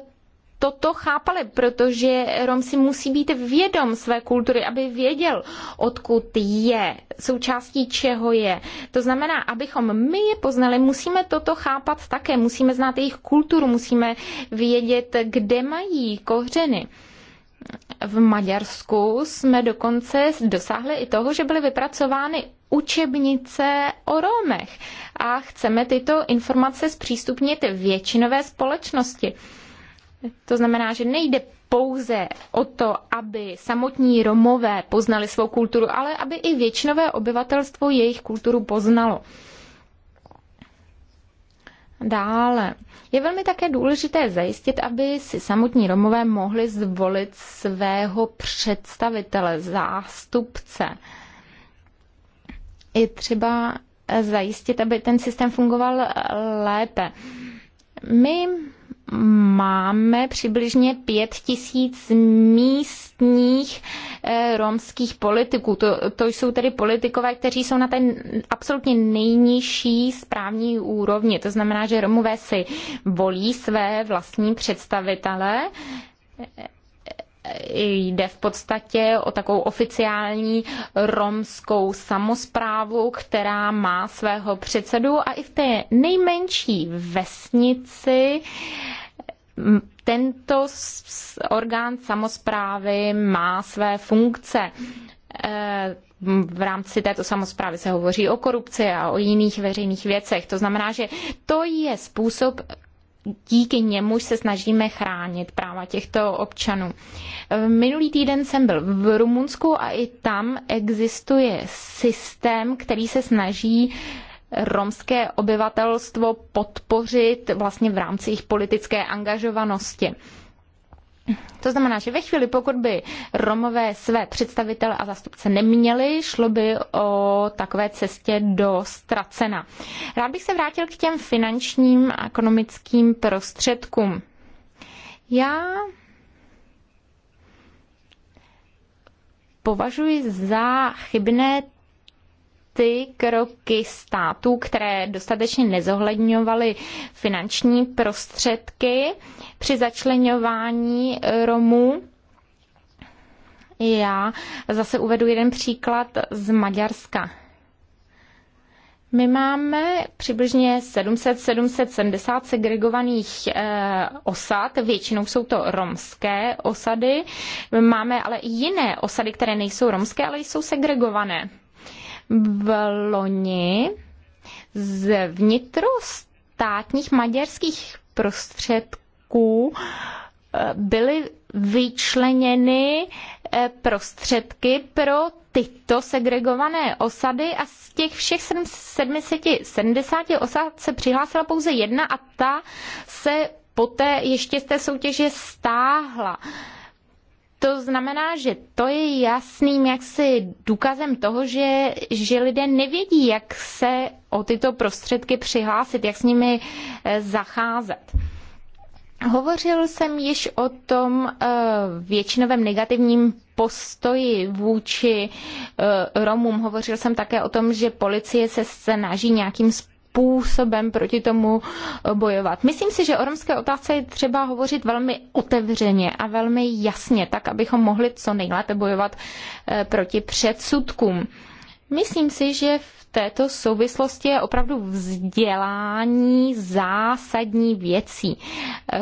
toto chápali, protože Rom si musí být vědom své kultury, aby věděl, odkud je, součástí čeho je. To znamená, abychom my je poznali, musíme toto chápat také, musíme znát jejich kulturu, musíme vědět, kde mají kořeny. V Maďarsku jsme dokonce dosáhli i toho, že byly vypracovány učebnice o Romech a chceme tyto informace zpřístupnit většinové společnosti. To znamená, že nejde pouze o to, aby samotní Romové poznali svou kulturu, ale aby i většinové obyvatelstvo jejich kulturu poznalo. Dále je velmi také důležité zajistit, aby si samotní Romové mohli zvolit svého představitele, zástupce. Je třeba zajistit, aby ten systém fungoval lépe. My máme přibližně pět tisíc místních eh, romských politiků. To, to jsou tedy politikové, kteří jsou na té absolutně nejnižší správní úrovni. To znamená, že Romové si volí své vlastní představitele eh, eh, jde v podstatě o takovou oficiální romskou samozprávu, která má svého předsedu a i v té nejmenší vesnici tento orgán samozprávy má své funkce. E, v rámci této samozprávy se hovoří o korupci a o jiných veřejných věcech. To znamená, že to je způsob, díky němuž se snažíme chránit práva těchto občanů. E, minulý týden jsem byl v Rumunsku a i tam existuje systém, který se snaží romské obyvatelstvo podpořit vlastně v rámci jejich politické angažovanosti. To znamená, že ve chvíli, pokud by Romové své představitele a zástupce neměli, šlo by o takové cestě do ztracena. Rád bych se vrátil k těm finančním a ekonomickým prostředkům. Já považuji za chybné ty kroky států, které dostatečně nezohledňovaly finanční prostředky při začlenování eh, Romů. Já zase uvedu jeden příklad z Maďarska. My máme přibližně 700-770 segregovaných eh, osad, většinou jsou to romské osady. Máme ale i jiné osady, které nejsou romské, ale jsou segregované v loni z vnitrostátních maďarských prostředků eh, byly vyčleněny eh, prostředky pro tyto segregované osady a z těch všech 70 osad se přihlásila pouze jedna a ta se poté ještě z té soutěže stáhla. To znamená, že to je jasným jaksi důkazem toho, že, že lidé nevědí, jak se o tyto prostředky přihlásit, jak s nimi eh, zacházet. Hovořil jsem již o tom eh, většinovém negativním postoji vůči eh, Romům. Hovořil jsem také o tom, že policie se snaží nějakým způsobem způsobem proti tomu eh, bojovat. Myslím si, že o romské otázce je třeba hovořit velmi otevřeně a velmi jasně, tak abychom mohli co nejlépe bojovat eh, proti předsudkům. Myslím si, že v této souvislosti je opravdu vzdělání zásadní věcí.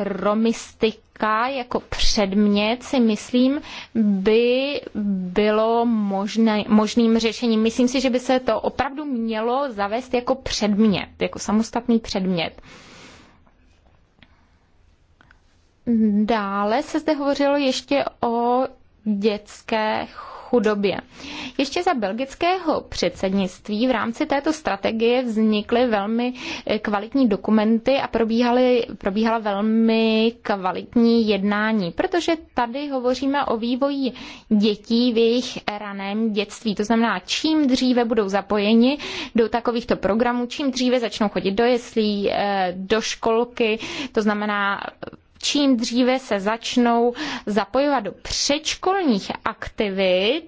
Romistika jako předmět si myslím, by bylo možné, možným řešením. Myslím si, že by se to opravdu mělo zavést jako předmět, jako samostatný předmět. Dále se zde hovořilo ještě o dětské chudobě. Ještě za belgického předsednictví v rámci této strategie vznikly velmi eh, kvalitní dokumenty a probíhaly, probíhala velmi kvalitní jednání, protože tady hovoříme o vývoji dětí v jejich raném dětství. To znamená, čím dříve budou zapojeni do takovýchto programů, čím dříve začnou chodit do jeslí, eh, do školky, to znamená čím dříve se začnou zapojovat do předškolních aktivit,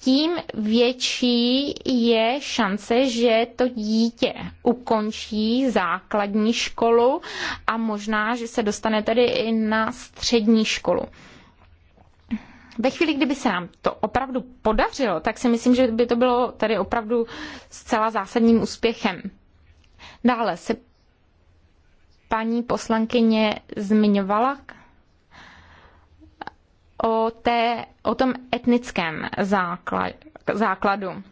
tím větší je šance, že to dítě ukončí základní školu a možná, že se dostane tedy i na střední školu. Ve chvíli, kdyby se nám to opravdu podařilo, tak si myslím, že by to bylo tady opravdu zcela zásadním úspěchem. Dále se paní poslankyně zmiňovala o, té, o tom etnickém základu.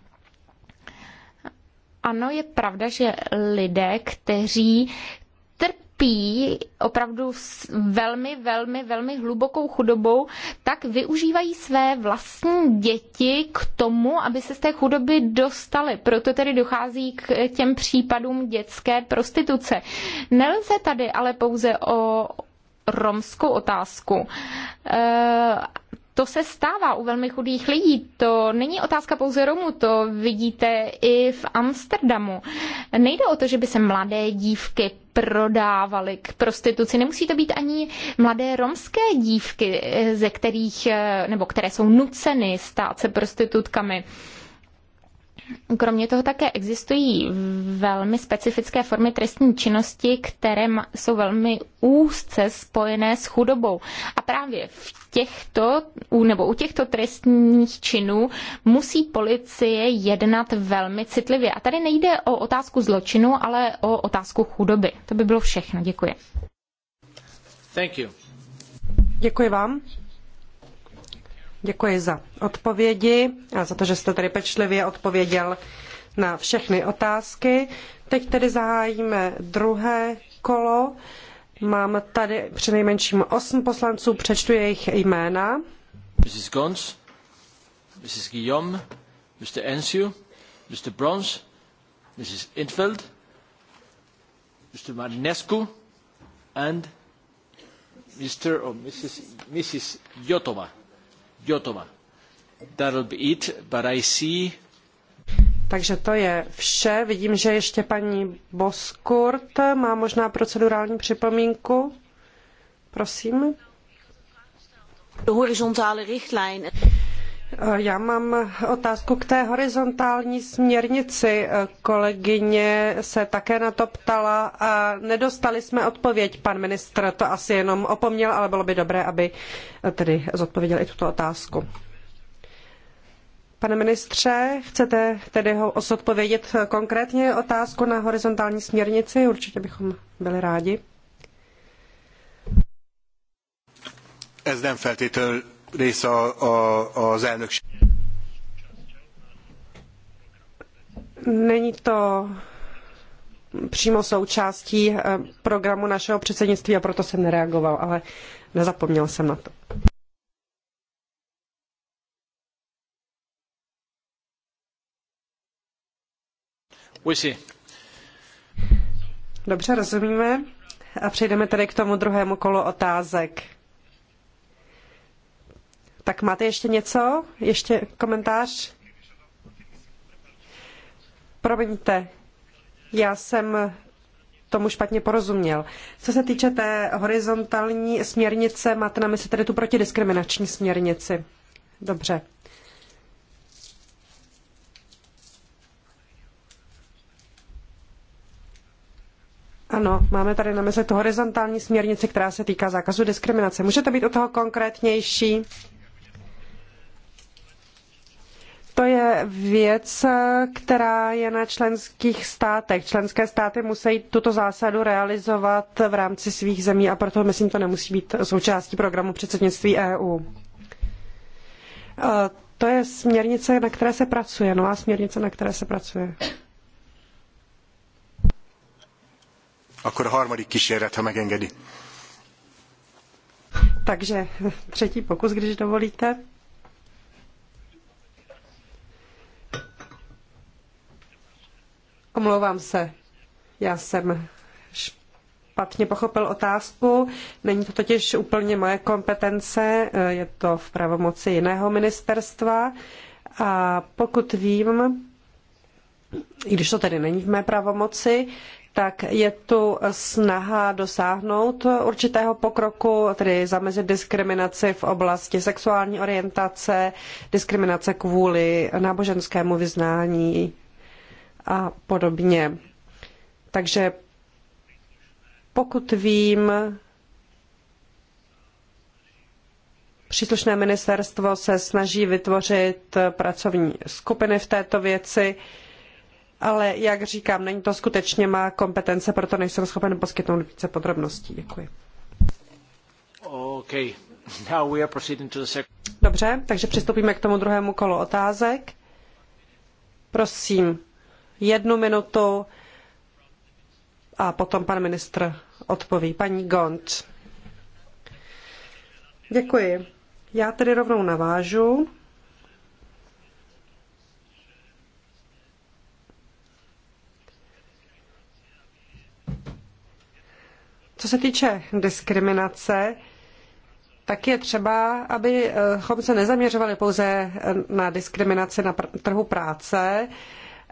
Ano, je pravda, že lidé, kteří trpí opravdu velmi, velmi, velmi hlubokou chudobou, tak využívají své vlastní děti k tomu, aby se z té chudoby dostali. Proto tedy dochází k těm případům dětské prostituce. Nelze tady ale pouze o romskou otázku. E, to se stává u velmi chudých lidí. To není otázka pouze Romů, to vidíte i v Amsterdamu. Nejde o to, že by se mladé dívky prodávali k prostituci. Nemusí to být ani mladé romské dívky, ze kterých, eh, nebo které jsou nuceny stát se prostitutkami. Kromě toho také existují velmi specifické formy trestní činnosti, které jsou velmi úzce spojené s chudobou. A právě v těchto, nebo u těchto trestních činů musí policie jednat velmi citlivě. A tady nejde o otázku zločinu, ale o otázku chudoby. To by bylo všechno. Děkuji. Thank you. Děkuji vám. Děkuji za odpovědi a za to, že jste tady pečlivě odpověděl na všechny otázky. Teď tedy zahájíme druhé kolo. Mám tady přinejmenším osm poslanců, přečtu jejich jména. Mrs. Gons, Mrs. Guillaume, Mr. Ensue, Mr. Brons, Mrs. Infeld, Mr. Marinescu and Mr. or Mrs. Mrs. Jotova. Takže to je vše. Vidím, že ještě paní bozkurt má možná procedurální připomínku. Prosím. Eh, já mám otázku k té horizontální směrnici. Eh, kolegyně se také na to ptala a nedostali jsme odpověď. Pan ministr to asi jenom opomněl, ale bylo by dobré, aby eh, tedy zodpověděl i tuto otázku. Pane ministře, chcete tedy ho konkrétně otázku na horizontální směrnici? Určitě bychom byli rádi. Ez nem feltétlenül része a, a, az elnökség. Není to přímo součástí eh, programu našeho předsednictví a proto jsem nereagoval, ale nezapomněl jsem na to. Dobře, rozumíme. A přejdeme tedy k tomu druhému kolu otázek. Tak máte ještě něco? Ještě komentář? Promiňte, já jsem tomu špatně porozuměl. Co se týče té horizontální směrnice, máte na mysli tedy tu protidiskriminační směrnici? Dobře. Ano, máme tady na mysli tu horizontální směrnici, která se týká zákazu diskriminace. Můžete být o toho konkrétnější? To je věc, která je na členských státech. Členské státy musí tuto zásadu realizovat v rámci svých zemí a proto, myslím, to nemusí být součástí programu předsednictví EU. E, to je směrnice, na které se pracuje, nová směrnice, na které se pracuje. a harmadik kísérlet, ha megengedi. Takže třetí pokus, když dovolíte. Omlouvám se, já jsem špatně pochopil otázku. Není to totiž úplně moje kompetence, je to v pravomoci jiného ministerstva. A pokud vím, i když to tedy není v mé pravomoci, tak je tu snaha dosáhnout určitého pokroku, tedy zamezit diskriminaci v oblasti sexuální orientace, diskriminace kvůli náboženskému vyznání a podobně. Takže pokud vím, příslušné ministerstvo se snaží vytvořit pracovní skupiny v této věci, ale jak říkám, není to skutečně má kompetence, proto nejsem schopen poskytnout více podrobností. Děkuji. Okay. Now we are to the Dobře, takže přistoupíme k tomu druhému kolu otázek. Prosím, jednu minutu a potom pan ministr odpoví. Paní Gont. Děkuji. Já tedy rovnou navážu. Co se týče diskriminace, tak je třeba, abychom se nezaměřovali pouze na diskriminaci na trhu práce,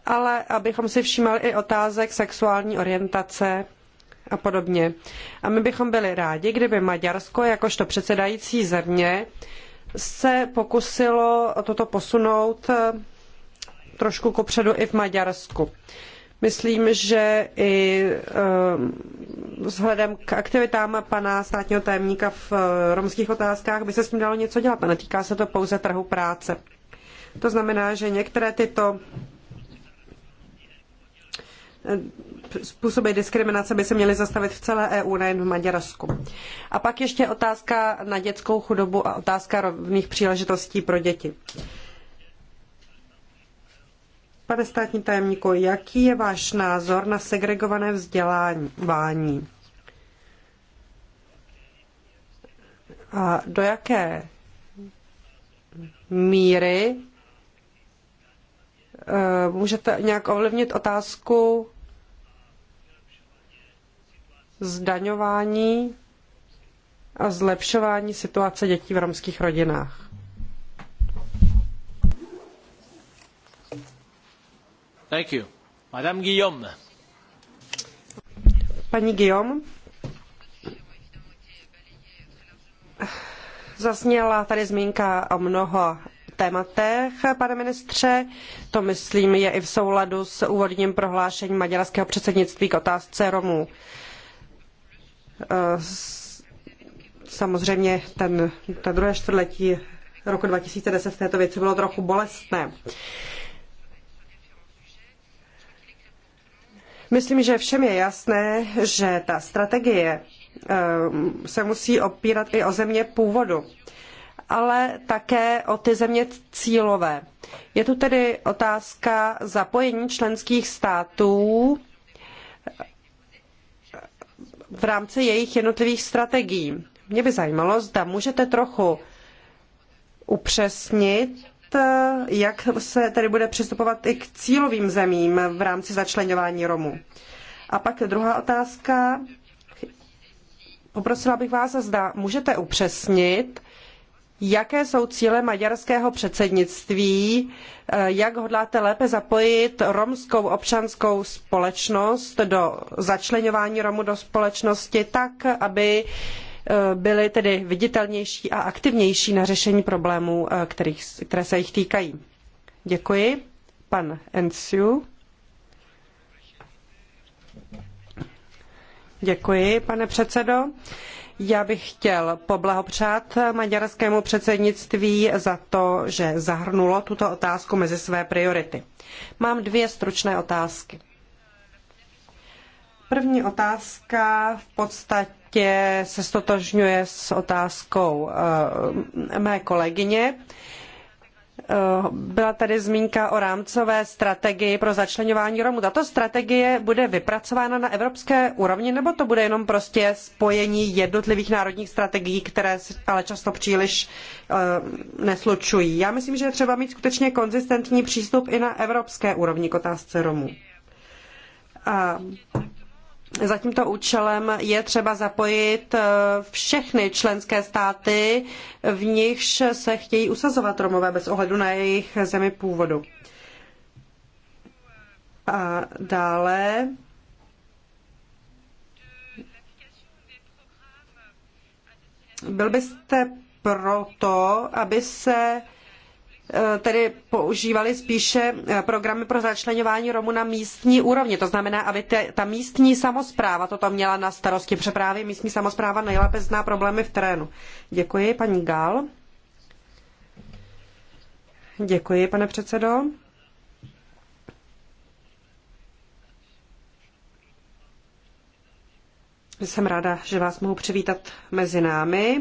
ale abychom si všímali i otázek sexuální orientace a podobně. A my bychom byli rádi, kdyby Maďarsko jakožto předsedající země se pokusilo toto posunout eh, trošku kopředu i v Maďarsku. Myslím, že i eh, vzhledem k aktivitám pana státního tajemníka v eh, romských otázkách by se s tím dalo něco dělat. A netýká se to pouze trhu práce. To znamená, že některé tyto způsoby diskriminace by se měly zastavit v celé EU, nejen v Maďarsku. A pak ještě otázka na dětskou chudobu a otázka rovných příležitostí pro děti. Pane státní tajemníku, jaký je váš názor na segregované vzdělávání? A do jaké míry eh, můžete nějak ovlivnit otázku zdaňování a zlepšování situace dětí v romských rodinách. Thank you. Madame Guillaume. Paní Guillaume, Zasněla tady zmínka o mnoha tématech, pane ministře. To, myslím, je i v souladu s úvodním prohlášením maďarského předsednictví k otázce Romů. Eh, samozřejmě ten, ta druhé čtvrtletí roku 2010 v této věci bylo trochu bolestné. Myslím, že všem je jasné, že ta strategie eh, se musí opírat i o země původu, ale také o ty země cílové. Je tu tedy otázka zapojení členských států v rámci jejich jednotlivých strategií. Mě by zajímalo, zda můžete trochu upřesnit, jak se tedy bude přistupovat i k cílovým zemím v rámci začlenování Romů. A pak druhá otázka. Poprosila bych vás, zda můžete upřesnit, Jaké jsou cíle maďarského předsednictví? Eh, jak hodláte lépe zapojit romskou občanskou společnost do začlenování Romů do společnosti tak, aby eh, byli tedy viditelnější a aktivnější na řešení problémů, eh, kterých, které se jich týkají? Děkuji. Pan Enciu. Děkuji, pane předsedo. Já bych chtěl poblahopřát maďarskému předsednictví za to, že zahrnulo tuto otázku mezi své priority. Mám dvě stručné otázky. První otázka v podstatě se stotožňuje s otázkou eh, mé kolegyně. Uh, Eh, byla tady zmínka o rámcové strategii pro začlenování Romů. Tato strategie bude vypracována na evropské úrovni, nebo to bude jenom prostě spojení jednotlivých národních strategií, které ale často příliš eh, neslučují? Já myslím, že je třeba mít skutečně konzistentní přístup i na evropské úrovni k otázce Romů. A za tímto účelem je třeba zapojit eh, všechny členské státy, v nichž se chtějí usazovat Romové bez ohledu na jejich zemi původu. A dále byl byste proto, aby se Eh, tedy používali spíše eh, programy pro začlenování Romů na místní úrovni. To znamená, aby ta místní samozpráva toto měla na starosti, protože právě místní samozpráva nejlépe zná problémy v terénu. Děkuji, paní Gál. Děkuji, pane předsedo. Jsem ráda, že vás mohu přivítat mezi námi.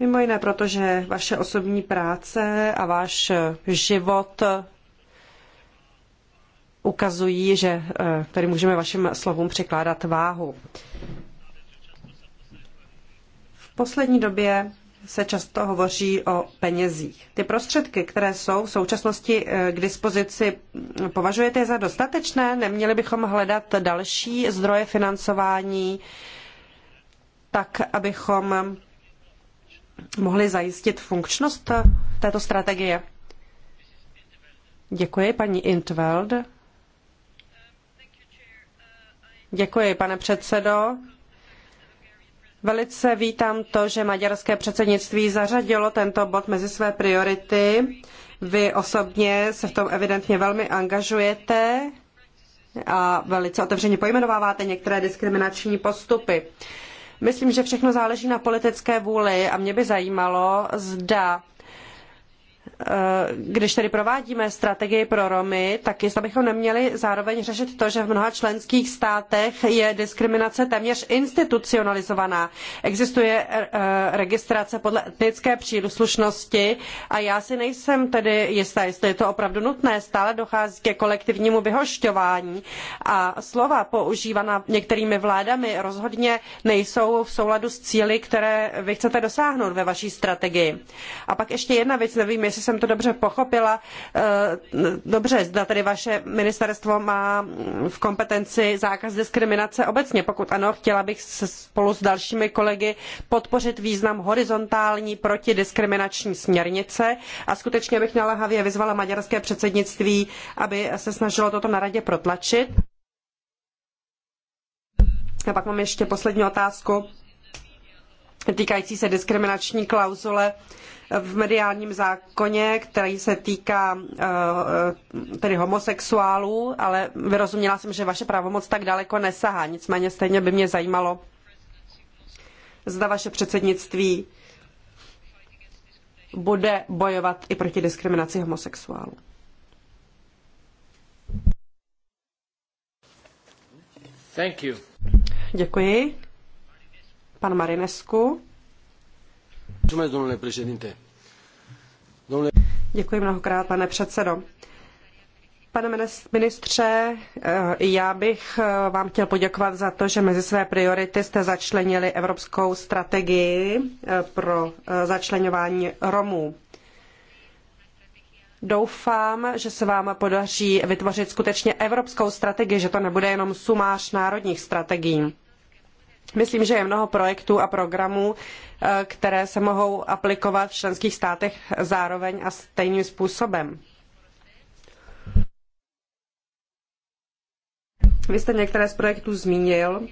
Mimo jiné, protože vaše osobní práce a váš život ukazují, že eh, tady můžeme vašim slovům překládat váhu. V poslední době se často hovoří o penězích. Ty prostředky, které jsou v současnosti eh, k dispozici, považujete je za dostatečné? Neměli bychom hledat další zdroje financování, tak abychom mohli zajistit funkčnost této strategie? Děkuji, paní Intveld. Děkuji, pane předsedo. Velice vítám to, že maďarské předsednictví zařadilo tento bod mezi své priority. Vy osobně se v tom evidentně velmi angažujete a velice otevřeně pojmenováváte některé diskriminační postupy. Myslím, že všechno záleží na politické vůli a mě by zajímalo, zda Eh, když tedy provádíme strategii pro Romy, tak jestli bychom neměli zároveň řešit to, že v mnoha členských státech je diskriminace téměř institucionalizovaná. Existuje eh, eh, registrace podle etnické příslušnosti a já si nejsem tedy jistá, jestli je to opravdu nutné. Stále dochází ke kolektivnímu vyhošťování a slova používaná některými vládami rozhodně nejsou v souladu s cíli, které vy chcete dosáhnout ve vaší strategii. A pak ještě jedna věc, nevím, jestli jsem to dobře pochopila. Eh, dobře, zda tedy vaše ministerstvo má v kompetenci zákaz diskriminace obecně. Pokud ano, chtěla bych se spolu s dalšími kolegy podpořit význam horizontální protidiskriminační směrnice a skutečně bych naléhavě vyzvala maďarské předsednictví, aby se snažilo toto na radě protlačit. A pak mám ještě poslední otázku týkající se diskriminační klauzule v mediálním zákoně, který se týká eh, tedy homosexuálů, ale vyrozuměla jsem, že vaše pravomoc tak daleko nesahá. Nicméně stejně by mě zajímalo, zda vaše předsednictví bude bojovat i proti diskriminaci homosexuálů. Thank you. Děkuji. Pan Marinescu. Děkuji mnohokrát, pane předsedo. Pane ministře, eh, já bych eh, vám chtěl poděkovat za to, že mezi své priority jste začlenili evropskou strategii eh, pro začlenování Romů. Doufám, že se vám podaří vytvořit skutečně evropskou strategii, že to nebude jenom sumář národních strategií. Myslím, že je mnoho projektů a programů, eh, které se mohou aplikovat v členských státech zároveň a stejným způsobem. Vy jste některé z projektů zmínil,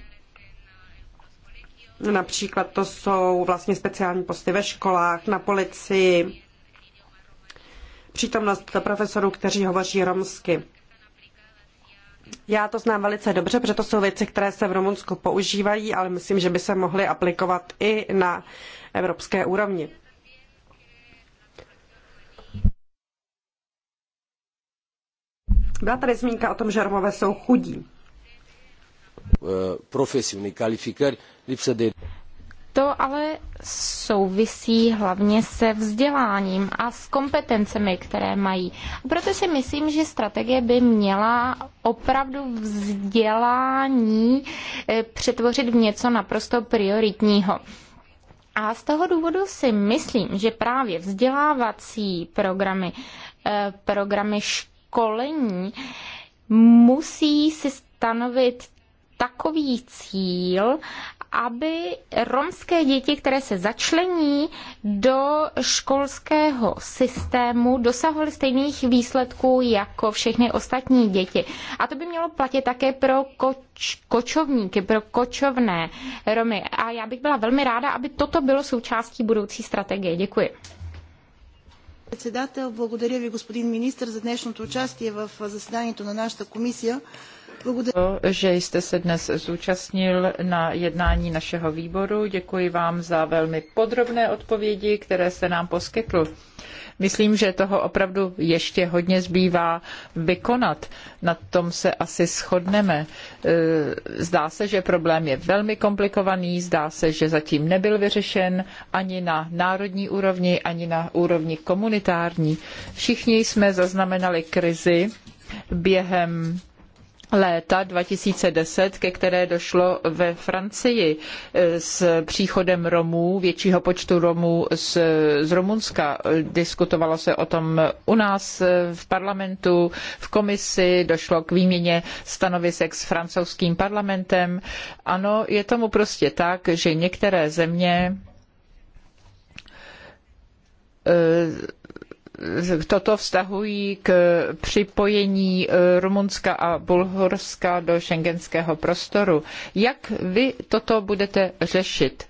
například to jsou vlastně speciální posty ve školách, na policii, přítomnost profesorů, kteří hovoří romsky. Já to znám velice dobře, protože to jsou věci, které se v Rumunsku používají, ale myslím, že by se mohly aplikovat i na evropské úrovni. Byla tady zmínka o tom, že Romové jsou chudí. Eh, Profesiunii, kvalifikări, to ale souvisí hlavně se vzděláním a s kompetencemi, které mají. proto si myslím, že strategie by měla opravdu vzdělání eh, přetvořit v něco naprosto prioritního. A z toho důvodu si myslím, že právě vzdělávací programy, eh, programy školení musí si stanovit takový cíl, aby romské děti, které se začlení do školského systému, dosahovaly stejných výsledků jako všechny ostatní děti. A to by mělo platit také pro koč, kočovníky, pro kočovné Romy. A já bych byla velmi ráda, aby toto bylo součástí budoucí strategie. Děkuji. Председател, благодаря ви, господин министр, за днешното участие в заседанието на нашата комисия. To, že jste se dnes zúčastnil na jednání našeho výboru. Děkuji vám za velmi podrobné odpovědi, které jste nám poskytl. Myslím, že toho opravdu ještě hodně zbývá vykonat. Na tom se asi shodneme. E, zdá se, že problém je velmi komplikovaný, zdá se, že zatím nebyl vyřešen ani na národní úrovni, ani na úrovni komunitární. Všichni jsme zaznamenali krizi během léta 2010, ke které došlo ve Francii eh, s příchodem Romů, většího počtu Romů z, z Rumunska. Diskutovalo se o tom u nás eh, v parlamentu, v komisi, došlo k výměně stanovisek s francouzským parlamentem. Ano, je tomu prostě tak, že některé země eh, toto vztahují k připojení eh, Rumunska a Bulhorska do šengenského prostoru. Jak vy toto budete řešit?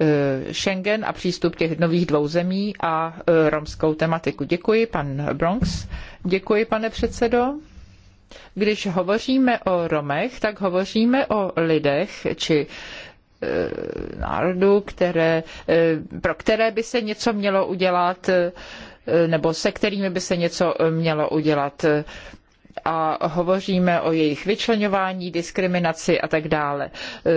Eh, Schengen a přístup těch nových dvou zemí a eh, romskou tematiku. Děkuji, pan Bronx. Děkuji, pane předsedo. Když hovoříme o Romech, tak hovoříme o lidech či národu, které, pro které by se něco mělo udělat nebo se kterými by se něco mělo udělat a hovoříme o jejich vyčlenování, diskriminaci a tak dále.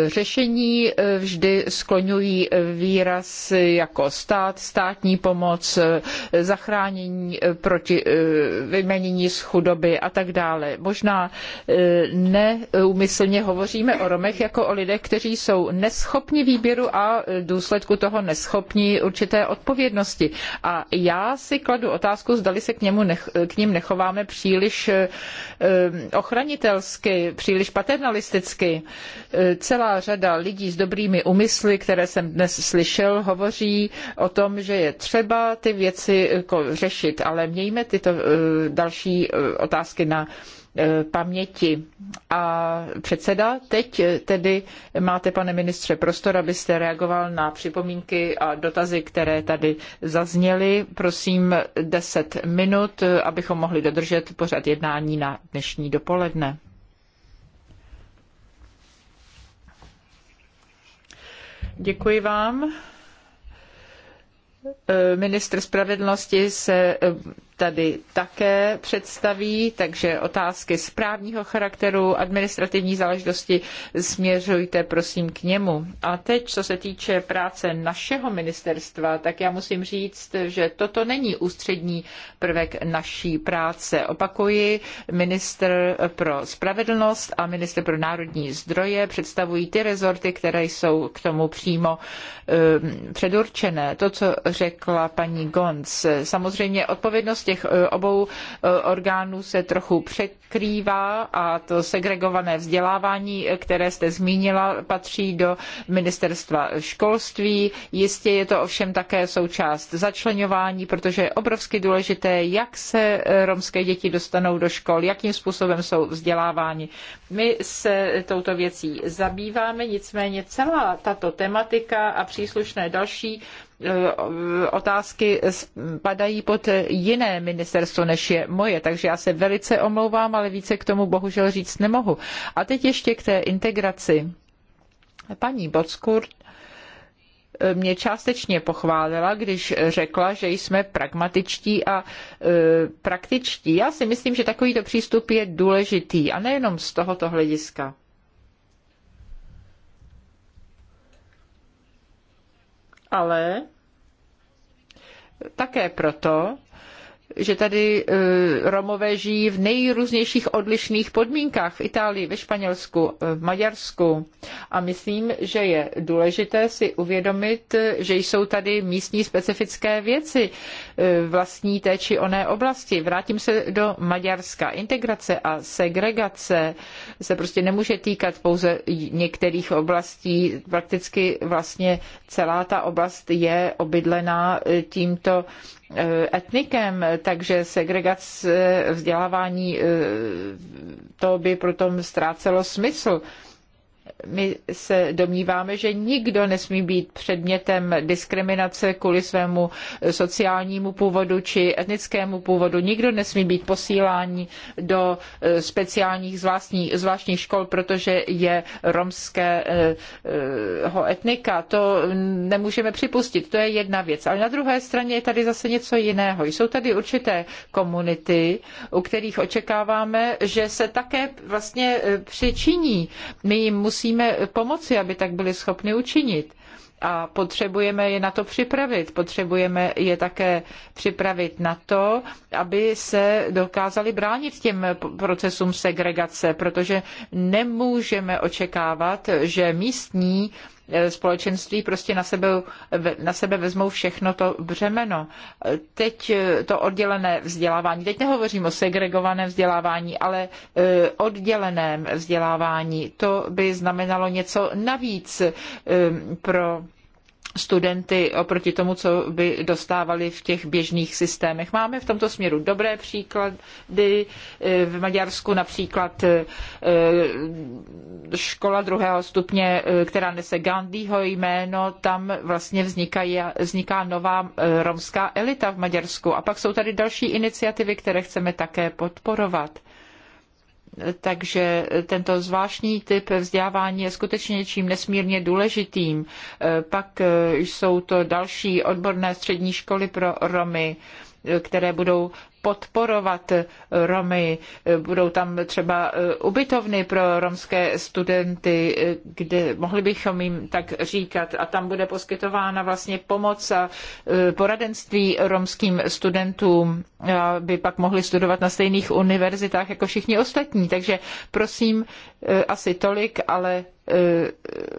Řešení eh, vždy skloňují výraz jako stát, státní pomoc, eh, zachránění eh, proti vymenění z chudoby a tak dále. Možná neúmyslně hovoříme o Romech jako o lidech, kteří jsou neschopni výběru a důsledku toho neschopni určité odpovědnosti. A já si kladu otázku, zdali se k, němu nech, k ním nechováme příliš Ehm, ochranitelsky, příliš paternalisticky. Eh, celá řada lidí s dobrými úmysly, které jsem dnes slyšel, hovoří o tom, že je třeba ty věci eh, řešit, ale mějme tyto eh, další otázky na E, paměti. A předseda, teď e, tedy máte, pane ministře, prostor, abyste reagoval na připomínky a dotazy, které tady zazněly. Prosím, 10 minut, e, abychom mohli dodržet pořad jednání na dnešní dopoledne. Děkuji vám. Ministr spravedlnosti se tady také představí, takže otázky správního charakteru, administrativní záležitosti směřujte prosím k němu. A teď, co se týče práce našeho ministerstva, tak já musím říct, že toto není ústřední prvek naší práce. Opakuji, minister pro spravedlnost a minister pro národní zdroje představují ty rezorty, které jsou k tomu přímo um, předurčené. To, co řekla paní Gonc, samozřejmě odpovědnosti těch eh, obou eh, orgánů se trochu překrývá a to segregované vzdělávání, eh, které jste zmínila, patří do ministerstva školství. Jistě je to ovšem také součást začlenování, protože je obrovsky důležité, jak se romské děti dostanou do škol, jakým způsobem jsou vzděláváni. My se touto věcí zabýváme, nicméně celá tato tematika a příslušné další Eh, otázky spadají pod jiné ministerstvo, než je moje, takže já se velice omlouvám, ale více k tomu bohužel říct nemohu. A teď ještě k té integraci. Paní Bockurt eh, mě částečně pochválila, když řekla, že jsme pragmatičtí a eh, praktičtí. Já si myslím, že takovýto přístup je důležitý a nejenom z tohoto hlediska. ale také proto, že tady e, Romové žijí v nejrůznějších odlišných podmínkách v Itálii, ve Španělsku, e, v Maďarsku. A myslím, že je důležité si uvědomit, že jsou tady místní specifické věci e, vlastní té či oné oblasti. Vrátím se do Maďarska. Integrace a segregace se prostě nemůže týkat pouze některých oblastí. Prakticky vlastně celá ta oblast je obydlená tímto etnikem, takže segregace vzdělávání eh, to by potom ztrácelo smysl my se domníváme, že nikdo nesmí být předmětem diskriminace kvůli svému sociálnímu původu či etnickému původu. Nikdo nesmí být posílán do eh, speciálních zvláštních, zvláštních škol, protože je romského eh, eh, etnika. To nemůžeme připustit. To je jedna věc. Ale na druhé straně je tady zase něco jiného. Jsou tady určité komunity, u kterých očekáváme, že se také vlastně přičiní. My jim musíme musíme pomoci, aby tak byli schopni učinit a potřebujeme je na to připravit. Potřebujeme je také připravit na to, aby se dokázali bránit těm procesům segregace, protože nemůžeme očekávat, že místní Eh, společenství prostě na sebe, na sebe vezmou všechno to břemeno. Eh, teď eh, to oddělené vzdělávání, teď nehovořím o segregovaném vzdělávání, ale odděleném vzdělávání, to by znamenalo něco navíc pro studenty oproti tomu, co by dostávali v těch běžných systémech. Máme v tomto směru dobré příklady. V Maďarsku například eh, škola druhého stupně, eh, která nese Gandhiho jméno, tam vlastně vzniká, vzniká nová eh, romská elita v Maďarsku. A pak jsou tady další iniciativy, které chceme také podporovat. Takže tento zvláštní typ vzdělávání je skutečně něčím nesmírně důležitým. Pak jsou to další odborné střední školy pro Romy, které budou podporovat Romy. Budou tam třeba e, ubytovny pro romské studenty, e, kde mohli bychom jim tak říkat a tam bude poskytována vlastně pomoc a e, poradenství romským studentům, aby pak mohli studovat na stejných univerzitách jako všichni ostatní. Takže prosím asi tolik, ale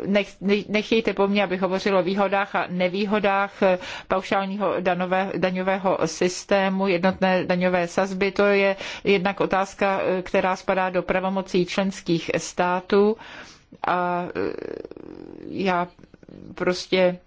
nech, nechtějte po mně, abych hovořila o výhodách a nevýhodách paušálního danové, daňového systému, jednotné daňové sazby. To je jednak otázka, která spadá do pravomocí členských států. A já prostě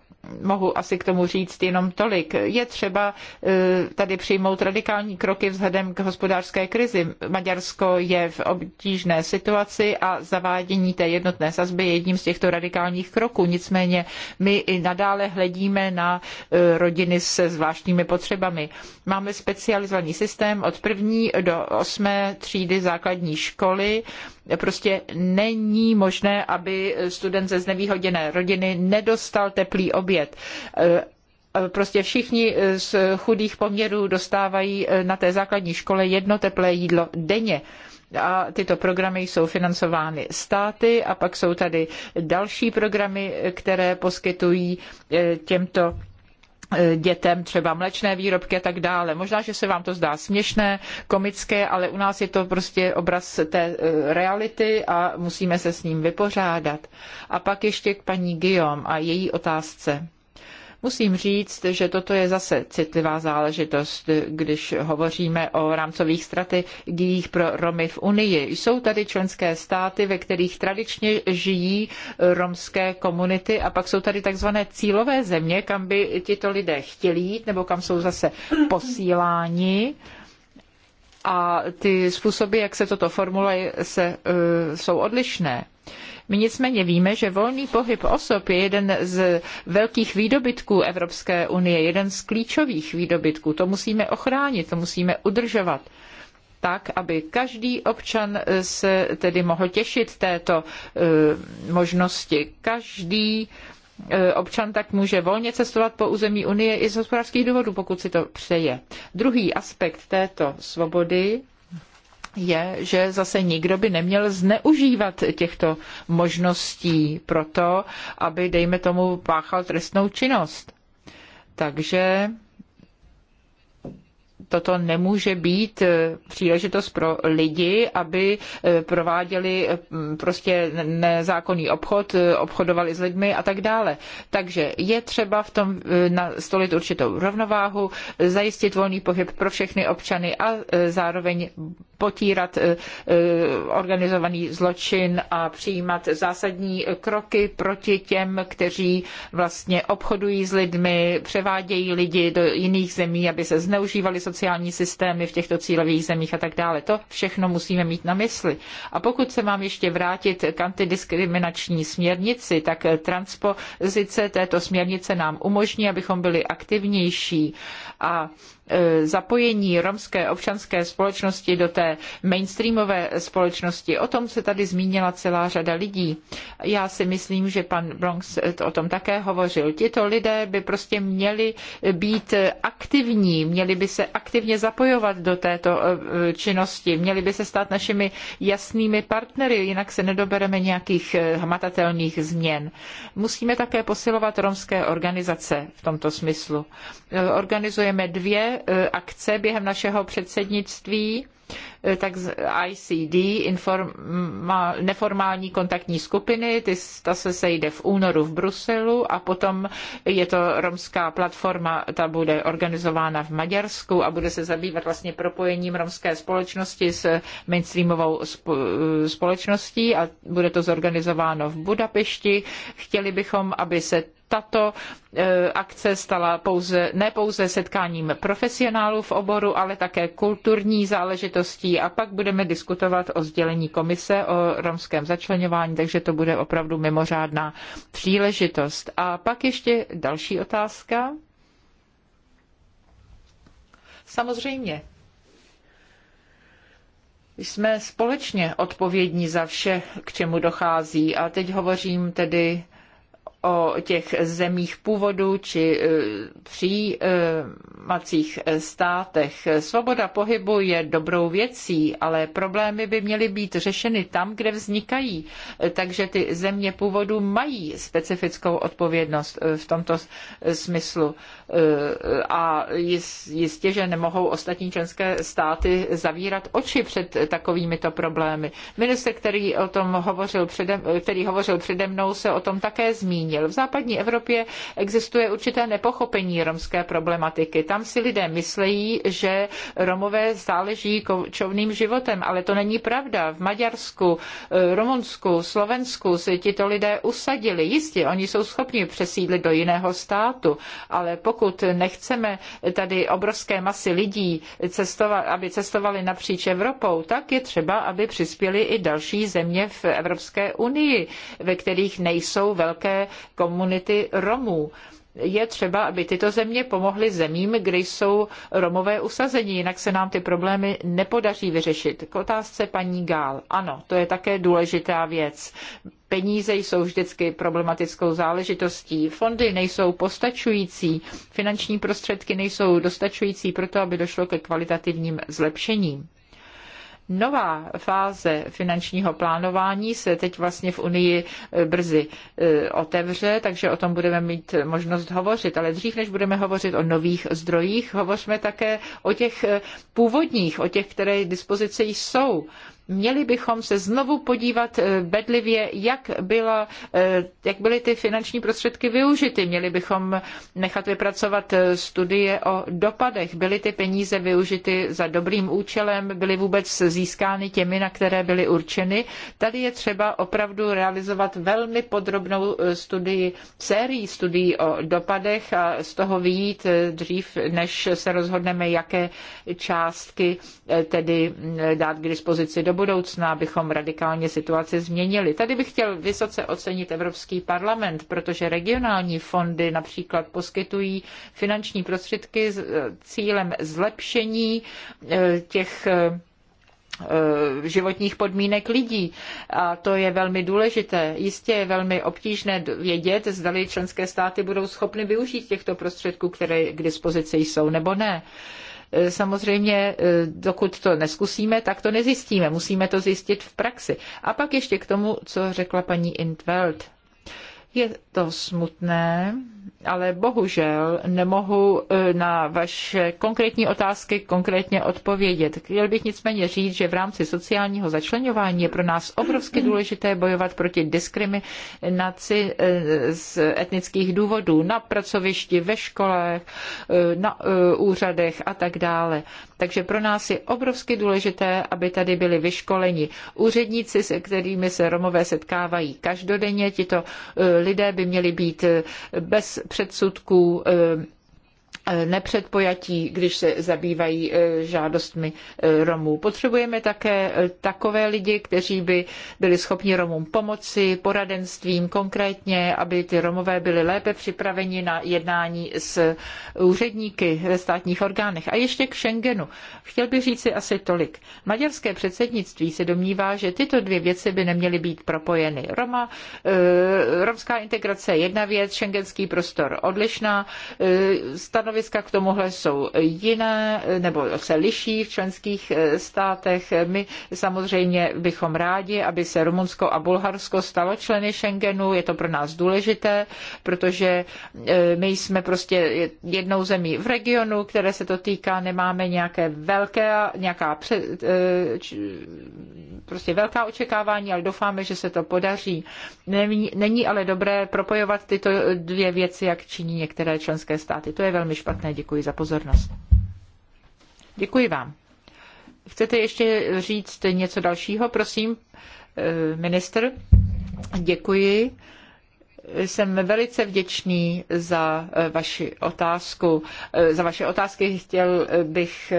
mohu asi k tomu říct jenom tolik. Je třeba e, tady přijmout radikální kroky vzhledem k hospodářské krizi. Maďarsko je v obtížné situaci a zavádění té jednotné sazby je jedním z těchto radikálních kroků. Nicméně my i nadále hledíme na e, rodiny se zvláštními potřebami. Máme specializovaný systém od první do osmé třídy základní školy Prostě není možné, aby student ze znevýhodněné rodiny nedostal teplý oběd e, e, prostě všichni z chudých poměrů dostávají e, na té základní škole jedno teplé jídlo denně. A tyto programy jsou financovány státy a pak jsou tady další programy, které poskytují těmto Eh, dětem třeba mlečné výrobky a tak dále. Možná, že se vám to zdá směšné, komické, ale u nás je to prostě obraz té eh, reality a musíme se s ním vypořádat. A pak ještě k paní Guillaume a její otázce. Musím říct, že toto je zase citlivá záležitost, když hovoříme o rámcových strategiích pro Romy v Unii. Jsou tady členské státy, ve kterých tradičně žijí romské komunity a pak jsou tady takzvané cílové země, kam by tito lidé chtěli jít nebo kam jsou zase posíláni a ty způsoby, jak se toto formuluje, se, uh, jsou odlišné. Uh, my nicméně víme, že volný pohyb osob je jeden z velkých výdobytků Evropské unie, jeden z klíčových výdobytků. To musíme ochránit, to musíme udržovat tak, aby každý občan se tedy mohl těšit této e, možnosti. Každý e, občan tak může volně cestovat po území Unie i z hospodářských důvodů, pokud si to přeje. Druhý aspekt této svobody je, že zase nikdo by neměl zneužívat těchto možností pro to, aby, dejme tomu, páchal trestnou činnost. Takže toto nemůže být eh, příležitost pro lidi, aby eh, prováděli mm, prostě nezákonný obchod, eh, obchodovali s lidmi a tak dále. Takže je třeba v tom nastolit určitou rovnováhu, zajistit volný pohyb pro všechny občany a zároveň potírat eh, eh, organizovaný zločin a přijímat zásadní kroky proti těm, kteří vlastně obchodují s lidmi, převádějí lidi do jiných zemí, aby se zneužívaly sociální systémy v těchto cílových zemích a tak dále. To všechno musíme mít na mysli. A pokud se mám ještě vrátit k antidiskriminační směrnici, tak transpozice této směrnice nám umožní, abychom byli aktivnější a E, zapojení romské občanské společnosti do té mainstreamové společnosti. O tom se tady zmínila celá řada lidí. Já si myslím, že pan Bronx o tom také hovořil. Tito lidé by prostě měli být aktivní, měli by se aktivně zapojovat do této e, činnosti, měli by se stát našimi jasnými partnery, jinak se nedobereme nějakých e, hmatatelných změn. Musíme také posilovat romské organizace v tomto smyslu. Organizujeme dvě Eh, akce během našeho předsednictví, eh, tak ICD, informa, neformální kontaktní skupiny, ty, ta se sejde v únoru v Bruselu a potom je to romská platforma, ta bude organizována v Maďarsku a bude se zabývat vlastně propojením romské společnosti s mainstreamovou eh, společností a bude to zorganizováno v Budapešti. Chtěli bychom, aby se tato e, akce stala pouze, ne pouze setkáním profesionálů v oboru, ale také kulturní záležitostí a pak budeme diskutovat o sdělení komise o romském začlenování, takže to bude opravdu mimořádná příležitost. A pak ještě další otázka. Samozřejmě, jsme společně odpovědní za vše, k čemu dochází. A teď hovořím tedy o těch zemích původu či e, přijímacích e, státech. Svoboda pohybu je dobrou věcí, ale problémy by měly být řešeny tam, kde vznikají. Takže ty země původu mají specifickou odpovědnost e, v tomto smyslu. A jistě, že nemohou ostatní členské státy zavírat oči před takovýmito problémy. Minister, který, o tom hovořil přede, který hovořil přede mnou, se o tom také zmínil zmínil. V západní Evropě existuje určité nepochopení romské problematiky. Tam si lidé myslejí, že Romové stále žijí kočovným životem, ale to není pravda. V Maďarsku, eh, Rumunsku, Slovensku se tito lidé usadili. Jistě, oni jsou schopni přesídlit do jiného státu, ale pokud nechceme tady obrovské masy lidí, cestovat, aby cestovali napříč Evropou, tak je třeba, aby přispěli i další země v Evropské unii, ve kterých nejsou velké komunity Romů je třeba, aby tyto země pomohly zemím, kde jsou Romové usazení, jinak se nám ty problémy nepodaří vyřešit. K otázce paní Gál. Ano, to je také důležitá věc. Peníze jsou vždycky problematickou záležitostí, fondy nejsou postačující, finanční prostředky nejsou dostačující proto, aby došlo ke kvalitativním zlepšením nová fáze finančního plánování se teď vlastně v Unii e, brzy e, otevře, takže o tom budeme mít možnost hovořit. Ale dřív, než budeme hovořit o nových zdrojích, hovořme také o těch e, původních, o těch, které dispozici jsou Měli bychom se znovu podívat eh, bedlivě, jak, byla, eh, jak byly ty finanční prostředky využity. Měli bychom nechat vypracovat eh, studie o dopadech. Byly ty peníze využity za dobrým účelem, byly vůbec získány těmi, na které byly určeny. Tady je třeba opravdu realizovat velmi podrobnou studii, sérii studií o dopadech a z toho vyjít dřív, než se rozhodneme, jaké částky tedy mm, dát k dispozici do budoucna, abychom radikálně situaci změnili. Tady bych chtěl vysoce ocenit Evropský parlament, protože regionální fondy například poskytují finanční prostředky s e, cílem zlepšení e, těch e, životních podmínek lidí. A to je velmi důležité. Jistě je velmi obtížné vědět, zdali členské státy budou schopny využít těchto prostředků, které k dispozici jsou, nebo ne. Samozřejmě, e, dokud to neskusíme, tak to nezjistíme. Musíme to zjistit v praxi. A pak ještě k tomu, co řekla paní Intveld. Je to smutné, ale bohužel nemohu e, na vaše konkrétní otázky konkrétně odpovědět. Chtěl bych nicméně říct, že v rámci sociálního začlenování je pro nás obrovsky důležité bojovat proti diskriminaci e, z etnických důvodů na pracovišti, ve školách, e, na úřadech a tak dále. Takže pro nás je obrovsky důležité, aby tady byli vyškoleni úředníci, se kterými se Romové setkávají každodenně. Tito lidé by měli být bez předsudků, eh, nepředpojatí, když se zabývají eh, žádostmi eh, Romů. Potřebujeme také eh, takové lidi, kteří by byli schopni Romům pomoci poradenstvím konkrétně, aby ty Romové byli lépe připraveni na jednání s úředníky ve státních orgánech. A ještě k Schengenu. Chtěl bych říci asi tolik. Maďarské předsednictví se domnívá, že tyto dvě věci by neměly být propojeny. Roma, romská integrace je jedna věc, šengenský prostor odlišná. stanov stanoviska k tomuhle jsou jiné nebo se liší v členských eh, státech. My samozřejmě bychom rádi, aby se Rumunsko a Bulharsko stalo členy Schengenu. Je to pro nás důležité, protože eh, my jsme prostě jednou zemí v regionu, které se to týká, nemáme nějaké velké, nějaká pře, eh, prostě velká očekávání, ale doufáme, že se to podaří. Není, není ale dobré propojovat tyto dvě věci, jak činí některé členské státy. To je velmi špatné špatné. Děkuji za pozornost. Děkuji vám. Chcete ještě říct něco dalšího, prosím, eh, minister? Děkuji jsem velice vděčný za eh, vaši otázku. Eh, za vaše otázky chtěl eh, bych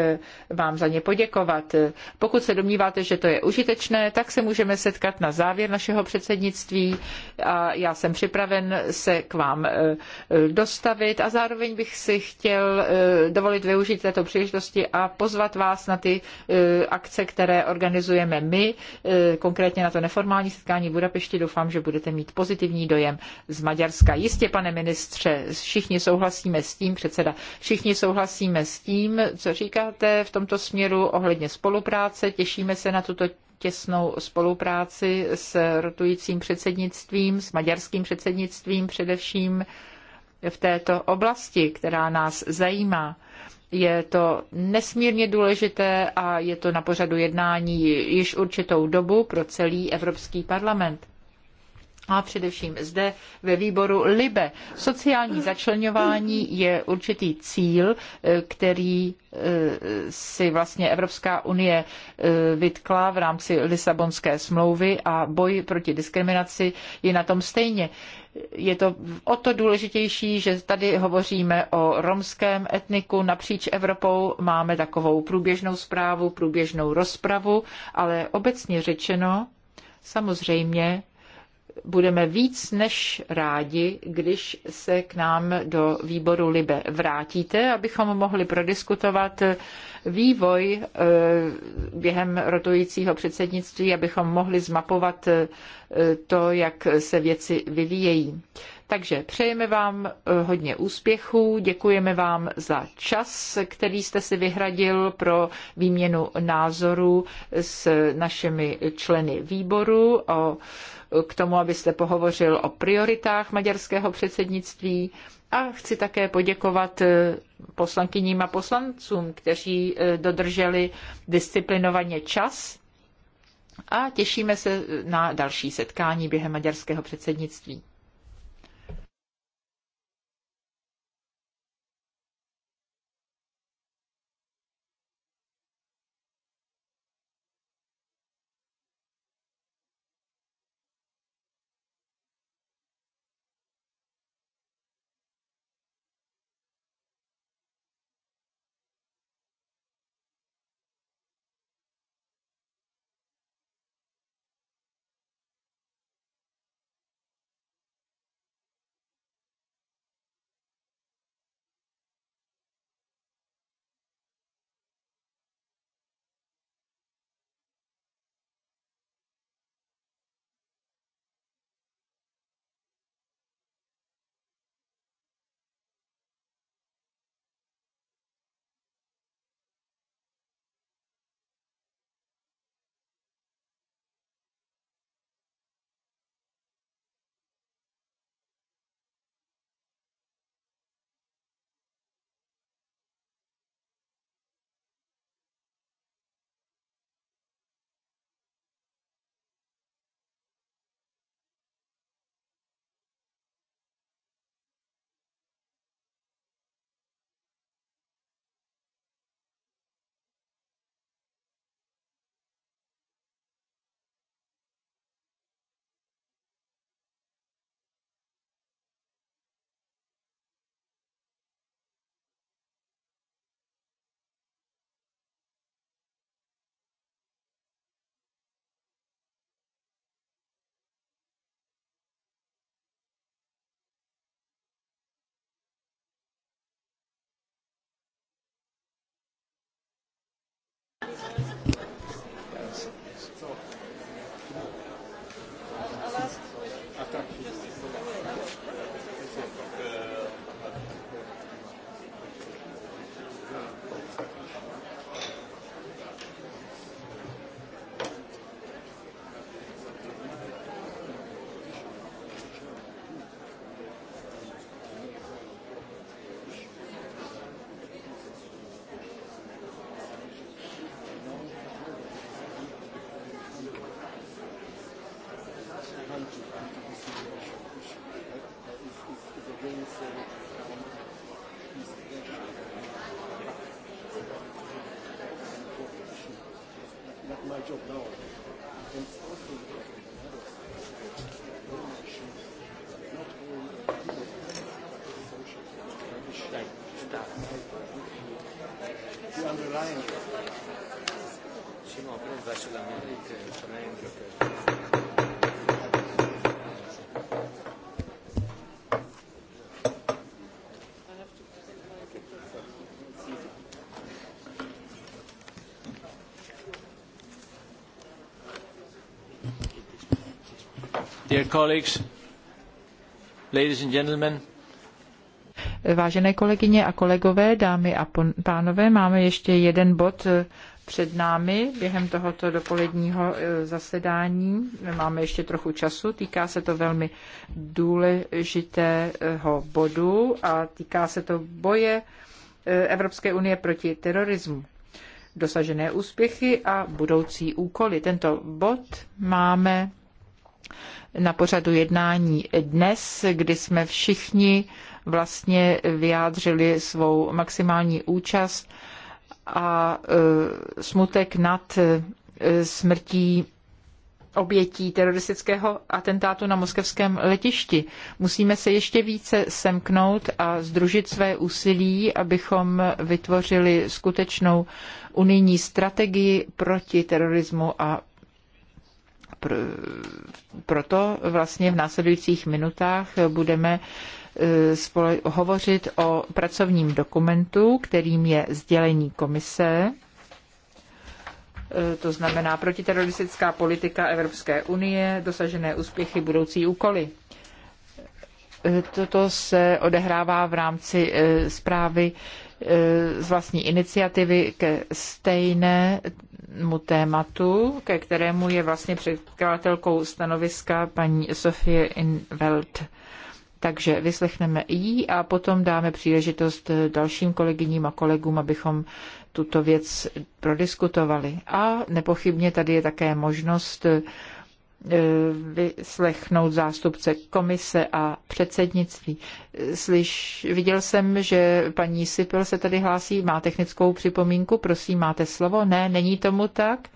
vám za ně poděkovat. Pokud se domníváte, že to je užitečné, tak se můžeme setkat na závěr našeho předsednictví a já jsem připraven se k vám dostavit a zároveň bych si chtěl dovolit využít této příležitosti a pozvat vás na ty akce, které organizujeme my, konkrétně na to neformální setkání v Budapešti. Doufám, že budete mít pozitivní dojem z Maďarska. Jistě, pane ministře, všichni souhlasíme s tím, předseda, všichni souhlasíme s tím, co říkáte v tomto směru ohledně spolupráce. Těšíme se na tuto těsnou spolupráci s rotujícím předsednictvím, s maďarským předsednictvím především v této oblasti, která nás zajímá. Je to nesmírně důležité a je to na pořadu jednání již určitou dobu pro celý Evropský parlament a především zde ve výboru LIBE. Sociální začlenování je určitý cíl, eh, který eh, si vlastně Evropská unie eh, vytkla v rámci Lisabonské smlouvy a boj proti diskriminaci je na tom stejně je to o to důležitější, že tady hovoříme o romském etniku napříč Evropou. Máme takovou průběžnou zprávu, průběžnou rozpravu, ale obecně řečeno, samozřejmě budeme víc než rádi, když se k nám do výboru Libe vrátíte, abychom mohli prodiskutovat vývoj eh, během rotujícího předsednictví, abychom mohli zmapovat eh, to, jak se věci vyvíjejí. Takže přejeme vám eh, hodně úspěchů, děkujeme vám za čas, který jste si vyhradil pro výměnu názorů s našimi členy výboru o k tomu, abyste pohovořil o prioritách maďarského předsednictví a chci také poděkovat eh, poslankyním a poslancům, kteří eh, dodrželi disciplinovaně čas a těšíme se na další setkání během maďarského předsednictví. Vážené kolegyně a kolegové, dámy a pánové, máme ještě jeden bod eh, před námi během tohoto dopoledního eh, zasedání. Máme ještě trochu času, týká se to velmi důležitého bodu a týká se to boje eh, Evropské unie proti terorismu dosažené úspěchy a budoucí úkoly. Tento bod máme na pořadu jednání dnes, kdy jsme všichni vlastně vyjádřili svou maximální účast a e, smutek nad e, smrtí obětí teroristického atentátu na moskevském letišti. Musíme se ještě více semknout a združit své úsilí, abychom vytvořili skutečnou unijní strategii proti terorismu a proto vlastně v následujících minutách budeme e, hovořit o pracovním dokumentu, kterým je sdělení komise, e, to znamená protiteroristická politika Evropské unie, dosažené úspěchy, budoucí úkoly. E, toto se odehrává v rámci zprávy z vlastní iniciativy ke stejné mu tématu, ke kterému je vlastně předkladatelkou stanoviska paní Sofie Inveld. Takže vyslechneme ji a potom dáme příležitost dalším kolegyním a kolegům, abychom tuto věc prodiskutovali. A nepochybně tady je také možnost E, vyslechnout zástupce komise a předsednictví. Slyš, viděl jsem, že paní Sipil se tady hlásí, má technickou připomínku, prosím, máte slovo? Ne, není tomu tak?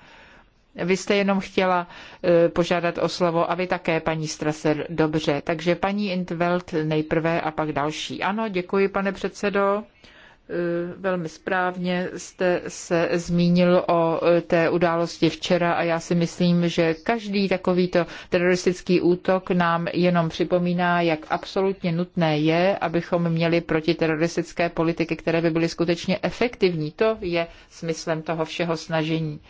Vy jste jenom chtěla e, požádat o slovo a vy také, paní Strasser, dobře. Takže paní Intveld nejprve a pak další. Ano, děkuji, pane předsedo. Eh, velmi správně jste se zmínil o eh, té události včera a já si myslím, že každý takovýto teroristický útok nám jenom připomíná, jak absolutně nutné je, abychom měli protiteroristické politiky, které by byly skutečně efektivní. To je smyslem toho všeho snažení.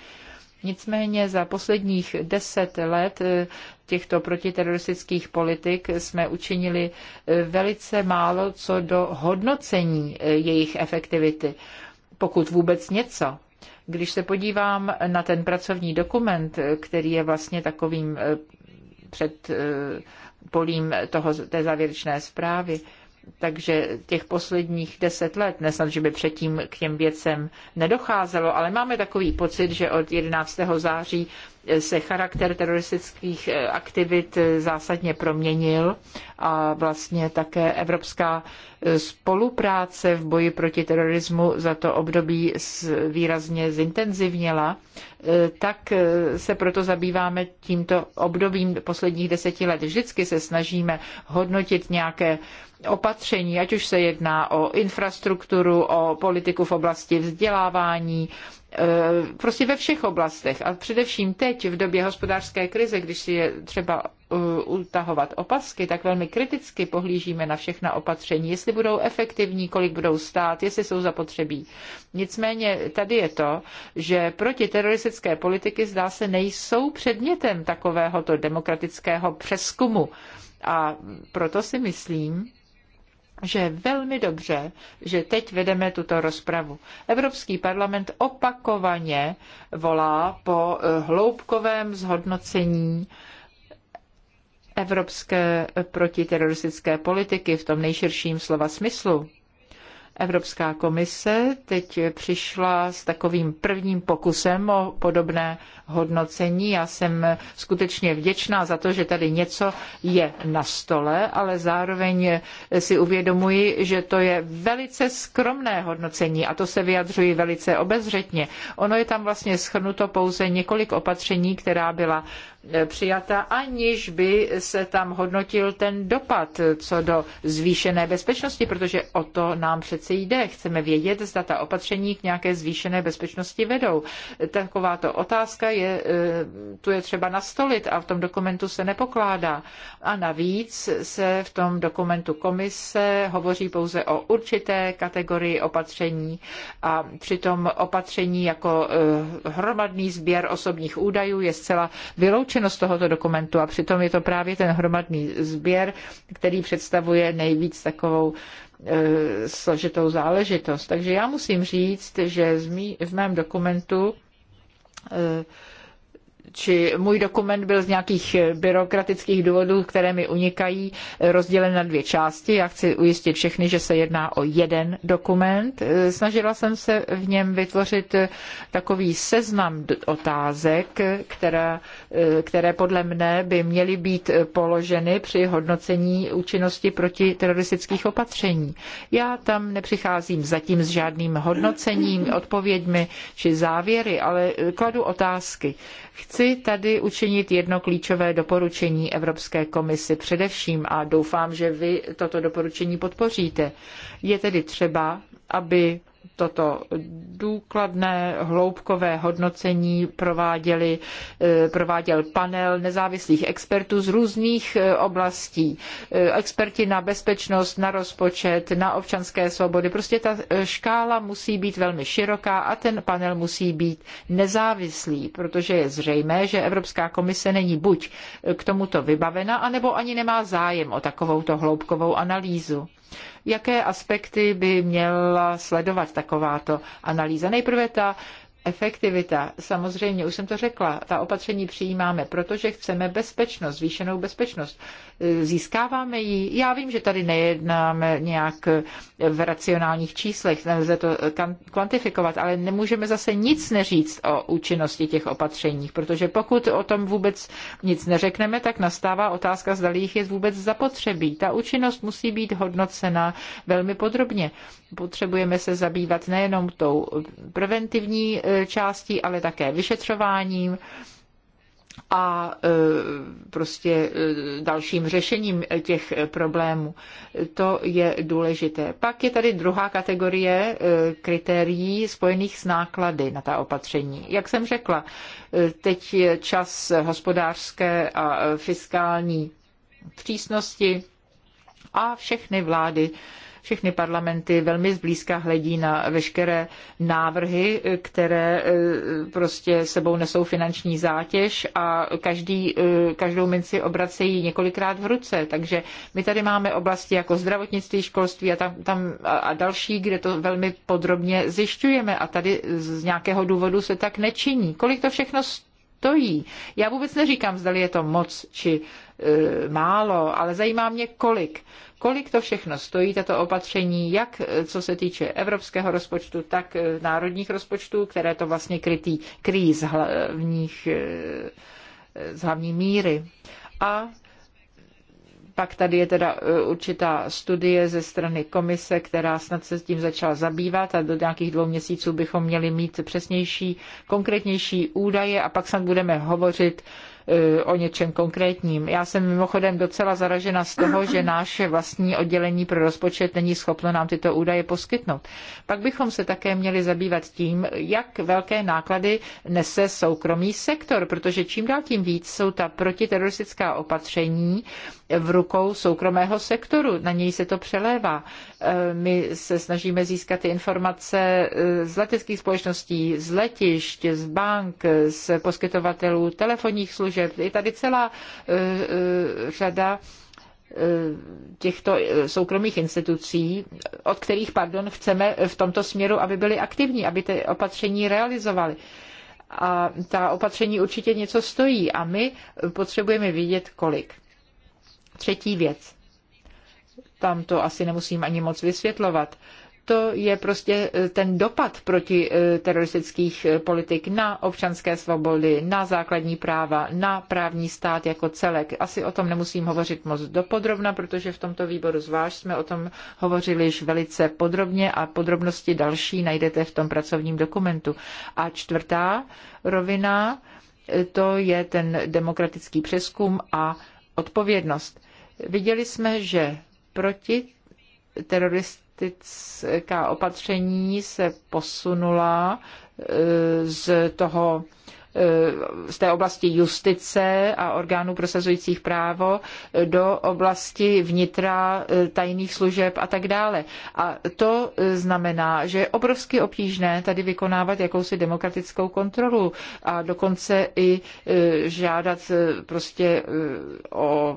Nicméně za posledních deset let eh, těchto protiteroristických politik jsme učinili eh, velice málo co do hodnocení eh, jejich efektivity, pokud vůbec něco. Když se podívám na ten pracovní dokument, který je vlastně takovým před polím toho, té závěrečné zprávy, takže těch posledních deset let, nesnad, že by předtím k těm věcem nedocházelo, ale máme takový pocit, že od 11. září se charakter teroristických eh, aktivit eh, zásadně proměnil a vlastně také evropská eh, spolupráce v boji proti terorismu za to období výrazně zintenzivněla, tak se proto zabýváme tímto obdobím posledních deseti let. Vždycky se snažíme hodnotit nějaké opatření, ať už se jedná o infrastrukturu, o politiku v oblasti vzdělávání, e, prostě ve všech oblastech a především teď v době hospodářské krize, když si je třeba e, utahovat opasky, tak velmi kriticky pohlížíme na všechna opatření, jestli budou efektivní, kolik budou stát, jestli jsou zapotřebí. Nicméně tady je to, že protiteroristické politiky zdá se nejsou předmětem takovéhoto demokratického přeskumu. A proto si myslím, že je velmi dobře, že teď vedeme tuto rozpravu. Evropský parlament opakovaně volá po eh, hloubkovém zhodnocení evropské protiteroristické politiky v tom nejširším slova smyslu. Evropská komise teď přišla s takovým prvním pokusem o podobné hodnocení. Já jsem skutečně vděčná za to, že tady něco je na stole, ale zároveň si uvědomuji, že to je velice skromné hodnocení a to se vyjadřuji velice obezřetně. Ono je tam vlastně schrnuto pouze několik opatření, která byla přijata, aniž by se tam hodnotil ten dopad co do zvýšené bezpečnosti, protože o to nám přece jde. Chceme vědět, zda ta opatření k nějaké zvýšené bezpečnosti vedou. Takováto otázka je, eh, tu je třeba nastolit a v tom dokumentu se nepokládá. A navíc se v tom dokumentu komise hovoří pouze o určité kategorii opatření a přitom opatření jako eh, hromadný sběr osobních údajů je zcela vyloučeno účinnost tohoto dokumentu a přitom je to právě ten hromadný sběr, který představuje nejvíc takovou e, složitou záležitost. Takže já musím říct, že z mý, v mém dokumentu e, či můj dokument byl z nějakých byrokratických důvodů, které mi unikají, rozdělen na dvě části. Já chci ujistit všechny, že se jedná o jeden dokument. Snažila jsem se v něm vytvořit takový seznam otázek, která, které podle mne by měly být položeny při hodnocení účinnosti protiteroristických opatření. Já tam nepřicházím zatím s žádným hodnocením, odpověďmi či závěry, ale kladu otázky. Chci Chci tady učinit jedno klíčové doporučení Evropské komisi především a doufám, že vy toto doporučení podpoříte. Je tedy třeba, aby toto důkladné hloubkové hodnocení prováděli, eh, prováděl panel nezávislých expertů z různých eh, oblastí. Eh, experti na bezpečnost, na rozpočet, na občanské svobody. Prostě ta škála musí být velmi široká a ten panel musí být nezávislý, protože je zřejmé, že Evropská komise není buď k tomuto vybavena, anebo ani nemá zájem o takovouto hloubkovou analýzu. Jaké aspekty by měla sledovat takováto analýza? Nejprve ta Efektivita. Samozřejmě, už jsem to řekla, ta opatření přijímáme, protože chceme bezpečnost, zvýšenou bezpečnost. E, Získáváme ji. Já vím, že tady nejednáme nějak e, v racionálních číslech, nelze to e, kvantifikovat, ale nemůžeme zase nic neříct o účinnosti těch opatření, protože pokud o tom vůbec nic neřekneme, tak nastává otázka, zda jich je vůbec zapotřebí. Ta účinnost musí být hodnocena velmi podrobně potřebujeme se zabývat nejenom tou preventivní e, částí, ale také vyšetřováním a e, prostě e, dalším řešením těch problémů. To je důležité. Pak je tady druhá kategorie kritérií spojených s náklady na ta opatření. Jak jsem řekla, teď je čas hospodářské a fiskální přísnosti a všechny vlády všechny parlamenty velmi zblízka hledí na veškeré návrhy, které e, prostě sebou nesou finanční zátěž a každý, e, každou minci obracejí několikrát v ruce. Takže my tady máme oblasti jako zdravotnictví, školství a, tam, tam a další, kde to velmi podrobně zjišťujeme a tady z nějakého důvodu se tak nečiní. Kolik to všechno stojí? Já vůbec neříkám, zda je to moc či Eh, málo, ale zajímá mě kolik. Kolik to všechno stojí, tato opatření, jak eh, co se týče evropského rozpočtu, tak eh, národních rozpočtů, které to vlastně krytý, kryjí z, hlavních, z hlavní míry. A pak tady je teda určitá studie ze strany komise, která snad se s tím začala zabývat a do nějakých dvou měsíců bychom měli mít přesnější, konkrétnější údaje a pak snad budeme hovořit Eh, o něčem konkrétním. Já jsem mimochodem docela zaražena z toho, že naše vlastní oddělení pro rozpočet není schopno nám tyto údaje poskytnout. Pak bychom se také měli zabývat tím, jak velké náklady nese soukromý sektor, protože čím dál tím víc jsou ta protiteroristická opatření v rukou soukromého sektoru. Na něj se to přelévá. Eh, my se snažíme získat ty informace eh, z leteckých společností, z letišť, z bank, z poskytovatelů telefonních služeb, že Je tady celá e, e, řada e, těchto soukromých institucí, od kterých, pardon, chceme v tomto směru, aby byly aktivní, aby ty opatření realizovaly. A ta opatření určitě něco stojí a my potřebujeme vidět kolik. Třetí věc. Tam to asi nemusím ani moc vysvětlovat to je prostě eh, ten dopad proti eh, teroristických eh, politik na občanské svobody, na základní práva, na právní stát jako celek. Asi o tom nemusím hovořit moc dopodrobna, protože v tomto výboru zvlášť jsme o tom hovořili již velice podrobně a podrobnosti další najdete v tom pracovním dokumentu. A čtvrtá rovina, to je ten demokratický přeskum a odpovědnost. Viděli jsme, že proti teroristům politická opatření se posunula eh, z toho eh, z té oblasti justice a orgánů prosazujících právo do oblasti vnitra, eh, tajných služeb a tak dále. A to znamená, že je obrovsky obtížné tady vykonávat jakousi demokratickou kontrolu a dokonce i žádat prostě o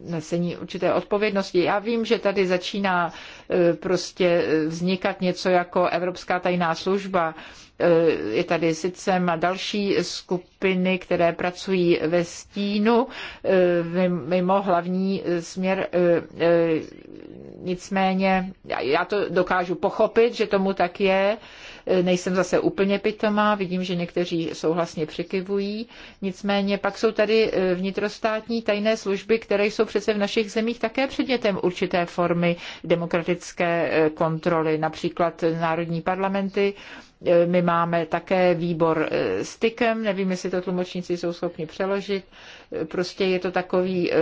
nesení určité odpovědnosti. Já vím, že tady začíná e, prostě vznikat něco jako Evropská tajná služba. E, je tady sice a další skupiny, které pracují ve stínu e, mimo hlavní směr. Nicméně já to dokážu pochopit, že tomu tak je Nejsem zase úplně pitomá, vidím, že někteří souhlasně přikivují. Nicméně pak jsou tady eh, vnitrostátní tajné služby, které jsou přece v našich zemích také předmětem určité formy demokratické eh, kontroly, například národní parlamenty. Eh, my máme také výbor tykem, nevím, jestli to tlumočníci jsou schopni přeložit. Prostě je to takový eh,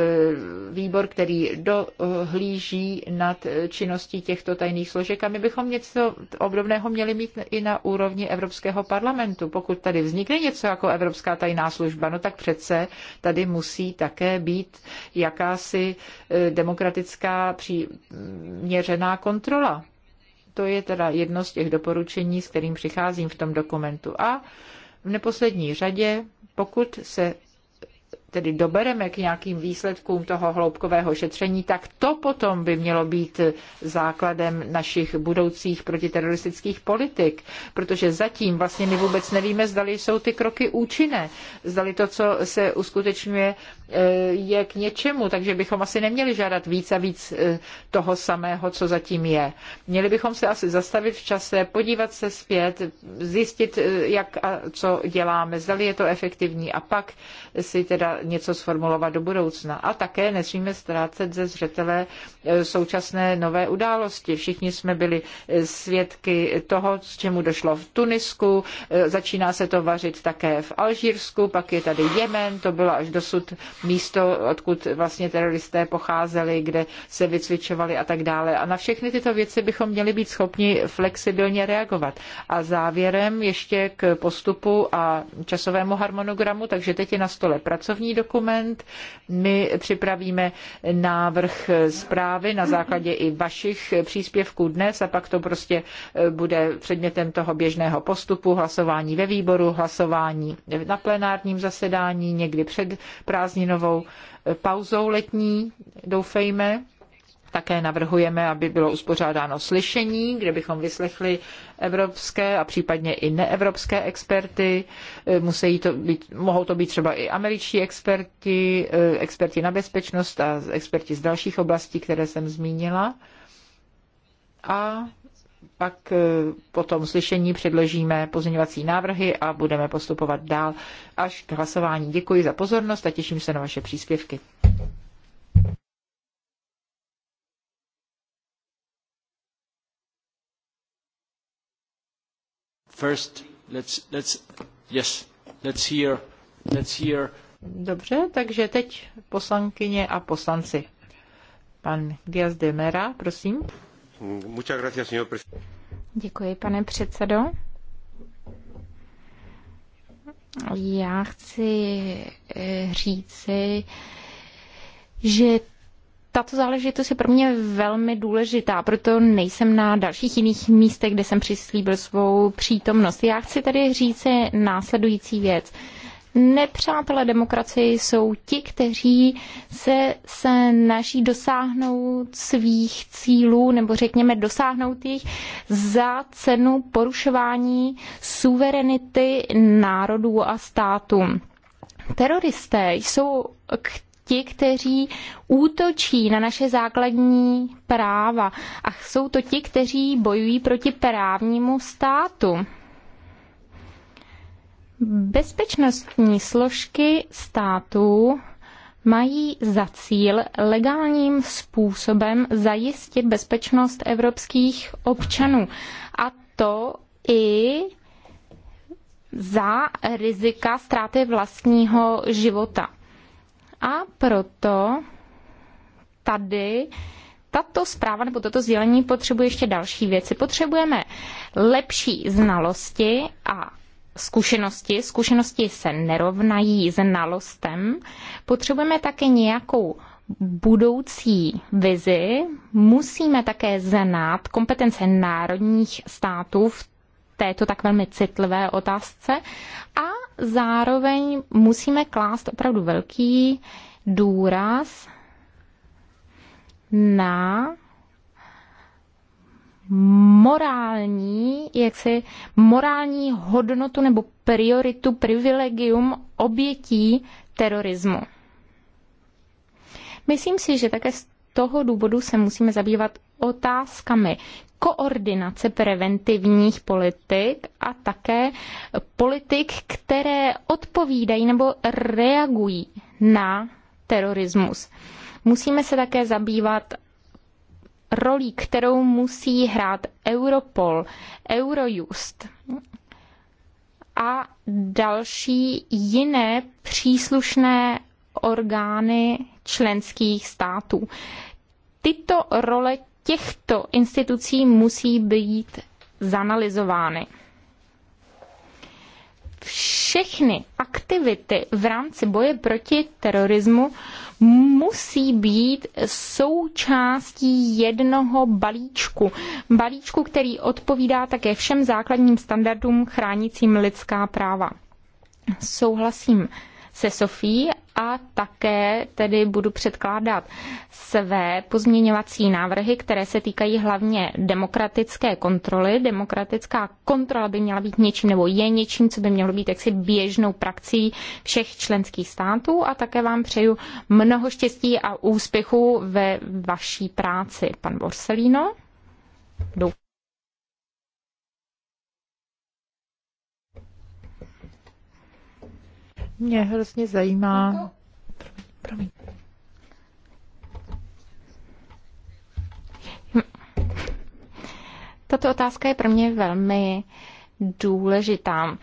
výbor, který dohlíží nad činností těchto tajných složek a my bychom něco obdobného měli mít i na úrovni Evropského parlamentu. Pokud tady vznikne něco jako Evropská tajná služba, no tak přece tady musí také být jakási eh, demokratická měřená kontrola. To je teda jedno z těch doporučení, s kterým přicházím v tom dokumentu. A v neposlední řadě, pokud se tedy dobereme k nějakým výsledkům toho hloubkového šetření, tak to potom by mělo být základem našich budoucích protiteroristických politik, protože zatím vlastně my vůbec nevíme, zdali jsou ty kroky účinné, zdali to, co se uskutečňuje, je k něčemu, takže bychom asi neměli žádat víc a víc eh, toho samého, co zatím je. Měli bychom se asi zastavit v čase, podívat se zpět, zjistit, eh, jak a co děláme, zdali je to efektivní a pak si teda něco sformulovat do budoucna. A také nesmíme ztrácet ze zřetele eh, současné nové události. Všichni jsme byli svědky toho, s čemu došlo v Tunisku, začíná se to vařit také v Alžírsku, pak je tady Jemen, to bylo až dosud místo, odkud vlastně teroristé pocházeli, kde se vycvičovali a tak dále. A na všechny tyto věci bychom měli být schopni flexibilně reagovat. A závěrem ještě k postupu a časovému harmonogramu, takže teď je na stole pracovní dokument. My připravíme návrh zprávy na základě i vašich příspěvků dnes a pak to prostě eh, bude předmětem toho běžného postupu, hlasování ve výboru, hlasování na plenárním zasedání, někdy před prázdninami pětitýdnovou e, pauzou letní, doufejme. Také navrhujeme, aby bylo uspořádáno slyšení, kde bychom vyslechli evropské a případně i neevropské experty. E, musí to být, mohou to být třeba i američtí experti, e, experti na bezpečnost a experti z dalších oblastí, které jsem zmínila. A pak eh, po tom slyšení předložíme pozměňovací návrhy a budeme postupovat dál až k hlasování. Děkuji za pozornost a těším se na vaše příspěvky. First, let's, let's, yes, let's hear, let's hear. Dobře, takže teď poslankyně a poslanci. Pan Gias de Mera, prosím. Děkuji, pane předsedo. Já chci eh, říci, že tato záležitost je pro mě velmi důležitá, proto nejsem na dalších jiných místech, kde jsem přislíbil svou přítomnost. Já chci tady říci následující věc. Uh, nepřátelé demokracie jsou ti, kteří se snaží dosáhnout svých cílů, nebo řekněme dosáhnout jich za cenu porušování suverenity národů a států. Teroristé jsou ti, kteří útočí na naše základní práva a jsou to ti, kteří bojují proti právnímu státu. Bezpečnostní složky států mají za cíl legálním způsobem zajistit bezpečnost evropských občanů. A to i za rizika ztráty vlastního života. A proto tady tato zpráva nebo toto sdělení potřebuje ještě další věci. Potřebujeme lepší znalosti a zkušenosti. Zkušenosti se nerovnají znalostem. Potřebujeme také nějakou budoucí vizi. Musíme také znát kompetence národních států v této tak velmi citlivé otázce a zároveň musíme klást opravdu velký důraz na morální, jak se morální hodnotu nebo prioritu, privilegium obětí terorismu. Myslím si, že také z toho důvodu se musíme zabývat otázkami koordinace preventivních politik a také politik, které odpovídají nebo reagují na terorismus. Musíme se také zabývat rolí, kterou musí hrát Europol, Eurojust a další jiné příslušné orgány členských států. Tyto role těchto institucí musí být zanalizovány všechny aktivity v rámci boje proti terorismu musí být součástí jednoho balíčku. Balíčku, který odpovídá také všem základním standardům chránícím lidská práva. Souhlasím se Sofí a také tedy budu předkládat své pozměňovací návrhy, které se týkají hlavně demokratické kontroly. Demokratická kontrola by měla být něčím nebo je něčím, co by mělo být jaksi běžnou praxí všech členských států a také vám přeju mnoho štěstí a úspěchu ve vaší práci. Pan Borsellino. Doufám. Mě hrozně zajímá. Promiň. Tato otázka je pro mě velmi důležitá.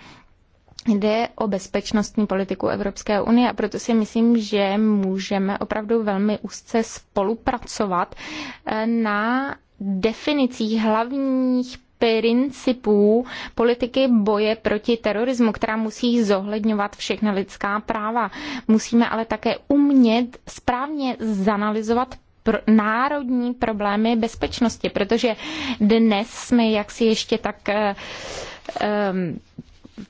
Jde o bezpečnostní politiku Evropské unie a proto si myslím, že můžeme opravdu velmi úzce spolupracovat eh, na definicích hlavních principů politiky boje proti terorismu, která musí zohledňovat všechna lidská práva. Musíme ale také umět správně zanalizovat pro národní problémy bezpečnosti, protože dnes jsme jaksi ještě tak um,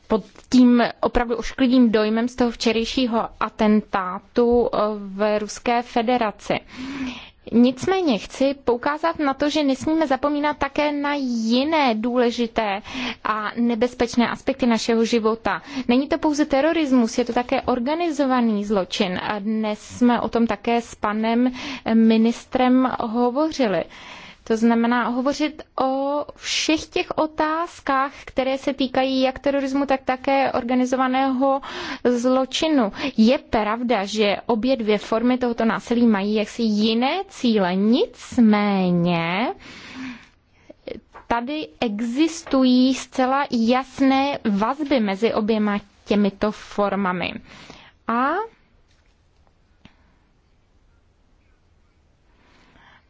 pod tím opravdu ošklivým dojmem z toho včerejšího atentátu eh, v Ruské federaci. Nicméně chci poukázat na to, že nesmíme zapomínat také na jiné důležité a nebezpečné aspekty našeho života. Není to pouze terorismus, je to také organizovaný zločin a dnes jsme o tom také s panem ministrem hovořili. To znamená hovořit o všech těch otázkách, které se týkají jak terorismu, tak také organizovaného zločinu. Je pravda, že obě dvě formy tohoto násilí mají jaksi jiné cíle, nicméně tady existují zcela jasné vazby mezi oběma těmito formami. A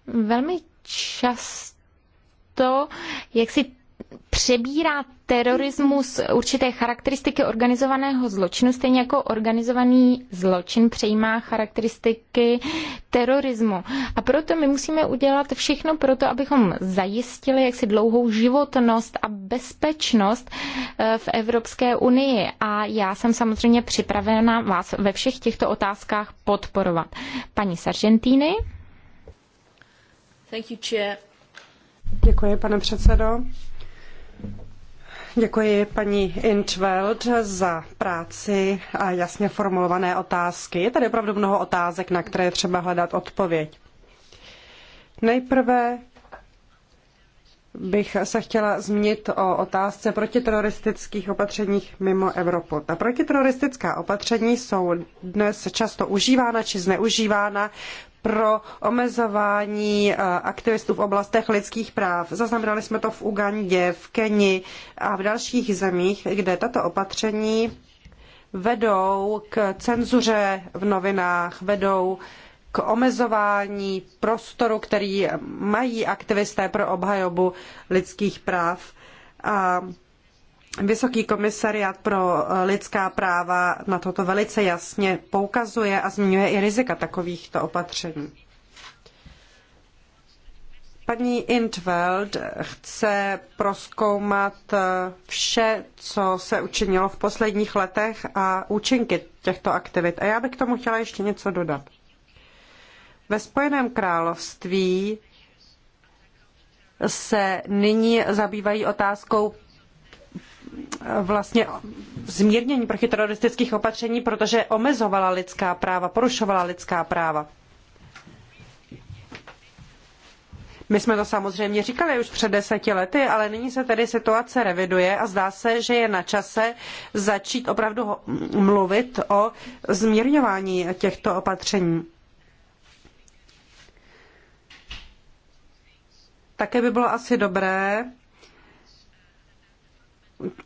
velmi často jak si přebírá terorismus určité charakteristiky organizovaného zločinu, stejně jako organizovaný zločin přejímá charakteristiky terorismu. A proto my musíme udělat všechno pro to, abychom zajistili jaksi dlouhou životnost a bezpečnost eh, v Evropské unii. A já jsem samozřejmě připravena vás ve všech těchto otázkách podporovat. Paní Sargentini. Thank you, chair. Děkuji, pane předsedo. Děkuji paní Intveld za práci a jasně formulované otázky. Je tady opravdu mnoho otázek, na které je třeba hledat odpověď. Nejprve bych se chtěla zmínit o otázce protiteroristických opatřeních mimo Evropu. Ta protiteroristická opatření jsou dnes často užívána či zneužívána pro omezování eh, aktivistů v oblastech lidských práv. Zaznamenali jsme to v Ugandě, v Keni a v dalších zemích, kde tato opatření vedou k cenzuře v novinách, vedou k omezování prostoru, který mají aktivisté pro obhajobu lidských práv. A Vysoký komisariát pro eh, lidská práva na toto velice jasně poukazuje a zmiňuje i rizika takovýchto opatření. Paní Intveld chce proskoumat eh, vše, co se učinilo v posledních letech a účinky těchto aktivit. A já bych k tomu chtěla ještě něco dodat. Ve Spojeném království se nyní zabývají otázkou vlastně zmírnění protiteroristických opatření, protože omezovala lidská práva, porušovala lidská práva. My jsme to samozřejmě říkali už před deseti lety, ale nyní se tedy situace reviduje a zdá se, že je na čase začít opravdu mluvit o zmírňování těchto opatření. Také by bylo asi dobré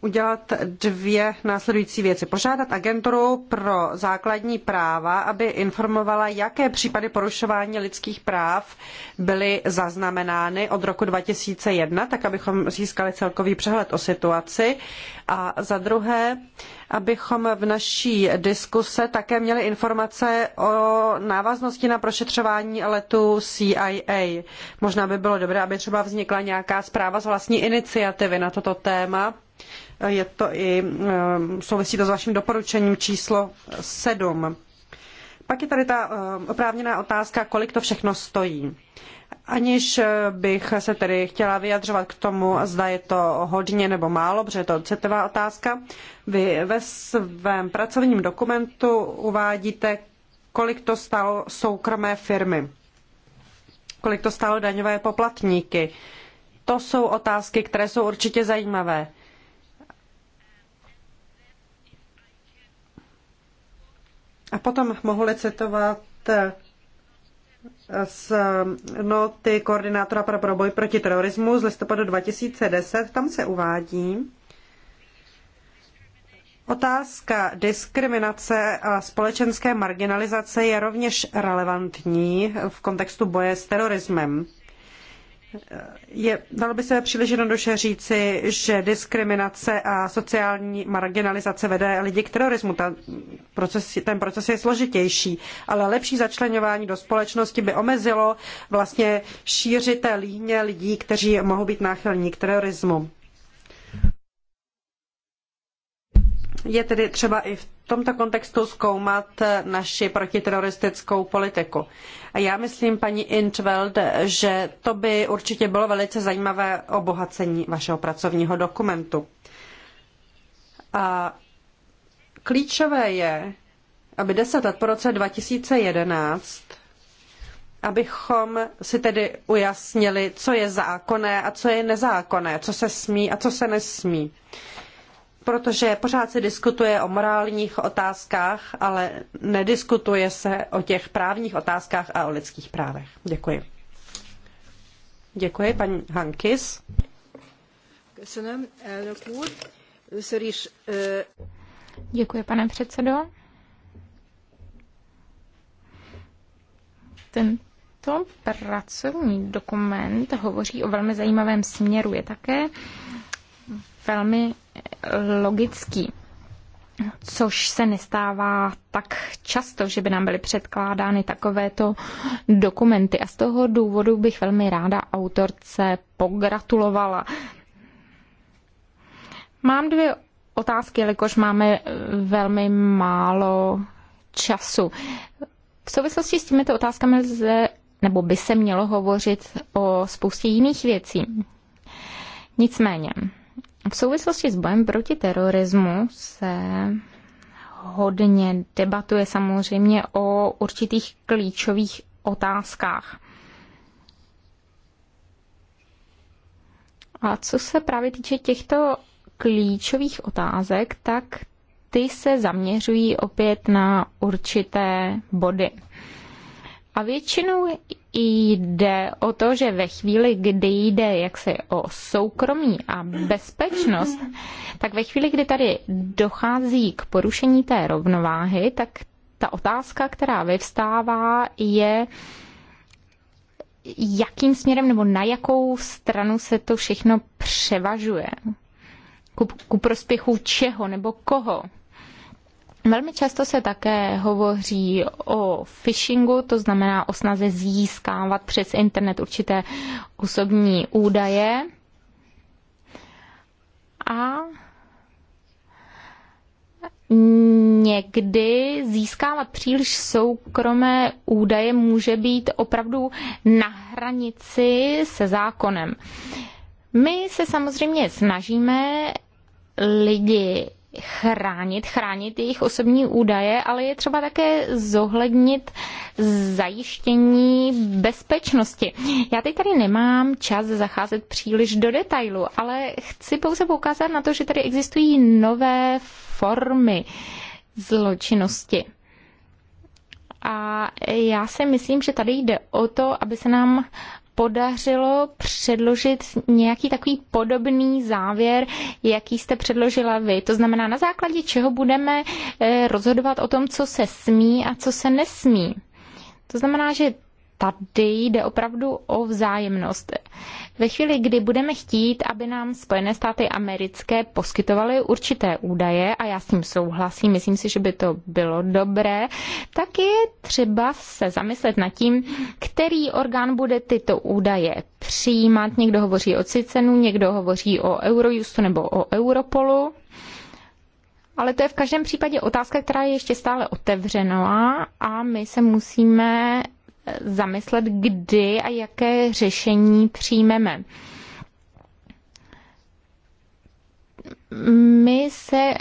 udělat dvě následující věci. Požádat agenturu pro základní práva, aby informovala, jaké případy porušování lidských práv byly zaznamenány od roku 2001, tak abychom získali celkový přehled o situaci. A za druhé, abychom v naší diskuse také měli informace o návaznosti na prošetřování letu CIA. Možná by bylo dobré, aby třeba vznikla nějaká zpráva z vlastní iniciativy na toto téma je to i, eh, souvisí to s vaším doporučením číslo 7. Pak je tady ta eh, oprávněná otázka, kolik to všechno stojí. Aniž eh, bych se tedy chtěla vyjadřovat k tomu, zda je to hodně nebo málo, protože je to citlivá otázka, vy ve svém pracovním dokumentu uvádíte, kolik to stálo soukromé firmy, kolik to stálo daňové poplatníky. To jsou otázky, které jsou určitě zajímavé. A potom mohu citovat eh, z noty koordinátora pro boj proti terorismu z listopadu 2010. Tam se uvádí, Otázka diskriminace a společenské marginalizace je rovněž relevantní v kontextu boje s terorismem je, dalo by se příliš jednoduše říci, že diskriminace a sociální marginalizace vede lidi k terorismu. Ta proces, ten proces je složitější, ale lepší začlenování do společnosti by omezilo vlastně šířité líně lidí, kteří mohou být náchylní k terorismu. Je tedy třeba i v tomto kontextu zkoumat naši protiteroristickou politiku. A já myslím, paní Intveld, že to by určitě bylo velice zajímavé obohacení vašeho pracovního dokumentu. A klíčové je, aby deset let po roce 2011 abychom si tedy ujasnili, co je zákonné a co je nezákonné, co se smí a co se nesmí. Uh, protože pořád se diskutuje o morálních otázkách, ale nediskutuje se o těch právních otázkách a o lidských právech. Děkuji. Děkuji, paní Hankis. Děkuji, pane předsedo. Tento pracovní dokument hovoří o velmi zajímavém směru. Je také velmi logický, což se nestává tak často, že by nám byly předkládány takovéto dokumenty. A z toho důvodu bych velmi ráda autorce pogratulovala. Mám dvě otázky, jelikož máme eh, velmi málo času. V souvislosti s těmito otázkami lze nebo by se mělo hovořit o spoustě jiných věcí. Nicméně, v souvislosti s bojem proti terorismu se hodně debatuje samozřejmě o určitých klíčových otázkách. A co se právě týče těchto klíčových otázek, tak ty se zaměřují opět na určité body. A většinou jde o to, že ve chvíli, kdy jde jaksi o soukromí a bezpečnost, tak ve chvíli, kdy tady dochází k porušení té rovnováhy, tak ta otázka, která vyvstává, je, jakým směrem nebo na jakou stranu se to všechno převažuje. Ku, ku prospěchu čeho nebo koho. Velmi často se také hovoří o phishingu, to znamená o snaze získávat přes internet určité osobní údaje. A někdy získávat příliš soukromé údaje může být opravdu na hranici se zákonem. My se samozřejmě snažíme lidi chránit, chránit jejich osobní údaje, ale je třeba také zohlednit zajištění bezpečnosti. Já teď tady nemám čas zacházet příliš do detailu, ale chci pouze poukázat na to, že tady existují nové formy zločinnosti. A já si myslím, že tady jde o to, aby se nám podařilo předložit nějaký takový podobný závěr, jaký jste předložila vy. To znamená, na základě čeho budeme eh, rozhodovat o tom, co se smí a co se nesmí. To znamená, že tady jde opravdu o vzájemnost. Ve chvíli, kdy budeme chtít, aby nám Spojené státy americké poskytovaly určité údaje, a já s tím souhlasím, myslím si, že by to bylo dobré, tak je třeba se zamyslet nad tím, který orgán bude tyto údaje přijímat. Někdo hovoří o Cicenu, někdo hovoří o Eurojustu nebo o Europolu. Ale to je v každém případě otázka, která je ještě stále otevřená a my se musíme zamyslet, kdy a jaké řešení přijmeme. my se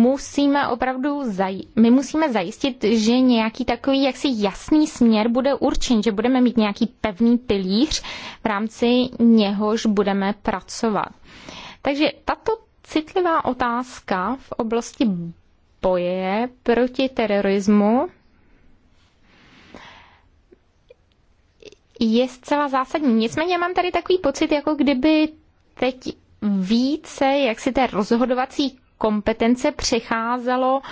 musíme opravdu zaj- my musíme zajistit, že nějaký takový jaksi jasný směr bude určen, že budeme mít nějaký pevný pilíř, v rámci něhož budeme pracovat. Takže tato citlivá otázka v oblasti boje proti terorismu je zcela zásadní. Nicméně mám tady takový pocit, jako kdyby teď více, jak si té rozhodovací kompetence přecházelo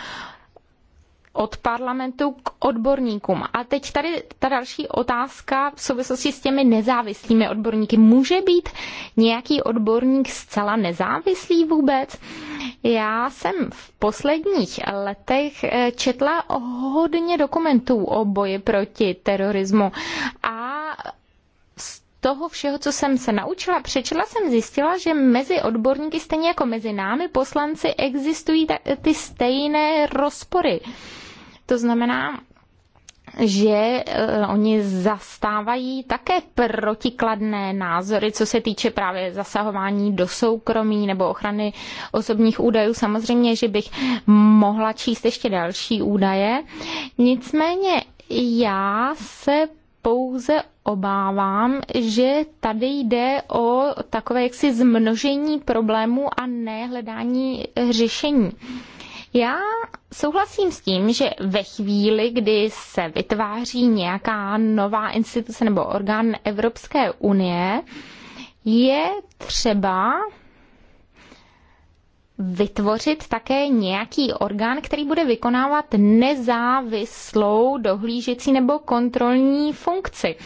od parlamentu k odborníkům. A teď tady ta další otázka v souvislosti s těmi nezávislými odborníky. Může být nějaký odborník zcela nezávislý vůbec? Já jsem v posledních letech eh, četla hodně dokumentů o boji proti terorismu a toho všeho, co jsem se naučila, přečela jsem zjistila, že mezi odborníky, stejně jako mezi námi poslanci, existují ty stejné rozpory. To znamená, že eh, oni zastávají také protikladné názory, co se týče právě zasahování do soukromí nebo ochrany osobních údajů. Samozřejmě, že bych mohla číst ještě další údaje. Nicméně já se pouze obávám, že tady jde o takové jaksi zmnožení problémů a ne hledání řešení. Já souhlasím s tím, že ve chvíli, kdy se vytváří nějaká nová instituce nebo orgán Evropské unie, je třeba vytvořit také nějaký orgán, který bude vykonávat nezávislou dohlížecí nebo kontrolní funkci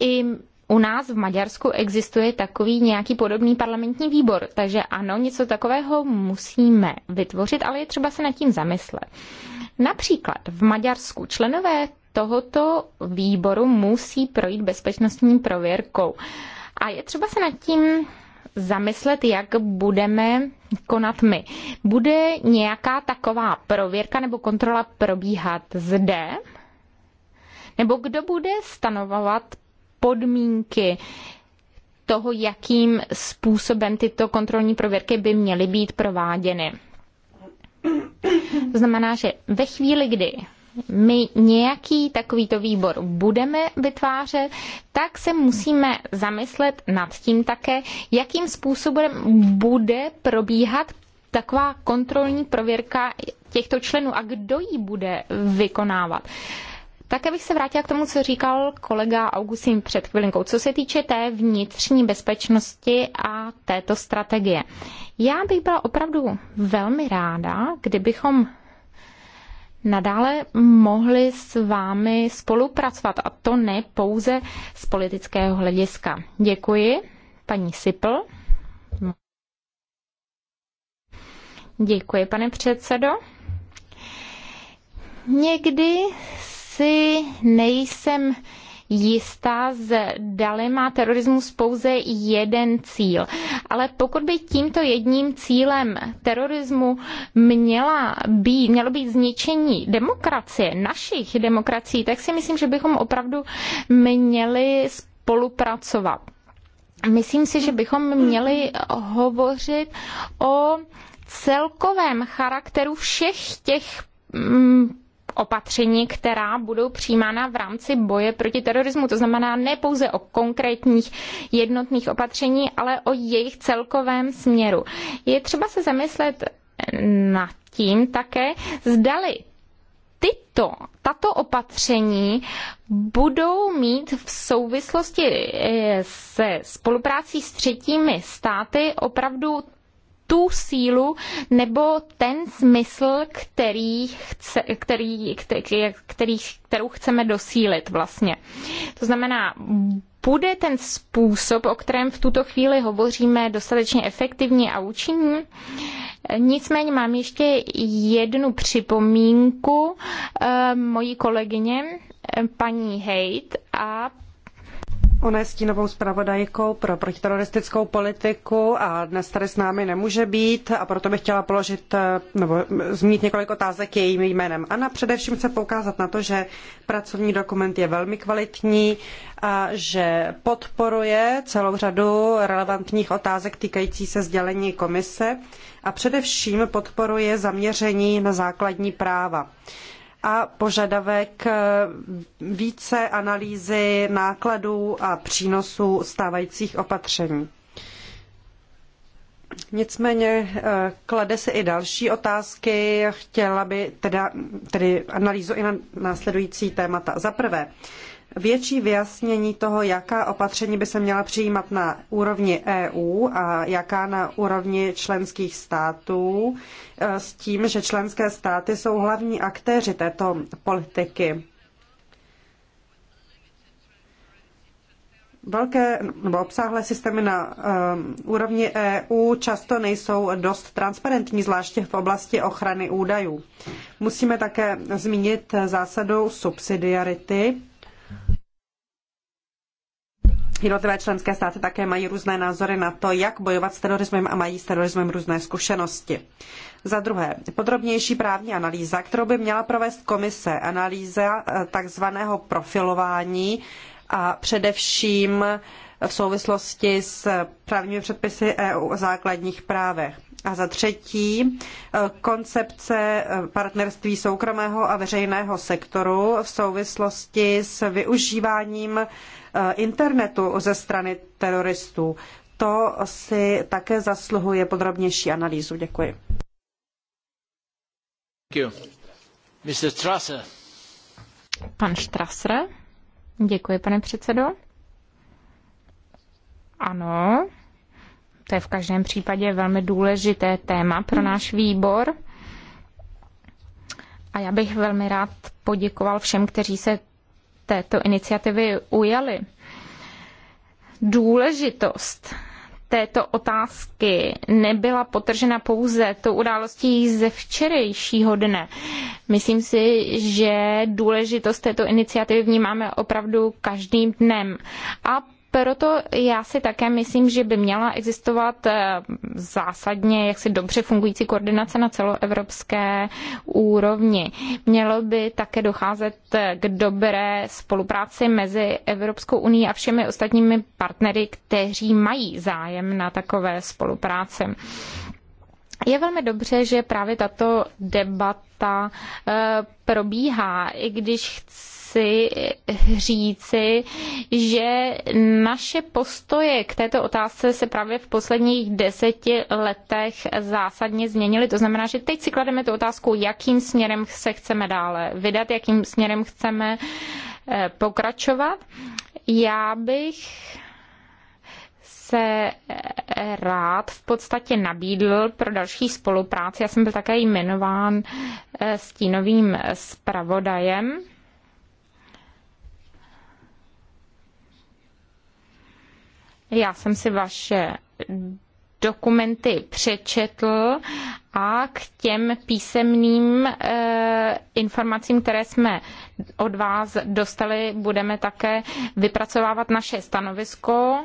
i u nás v Maďarsku existuje takový nějaký podobný parlamentní výbor, takže ano, něco takového musíme vytvořit, ale je třeba se nad tím zamyslet. Například v Maďarsku členové tohoto výboru musí projít bezpečnostní prověrkou. A je třeba se nad tím zamyslet, jak budeme konat my. Bude nějaká taková prověrka nebo kontrola probíhat zde? Nebo kdo bude stanovovat podmínky toho, jakým způsobem tyto kontrolní prověrky by měly být prováděny. To znamená, že ve chvíli, kdy my nějaký takovýto výbor budeme vytvářet, tak se musíme zamyslet nad tím také, jakým způsobem bude probíhat taková kontrolní prověrka těchto členů a kdo ji bude vykonávat. Také bych se vrátila k tomu, co říkal kolega Augustín před chvilinkou, co se týče té vnitřní bezpečnosti a této strategie. Já bych byla opravdu velmi ráda, kdybychom nadále mohli s vámi spolupracovat a to ne pouze z politického hlediska. Děkuji, paní Sipl. Děkuji, pane předsedo. Někdy si nejsem jistá, zdali má terorismus pouze jeden cíl. Ale pokud by tímto jedním cílem terorismu měla být, mělo být zničení demokracie, našich demokracií, tak si myslím, že bychom opravdu měli spolupracovat. Myslím si, že bychom měli hovořit o celkovém charakteru všech těch mm, opatření, která budou přijímána v rámci boje proti terorismu. To znamená ne pouze o konkrétních jednotných opatření, ale o jejich celkovém směru. Je třeba se zamyslet nad tím také, zdali tyto, tato opatření budou mít v souvislosti eh, se spoluprácí s třetími státy opravdu tu sílu nebo ten smysl, který, chce, který, který, který, kterou chceme dosílit vlastně. To znamená, bude ten způsob, o kterém v tuto chvíli hovoříme, dostatečně efektivní a účinný? Nicméně mám ještě jednu připomínku eh, mojí kolegyně, eh, paní Hejt, a Ona je stínovou zpravodajkou pro protiteroristickou politiku a dnes tady s námi nemůže být a proto bych chtěla položit eh, nebo eh, zmínit několik otázek jejím jménem. Anna především chce poukázat na to, že pracovní dokument je velmi kvalitní a že podporuje celou řadu relevantních otázek týkající se sdělení komise a především podporuje zaměření na základní práva a požadavek více analýzy nákladů a přínosů stávajících opatření. Nicméně eh, klade se i další otázky, chtěla by teda, tedy analýzu i na následující témata. Za prvé, větší vyjasnění toho, jaká opatření by se měla přijímat na úrovni EU a jaká na úrovni členských států, eh, s tím, že členské státy jsou hlavní aktéři této politiky. velké nebo obsáhlé systémy na um, úrovni EU často nejsou dost transparentní, zvláště v oblasti ochrany údajů. Musíme také zmínit zásadu subsidiarity Jednotlivé členské státy také mají různé názory na to, jak bojovat s terorismem a mají s terorismem různé zkušenosti. Za druhé, podrobnější právní analýza, kterou by měla provést komise, analýza eh, takzvaného profilování a především v souvislosti s právními předpisy EU o základních právech. A za třetí, eh, koncepce eh, partnerství soukromého a veřejného sektoru v souvislosti s využíváním Eh, internetu ze strany teroristů. To si také zasluhuje podrobnější analýzu. Děkuji. Mr. Strasser. Pan Strasser. Děkuji, pane předsedo. Ano, to je v každém případě velmi důležité téma pro náš výbor. A já bych velmi rád poděkoval všem, kteří se této iniciativy ujali. Důležitost této otázky nebyla potržena pouze tou událostí ze včerejšího dne. Myslím si, že důležitost této iniciativy vnímáme opravdu každým dnem. A proto já si také myslím, že by měla existovat eh, zásadně jaksi dobře fungující koordinace na celoevropské úrovni. Mělo by také docházet eh, k dobré spolupráci mezi Evropskou unii a všemi ostatními partnery, kteří mají zájem na takové spolupráci. Je velmi dobře, že právě tato debata eh, probíhá, i když chci si říci, že naše postoje k této otázce se právě v posledních deseti letech zásadně změnily. To znamená, že teď si klademe tu otázku, jakým směrem se chceme dále vydat, jakým směrem chceme eh, pokračovat. Já bych se eh, rád v podstatě nabídl pro další spolupráci. Já jsem byl také jmenován eh, stínovým zpravodajem Já jsem si vaše dokumenty přečetl a k těm písemným e, informacím, které jsme od vás dostali, budeme také vypracovávat naše stanovisko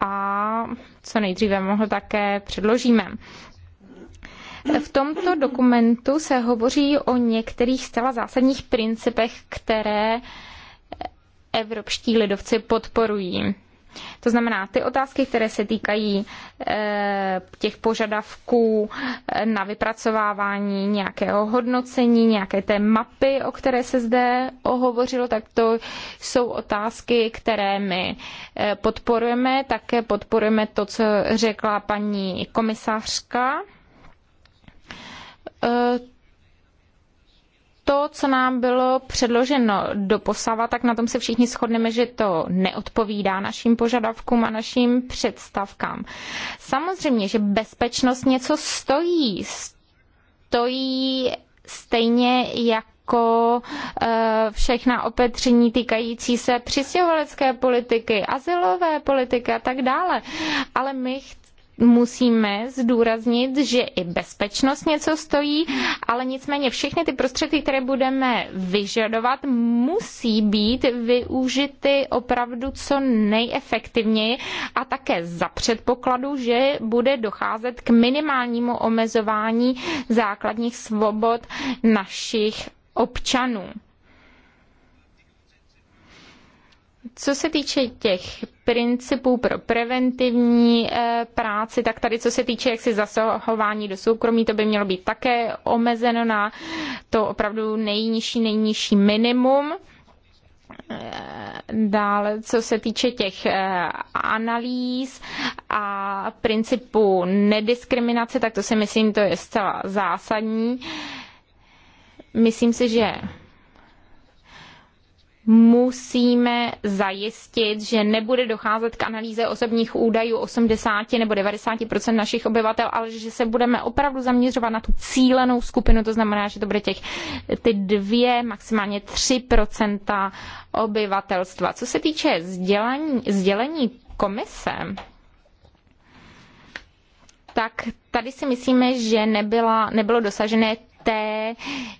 a co nejdříve mohl také předložíme. V tomto dokumentu se hovoří o některých zcela zásadních principech, které evropští lidovci podporují. To znamená, ty otázky, které se týkají eh, těch požadavků eh, na vypracovávání nějakého hodnocení, nějaké té mapy, o které se zde ohovořilo, tak to jsou otázky, které my eh, podporujeme. Také podporujeme to, co řekla paní komisářka to, co nám bylo předloženo do posava, tak na tom se všichni shodneme, že to neodpovídá našim požadavkům a našim představkám. Samozřejmě, že bezpečnost něco stojí. Stojí stejně jako jako všechna opatření týkající se přistěhovalecké politiky, asilové politiky a tak dále. Ale my musíme zdůraznit, že i bezpečnost něco stojí, ale nicméně všechny ty prostředky, které budeme vyžadovat, musí být využity opravdu co nejefektivněji a také za předpokladu, že bude docházet k minimálnímu omezování základních svobod našich občanů. Co se týče těch principů pro preventivní eh, práci, tak tady co se týče jaksi zasahování do soukromí, to by mělo být také omezeno na to opravdu nejnižší, nejnižší minimum. Eh, dále, co se týče těch eh, analýz a principu nediskriminace, tak to si myslím, to je zcela zásadní. Myslím si, že musíme zajistit, že nebude docházet k analýze osobních údajů 80 nebo 90 našich obyvatel, ale že se budeme opravdu zaměřovat na tu cílenou skupinu, to znamená, že to bude těch ty dvě, maximálně 3 obyvatelstva. Co se týče sdělení, sdělení komise, tak tady si myslíme, že nebyla, nebylo dosažené té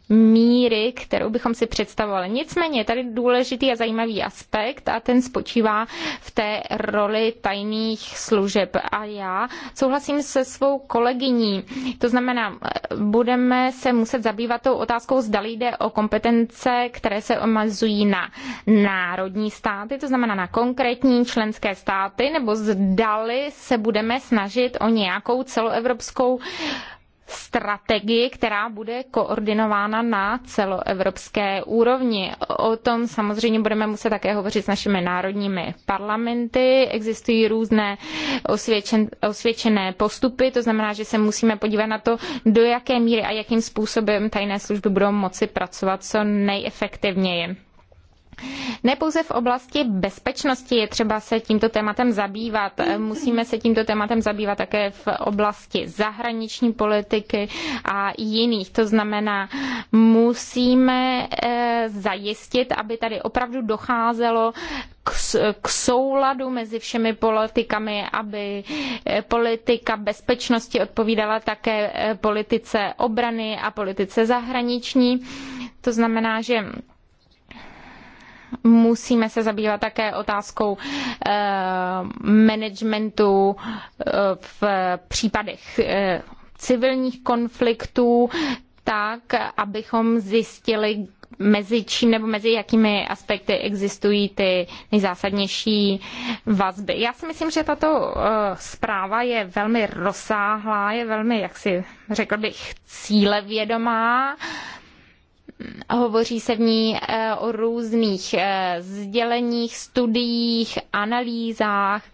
míry, kterou bychom si představovali. Nicméně je tady důležitý a zajímavý aspekt a ten spočívá v té roli tajných služeb. A já souhlasím se svou kolegyní. To znamená, budeme se muset zabývat tou otázkou, zda jde o kompetence, které se omazují na národní státy, to znamená na konkrétní členské státy, nebo zdali se budeme snažit o nějakou celoevropskou strategii, která bude koordinována na celoevropské úrovni. O tom samozřejmě budeme muset také hovořit s našimi národními parlamenty. Existují různé osvědčen, osvědčené postupy, to znamená, že se musíme podívat na to, do jaké míry a jakým způsobem tajné služby budou moci pracovat co nejefektivněji. Ne pouze v oblasti bezpečnosti je třeba se tímto tématem zabývat, musíme se tímto tématem zabývat také v oblasti zahraniční politiky a jiných. To znamená, musíme eh, zajistit, aby tady opravdu docházelo k souladu mezi všemi politikami, aby eh, politika bezpečnosti odpovídala také eh, politice obrany a politice zahraniční. To znamená, že musíme se zabývat také otázkou eh, managementu eh, v případech eh, civilních konfliktů, tak, abychom zjistili, mezi čím nebo mezi jakými aspekty existují ty nejzásadnější vazby. Já si myslím, že tato uh, zpráva je velmi rozsáhlá, je velmi, jak si řekl bych, cílevědomá. Uh, Hovoří se v ní eh, o různých eh, sděleních, studiích, analýzách.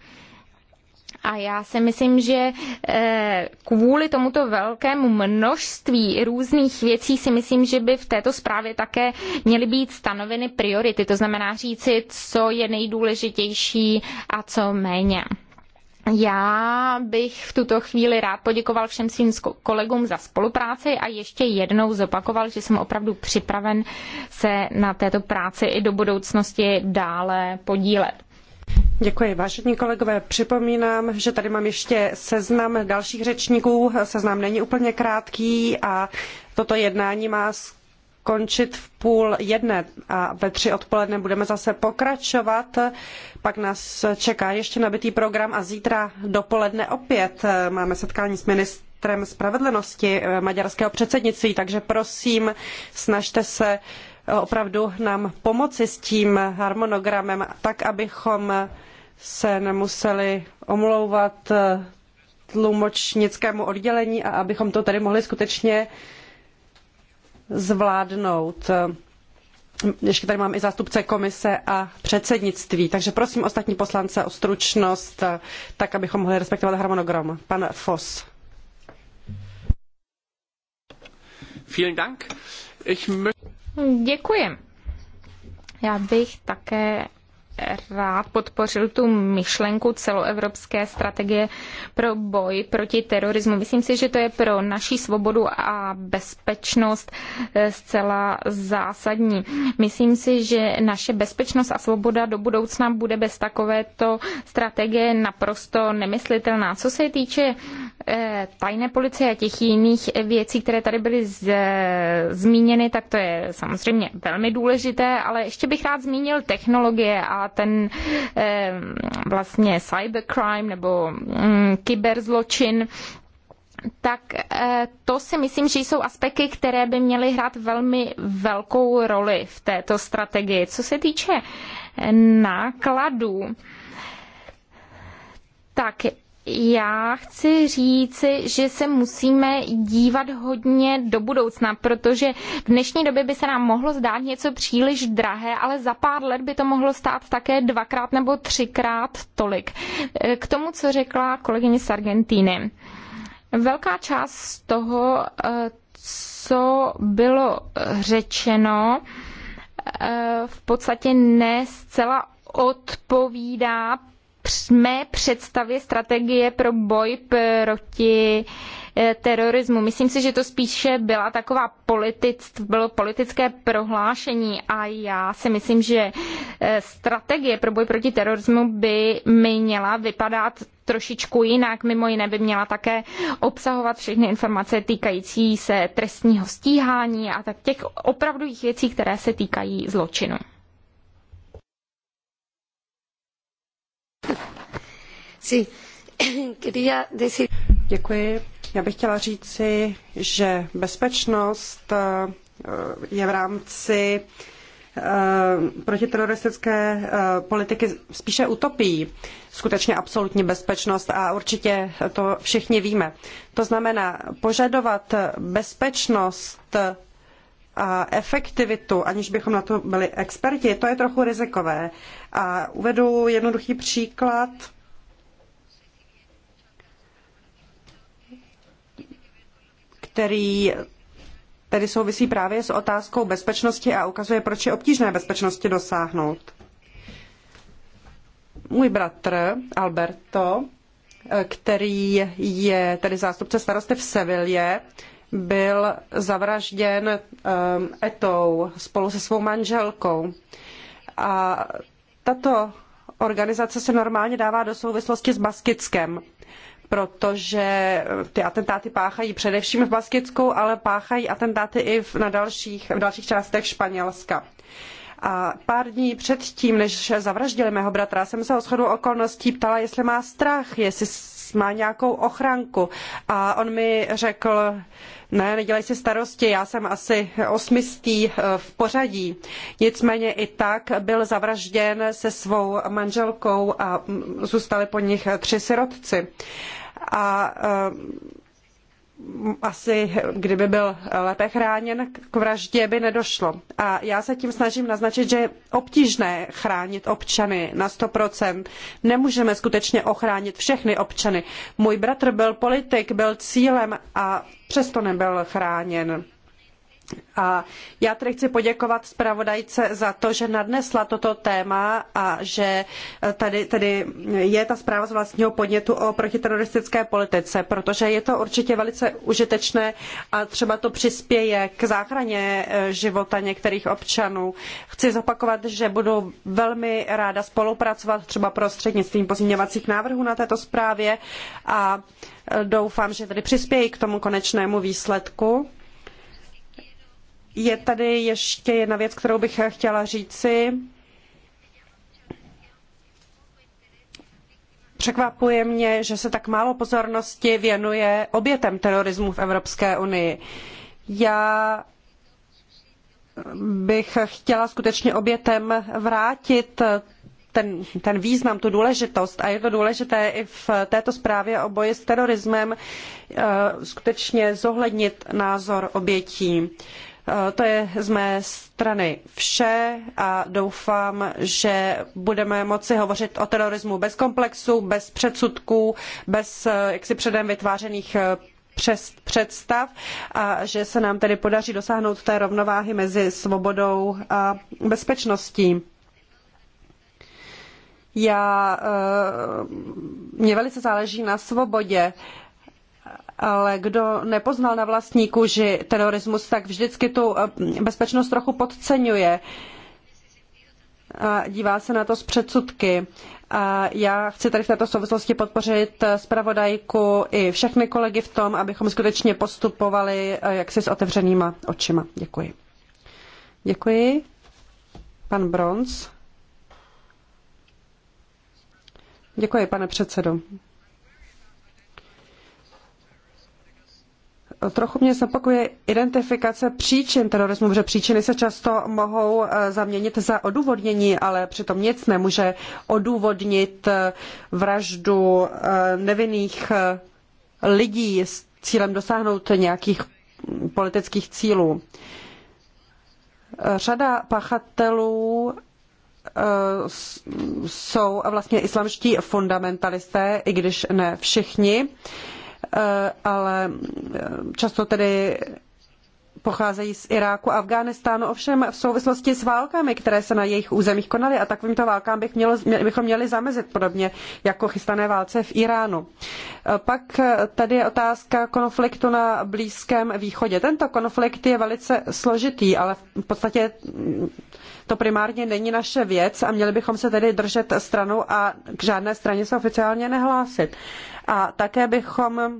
A já si myslím, že eh, kvůli tomuto velkému množství různých věcí si myslím, že by v této zprávě také měly být stanoveny priority. To znamená říci, co je nejdůležitější a co méně. Já bych v tuto chvíli rád poděkoval všem svým kolegům za spolupráci a ještě jednou zopakoval, že jsem opravdu připraven se na této práci i do budoucnosti dále podílet. Děkuji, vážení kolegové. Připomínám, že tady mám ještě seznam dalších řečníků. Seznam není úplně krátký a toto jednání má končit v půl jedné a ve tři odpoledne budeme zase pokračovat. Pak nás čeká ještě nabitý program a zítra dopoledne opět eh, máme setkání s ministrem spravedlnosti eh, maďarského předsednictví, takže prosím, snažte se eh, opravdu nám pomoci s tím harmonogramem, tak abychom se nemuseli omlouvat tlumočnickému oddělení a abychom to tady mohli skutečně zvládnout. Ještě tady mám i zástupce komise a předsednictví, takže prosím ostatní poslance o stručnost, tak abychom mohli respektovat harmonogram. Pan Foss. Vielen Dank. Děkuji. Já bych také rád podpořil tu myšlenku celoevropské strategie pro boj proti terorismu. Myslím si, že to je pro naši svobodu a bezpečnost eh, zcela zásadní. Myslím si, že naše bezpečnost a svoboda do budoucna bude bez takovéto strategie naprosto nemyslitelná. Co se týče eh, tajné policie a těch jiných věcí, které tady byly z, zmíněny, tak to je samozřejmě velmi důležité, ale ještě bych rád zmínil technologie a ten eh, vlastně cybercrime nebo mm, kyberzločin, tak eh, to si myslím, že jsou aspekty, které by měly hrát velmi velkou roli v této strategii. Co se týče eh, nákladů, tak já chci říci, že se musíme dívat hodně do budoucna, protože v dnešní době by se nám mohlo zdát něco příliš drahé, ale za pár let by to mohlo stát také dvakrát nebo třikrát tolik. Eh, k tomu, co řekla kolegyně z Argentíny. Velká část z toho, eh, co bylo řečeno, eh, v podstatě ne zcela odpovídá mé představě strategie pro boj proti eh, terorismu. Myslím si, že to spíše byla taková politic, bylo politické prohlášení a já si myslím, že eh, strategie pro boj proti terorismu by měla vypadat trošičku jinak. Mimo jiné by měla také obsahovat všechny informace týkající se trestního stíhání a tak těch opravdových věcí, které se týkají zločinu. Děkuji. Já bych chtěla říci, že bezpečnost eh, je v rámci eh, protiteroristické eh, politiky spíše utopií. Skutečně absolutní bezpečnost a určitě to všichni víme. To znamená požadovat bezpečnost a efektivitu, aniž bychom na to byli experti, to je trochu rizikové. A uvedu jednoduchý příklad který tedy souvisí právě s otázkou bezpečnosti a ukazuje, proč je obtížné bezpečnosti dosáhnout. Můj bratr Alberto, který je tedy zástupce starosty v Sevilě, byl zavražděn um, etou spolu se svou manželkou. A tato organizace se normálně dává do souvislosti s Baskickem protože ty atentáty páchají především v Baskicku, ale páchají atentáty i na dalších, v dalších částech Španělska. A pár dní předtím, než zavraždili mého bratra, jsem se o shodu okolností ptala, jestli má strach, jestli má nějakou ochranku. A on mi řekl, ne, nedělej si starosti, já jsem asi osmistý eh, v pořadí. Nicméně i tak byl zavražděn se svou manželkou a mm, zůstali po nich tři sirotci a ehm, asi kdyby byl lépe chráněn, k vraždě by nedošlo. A já se tím snažím naznačit, že je obtížné chránit občany na 100%. Nemůžeme skutečně ochránit všechny občany. Můj bratr byl politik, byl cílem a přesto nebyl chráněn. A já tedy chci poděkovat zpravodajce za to, že nadnesla toto téma a že eh, tady, tady je ta zpráva z vlastního podnětu o protiteroristické politice, protože je to určitě velice užitečné a třeba to přispěje k záchraně eh, života některých občanů. Chci zopakovat, že budu velmi ráda spolupracovat třeba prostřednictvím pozměňovacích návrhů na této zprávě a eh, doufám, že tedy přispějí k tomu konečnému výsledku je tady ještě jedna věc, kterou bych chtěla říci. Překvapuje mě, že se tak málo pozornosti věnuje obětem terorismu v Evropské unii. Já bych chtěla skutečně obětem vrátit ten, ten význam, tu důležitost, a je to důležité i v této zprávě o boji s terorismem, eh, skutečně zohlednit názor obětí. Eh, to je z mé strany vše a doufám, že budeme moci hovořit o terorismu bez komplexů, bez předsudků, bez eh, jaksi předem vytvářených eh, představ a že se nám tedy podaří dosáhnout té rovnováhy mezi svobodou a bezpečností. Já, mě velice záleží na svobodě ale kdo nepoznal na vlastní kůži terorismus, tak vždycky tu eh, bezpečnost trochu podceňuje a dívá se na to s předsudky. A já chci tady v této souvislosti podpořit eh, zpravodajku i všechny kolegy v tom, abychom skutečně postupovali eh, jaksi s otevřenýma očima. Děkuji. Děkuji. Pan Bronz. Děkuji, pane předsedo. trochu mě znepokuje identifikace příčin terorismu, protože příčiny se často mohou eh, zaměnit za odůvodnění, ale přitom nic nemůže odůvodnit eh, vraždu eh, nevinných lidí s cílem dosáhnout nějakých politických cílů. Řada pachatelů jsou vlastně islamští fundamentalisté, i když ne všichni. Eh, ale eh, často tedy pocházejí z Iráku a Afghánistánu, ovšem v souvislosti s válkami, které se na jejich územích konaly a takovýmto válkám bych mělo, bychom měli zamezit podobně jako chystané válce v Iránu. Eh, pak tady je otázka konfliktu na Blízkém východě. Tento konflikt je velice složitý, ale v podstatě mm, to primárně není naše věc a měli bychom se tedy držet stranu a k žádné straně se oficiálně nehlásit. A také bychom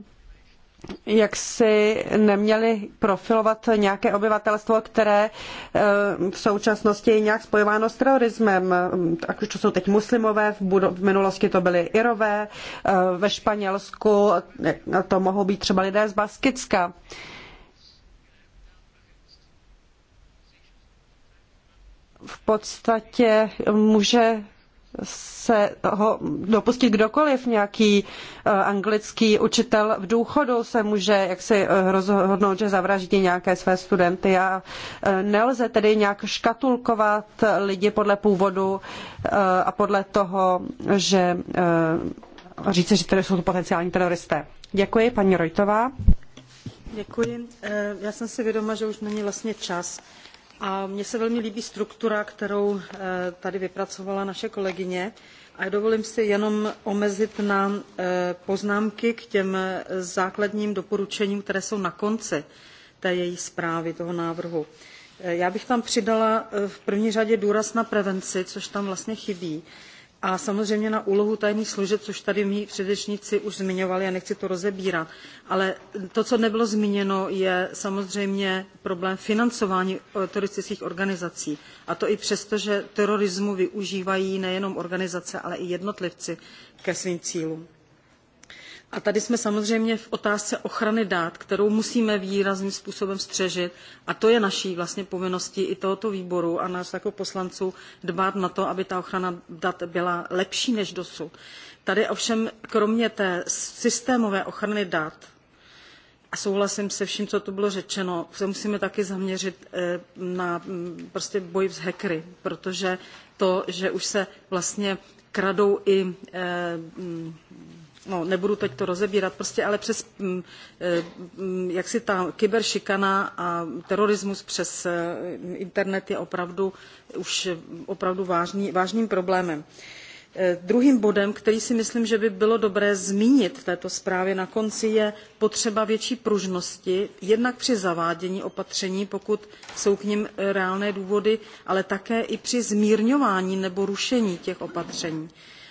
jak si neměli profilovat nějaké obyvatelstvo, které eh, v současnosti je nějak spojováno s terorismem. Ať už to jsou teď muslimové, v, minulosti to byly Irové, eh, ve Španělsku eh, to mohou být třeba lidé z Baskicka. v podstatě může se ho dopustit kdokoliv, nějaký eh, anglický učitel v důchodu se může jak si eh, rozhodnout, že zavraždí nějaké své studenty a eh, nelze tedy nějak škatulkovat lidi podle původu a podle toho, že říci, že tedy jsou to potenciální teroristé. Děkuji, paní Rojtová. Děkuji. Já jsem si vědoma, že už není vlastně čas a mně se velmi líbí struktura, kterou eh, tady vypracovala naše kolegyně. A dovolím si jenom omezit na eh, poznámky k těm eh, základním doporučením, které jsou na konci té její zprávy, toho návrhu. Já bych tam přidala v první řadě důraz na prevenci, což tam vlastně chybí a samozřejmě na úlohu tajných služeb, což tady mý předřečníci už zmiňovali, a nechci to rozebírat. Ale to, co nebylo zmíněno, je samozřejmě problém financování teroristických organizací. A to i přesto, že terorismu využívají nejenom organizace, ale i jednotlivci ke svým cílům a tady jsme samozřejmě v otázce ochrany dát, kterou musíme výrazným způsobem střežit. A to je naší vlastně povinností i tohoto výboru a nás jako poslanců dbát na to, aby ta ochrana dat byla lepší než dosud. Tady ovšem kromě té systémové ochrany dat a souhlasím se vším, co tu bylo řečeno, se musíme taky zaměřit eh, na mm, prostě boj s hackery, protože to, že už se vlastně kradou i eh, mm, no, nebudu teď to rozebírat, prostě ale přes, mm, eh, mm, jak si ta kyberšikana a terorismus přes eh, internet je opravdu už opravdu vážný, vážným problémem. Eh, druhým bodem, který si myslím, že by bylo dobré zmínit v této zprávě na konci, je potřeba větší pružnosti, jednak při zavádění opatření, pokud jsou k nim reálné důvody, ale také i při zmírňování nebo rušení těch opatření.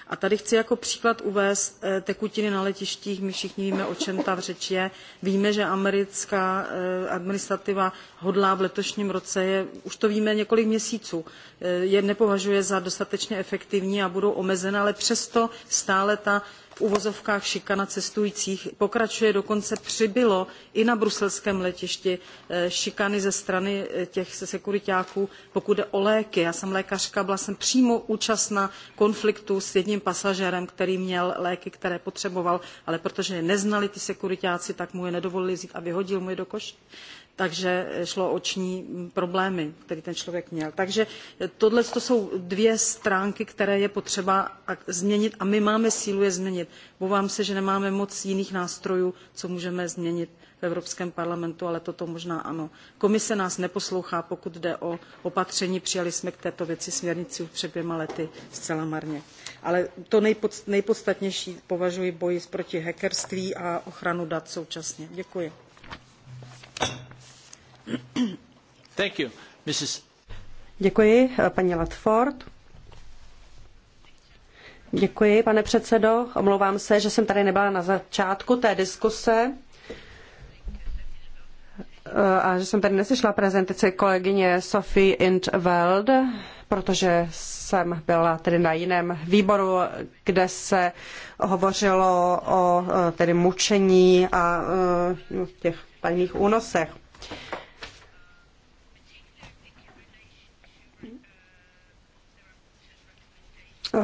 A tady chci jako příklad uvést eh, tekutiny na letištích. My všichni víme, o čem ta řeč je. Víme, že americká eh, administrativa hodlá v letošním roce, je, už to víme několik měsíců, eh, je nepovažuje za dostatečně efektivní a budou omezena, ale přesto stále ta uvozovkách šikana cestujících pokračuje dokonce přibylo i na bruselském letišti eh, šikany ze strany eh, těch sekuriťáků pokud jde o léky. já jsem lékařka byla jsem přímo účastna konfliktu s jedním pasažérem který měl léky které potřeboval ale protože je neznali ti sekuriťáci tak mu je nedovolili vzít a vyhodil mu je do koše takže šlo o oční problémy, které ten člověk měl. Takže tohle to jsou dvě stránky, které je potřeba změnit a my máme sílu je změnit. Bovám se, že nemáme moc jiných nástrojů, co můžeme změnit v Evropském parlamentu, ale toto možná ano. Komise nás neposlouchá, pokud jde o opatření. Přijali jsme k této věci směrnici už před dvěma lety zcela marně. Ale to nejpod, nejpodstatnější považuji boj proti hackerství a ochranu dat současně. Děkuji. Děkuji, Latford. Děkuji, pane předsedo. Omlouvám se, že jsem tady nebyla na začátku té diskuse eh, a že jsem tady neslyšela prezentaci kolegyně Sophie Intveld, protože jsem byla tedy na jiném výboru, kde se hovořilo o eh, tedy mučení a eh, těch tajných únosech.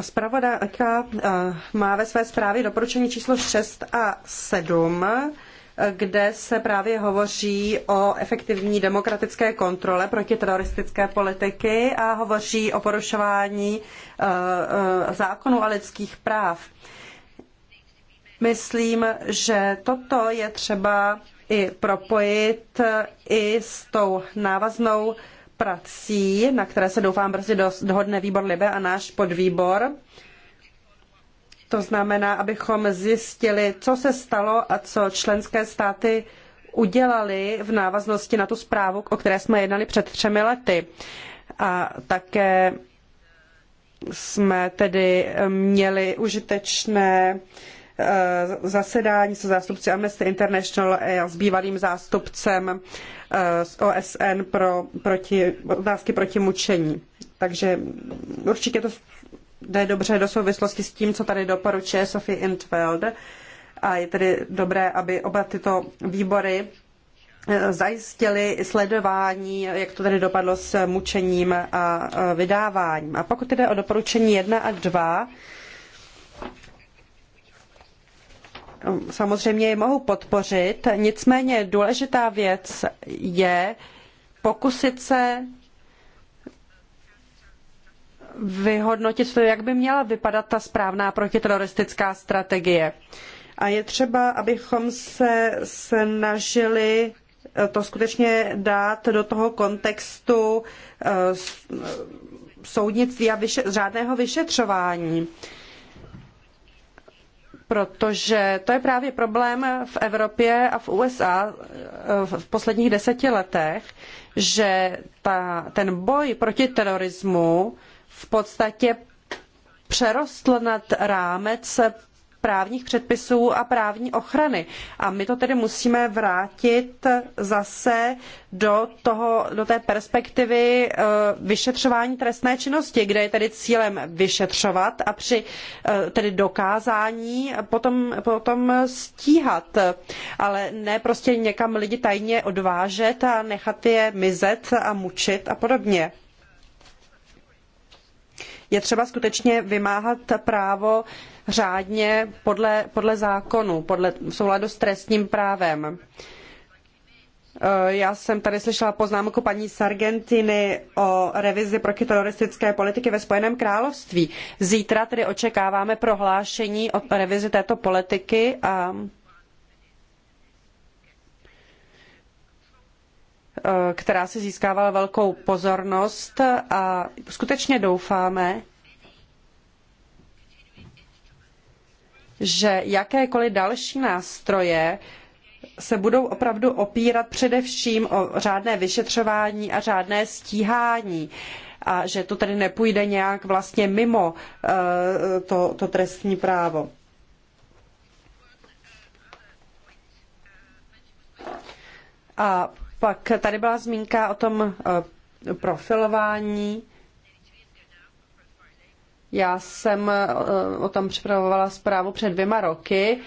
Zpravodajka eh, má ve své zprávě doporučení číslo 6 a 7, eh, kde se právě hovoří o efektivní demokratické kontrole protiteroristické politiky a hovoří o porušování eh, zákonů a lidských práv. Myslím, že toto je třeba i propojit i s tou návaznou prací, na které se doufám brzy dohodne výbor Libe a náš podvýbor. To znamená, abychom zjistili, co se stalo a co členské státy udělali v návaznosti na tu zprávu, o které jsme jednali před třemi lety. A také jsme tedy měli užitečné uh, Eh, zasedání se zástupci Amnesty International a s bývalým zástupcem eh, z OSN pro proti, otázky proti mučení. Takže určitě to jde dobře do souvislosti s tím, co tady doporučuje Sophie Intveld. A je tedy dobré, aby oba tyto výbory eh, zajistili sledování, jak to tedy dopadlo s mučením a vydáváním. A pokud jde o doporučení 1 a 2, samozřejmě je mohu podpořit, nicméně důležitá věc je pokusit se vyhodnotit jak by měla vypadat ta správná protiteroristická strategie. A je třeba, abychom se snažili to skutečně dát do toho kontextu eh, soudnictví a vyše, řádného vyšetřování protože to je právě problém v Evropě a v USA eh, v posledních deseti letech, že ta, ten boj proti terorismu v podstatě přerostl nad rámec právních předpisů a právní ochrany. A my to tedy musíme vrátit zase do, toho, do té perspektivy eh, vyšetřování trestné činnosti, kde je tedy cílem vyšetřovat a při eh, tedy dokázání potom, potom stíhat. Ale ne prostě někam lidi tajně odvážet a nechat je mizet a mučit a podobně je třeba skutečně vymáhat právo řádně podle, podle zákonu, podle, v souladu s trestním právem. Eh, já jsem tady slyšela poznámku paní Sargentiny o revizi protiteroristické politiky ve Spojeném království. Zítra tedy očekáváme prohlášení o revizi této politiky a Eh, která si získávala velkou pozornost a skutečně doufáme, že jakékoliv další nástroje se budou opravdu opírat především o řádné vyšetřování a řádné stíhání a že to tedy nepůjde nějak vlastně mimo eh, to, to trestní právo. A pak tady byla zmínka o tom eh, profilování. Já jsem eh, o tom připravovala zprávu před dvěma roky,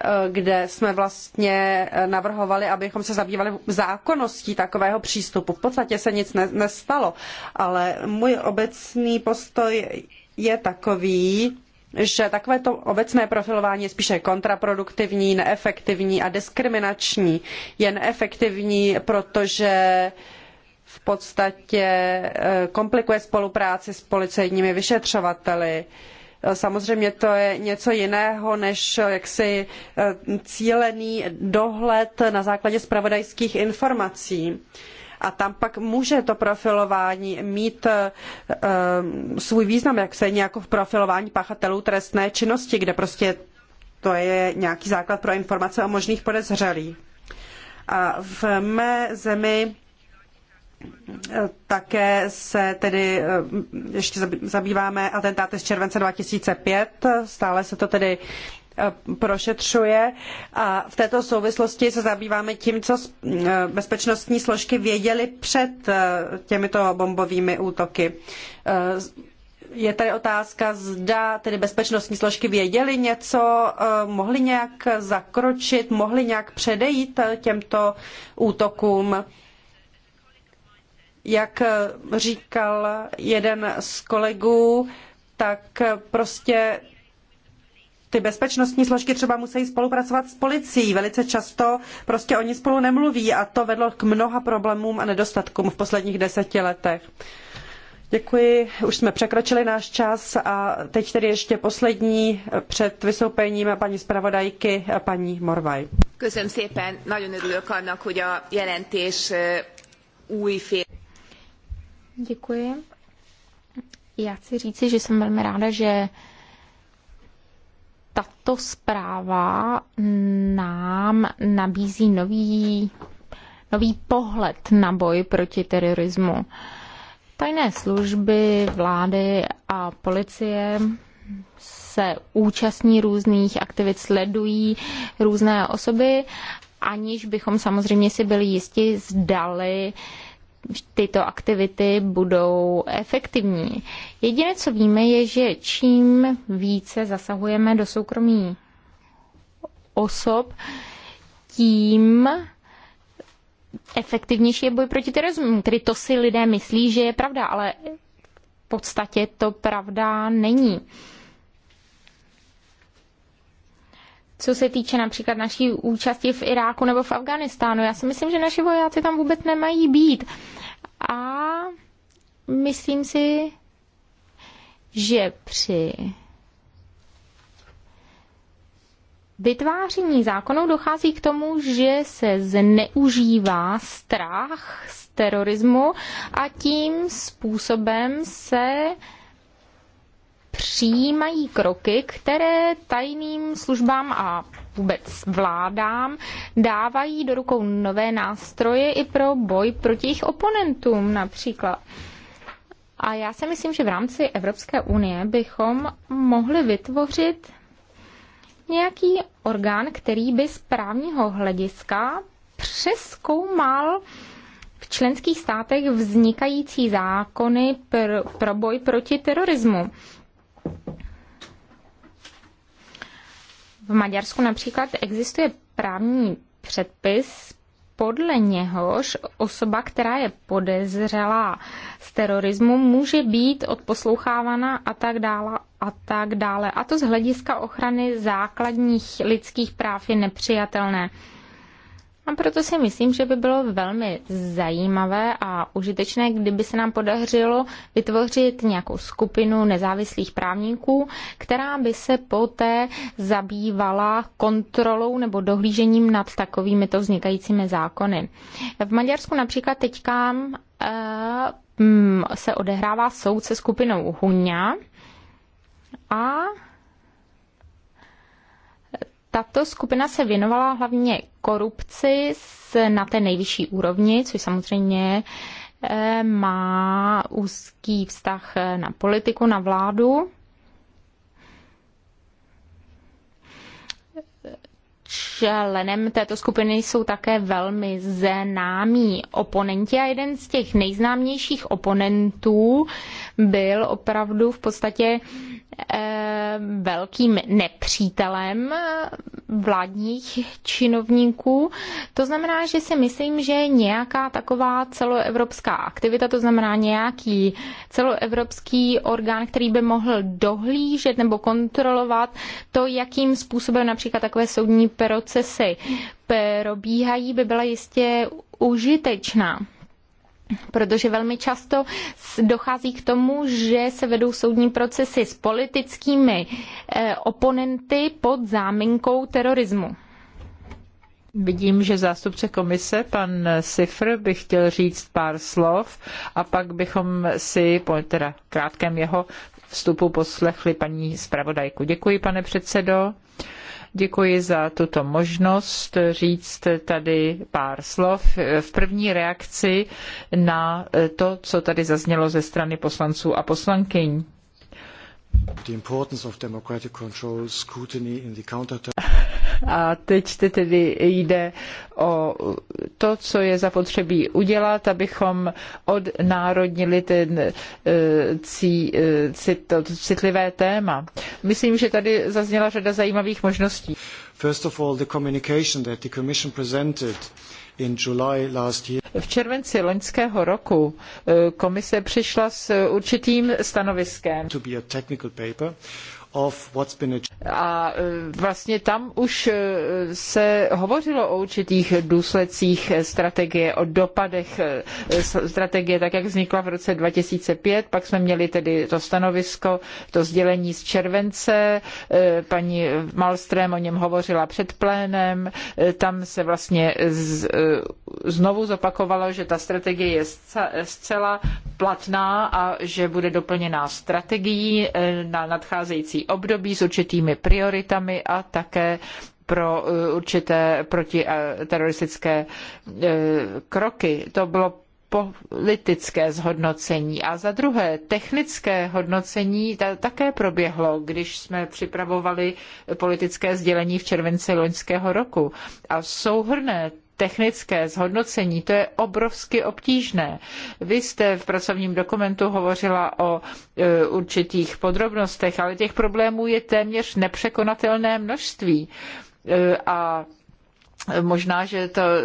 eh, kde jsme vlastně navrhovali, abychom se zabývali zákonností takového přístupu. V podstatě se nic nestalo, ale můj obecný postoj je takový, že takovéto obecné profilování je spíše kontraproduktivní, neefektivní a diskriminační. Je neefektivní, protože v podstatě eh, komplikuje spolupráci s policejními vyšetřovateli. Samozřejmě to je něco jiného než eh, jaksi eh, cílený dohled na základě spravodajských informací. A tam pak může to profilování mít eh, eh, svůj význam, jak se jako v profilování pachatelů trestné činnosti, kde prostě to je nějaký základ pro informace o možných podezřelých. A v mé zemi eh, také se tedy ještě zabýváme atentáty z července 2005. Stále se to tedy Eh, prošetřuje a v této souvislosti se zabýváme tím, co eh, bezpečnostní složky věděly před eh, těmito bombovými útoky. Je tady otázka, zda tedy bezpečnostní složky věděly něco, mohly nějak zakročit, mohly nějak předejít těmto útokům. Jak říkal jeden z kolegů, tak prostě ty bezpečnostní složky třeba musí spolupracovat s policií. Velice často prostě oni spolu nemluví a to vedlo k mnoha problémům a nedostatkům v posledních deseti letech. Děkuji, už jsme překročili náš čas a teď tedy ještě poslední před vystoupením paní zpravodajky, paní Morvaj. Köszönöm szépen, nagyon örülök annak, hogy a jelentés új fél. Děkuji. Já chci říci, že jsem velmi ráda, že tato zpráva nám nabízí nový, nový pohled na boj proti terorismu. Tajné služby, vlády a policie se účastní různých aktivit, sledují různé osoby, aniž bychom samozřejmě si byli jisti, zdali tyto aktivity budou efektivní. Jediné, co víme, je, že čím více zasahujeme do soukromí osob, tím efektivnější je boj proti terorismu. Tedy to si lidé myslí, že je pravda, ale v podstatě to pravda není. co se týče například naší účasti v Iráku nebo v Afganistánu. Já si myslím, že naši vojáci tam vůbec nemají být. A myslím si, že při vytváření zákonů dochází k tomu, že se zneužívá strach z terorismu a tím způsobem se přijímají kroky, které tajným službám a vůbec vládám dávají do rukou nové nástroje i pro boj proti jejich oponentům například. A já si myslím, že v rámci Evropské unie bychom mohli vytvořit nějaký orgán, který by z právního hlediska přeskoumal v členských státech vznikající zákony pro, pro boj proti terorismu. V Maďarsku například existuje právní předpis, podle něhož osoba, která je podezřelá z terorismu, může být odposlouchávána a tak dále a tak dále. A to z hlediska ochrany základních lidských práv je nepřijatelné. A proto si myslím, že by bylo velmi zajímavé a užitečné, kdyby se nám podařilo vytvořit nějakou skupinu nezávislých právníků, která by se poté zabývala kontrolou nebo dohlížením nad takovými to vznikajícími zákony. V Maďarsku například teďka eh, mm, se odehrává soud se skupinou Huňa a tato skupina se věnovala hlavně korupci na té nejvyšší úrovni, což samozřejmě eh, má úzký vztah eh, na politiku, na vládu. Členem této skupiny jsou také velmi známí oponenti a jeden z těch nejznámějších oponentů byl opravdu v podstatě Eh, velkým nepřítelem vládních činovníků. To znamená, že si myslím, že nějaká taková celoevropská aktivita, to znamená nějaký celoevropský orgán, který by mohl dohlížet nebo kontrolovat to, jakým způsobem například takové soudní procesy probíhají, by byla jistě užitečná protože velmi často dochází k tomu, že se vedou soudní procesy s politickými eh, oponenty pod záminkou terorismu. Vidím, že zástupce komise, pan Sifr, by chtěl říct pár slov a pak bychom si po teda krátkém jeho vstupu poslechli paní zpravodajku. Děkuji, pane předsedo. Děkuji za tuto možnost říct tady pár slov v první reakci na to, co tady zaznělo ze strany poslanců a poslankyň. The importance of democratic control, scrutiny in the counter a teď tedy jde o to, co je zapotřebí udělat, abychom odnárodnili ten eh, cí, eh, to citlivé téma. Myslím, že tady zazněla řada zajímavých možností. First of all, the communication that the Commission presented v červenci loňského roku eh, komise přišla s určitým stanoviskem. A e, vlastně tam už e, se hovořilo o určitých důsledcích e, strategie, o dopadech strategie, tak jak vznikla v roce 2005. Pak jsme měli tedy to stanovisko, to sdělení z července. Paní Malström o něm hovořila před plénem. Tam se vlastně znovu zopakovalo, že ta strategie je zcela platná a že bude doplněná strategií na nadcházející období s určitými prioritami a také pro eh, určité protiteroristické eh, eh, kroky. To bylo politické zhodnocení. A za druhé, technické hodnocení také proběhlo, když jsme připravovali politické sdělení v červenci loňského roku. A souhrné technické zhodnocení, to je obrovsky obtížné. Vy jste v pracovním dokumentu hovořila o e, určitých podrobnostech, ale těch problémů je téměř nepřekonatelné množství. E, a možná, že to eh,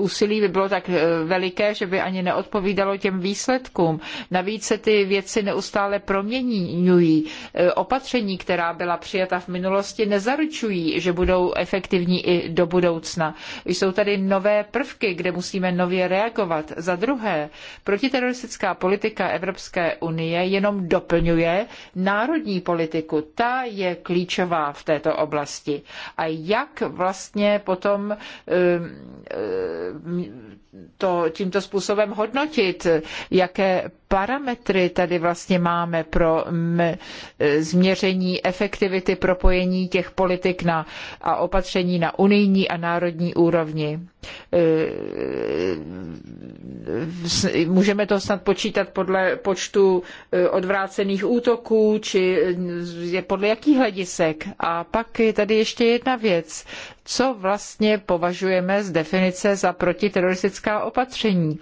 úsilí by bylo tak eh, veliké, že by ani neodpovídalo těm výsledkům. Navíc se ty věci neustále proměňují. Eh, opatření, která byla přijata v minulosti, nezaručují, že budou efektivní i do budoucna. Jsou tady nové prvky, kde musíme nově reagovat. Za druhé, protiteroristická politika Evropské unie jenom doplňuje národní politiku. Ta je klíčová v této oblasti. A jak vlastně potom tom eh, eh, to tímto způsobem hodnotit, jaké parametry tady vlastně máme pro změření efektivity propojení těch politik na, a opatření na unijní a národní úrovni. E, e, můžeme to snad počítat podle počtu e, odvrácených útoků, či podle jakých hledisek. A pak je tady ještě jedna věc. Co vlastně považujeme z definice za protiteroristické hygienická opatření.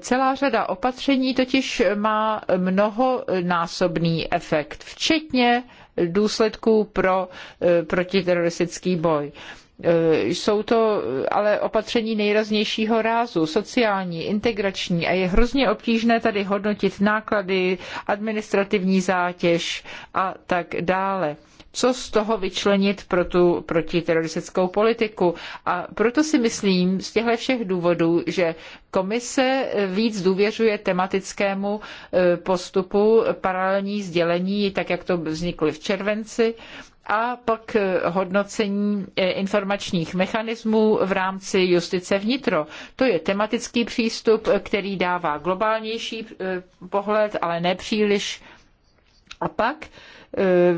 Celá řada opatření totiž má mnohonásobný efekt, včetně důsledků pro eh, protiteroristický boj. Eh, jsou to ale opatření nejraznějšího rázu, sociální, integrační a je hrozně obtížné tady hodnotit náklady, administrativní zátěž a tak dále co z toho vyčlenit pro tu protiteroristickou politiku. A proto si myslím z těchto všech důvodů, že komise víc důvěřuje tematickému e, postupu paralelní sdělení, tak jak to vzniklo v červenci, a pak hodnocení e, informačních mechanismů v rámci justice vnitro. To je tematický přístup, který dává globálnější e, pohled, ale nepříliš příliš a pak e,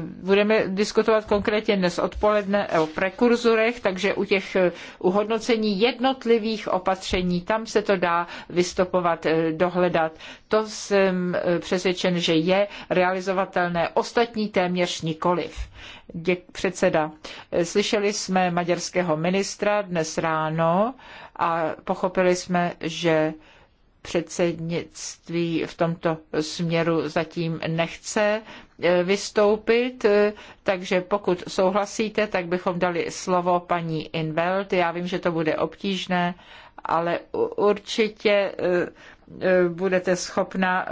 budeme diskutovat konkrétně dnes odpoledne o prekurzorech, takže u těch e, uhodnocení jednotlivých opatření, tam se to dá vystopovat, e, dohledat. To jsem přesvědčen, že je realizovatelné, ostatní téměř nikoliv. Děk, předseda. Slyšeli jsme maďarského ministra dnes ráno a pochopili jsme, že předsednictví v tomto směru zatím nechce e, vystoupit, e, takže pokud souhlasíte, tak bychom dali slovo paní Inveld. Já vím, že to bude obtížné, ale určitě e, budete schopna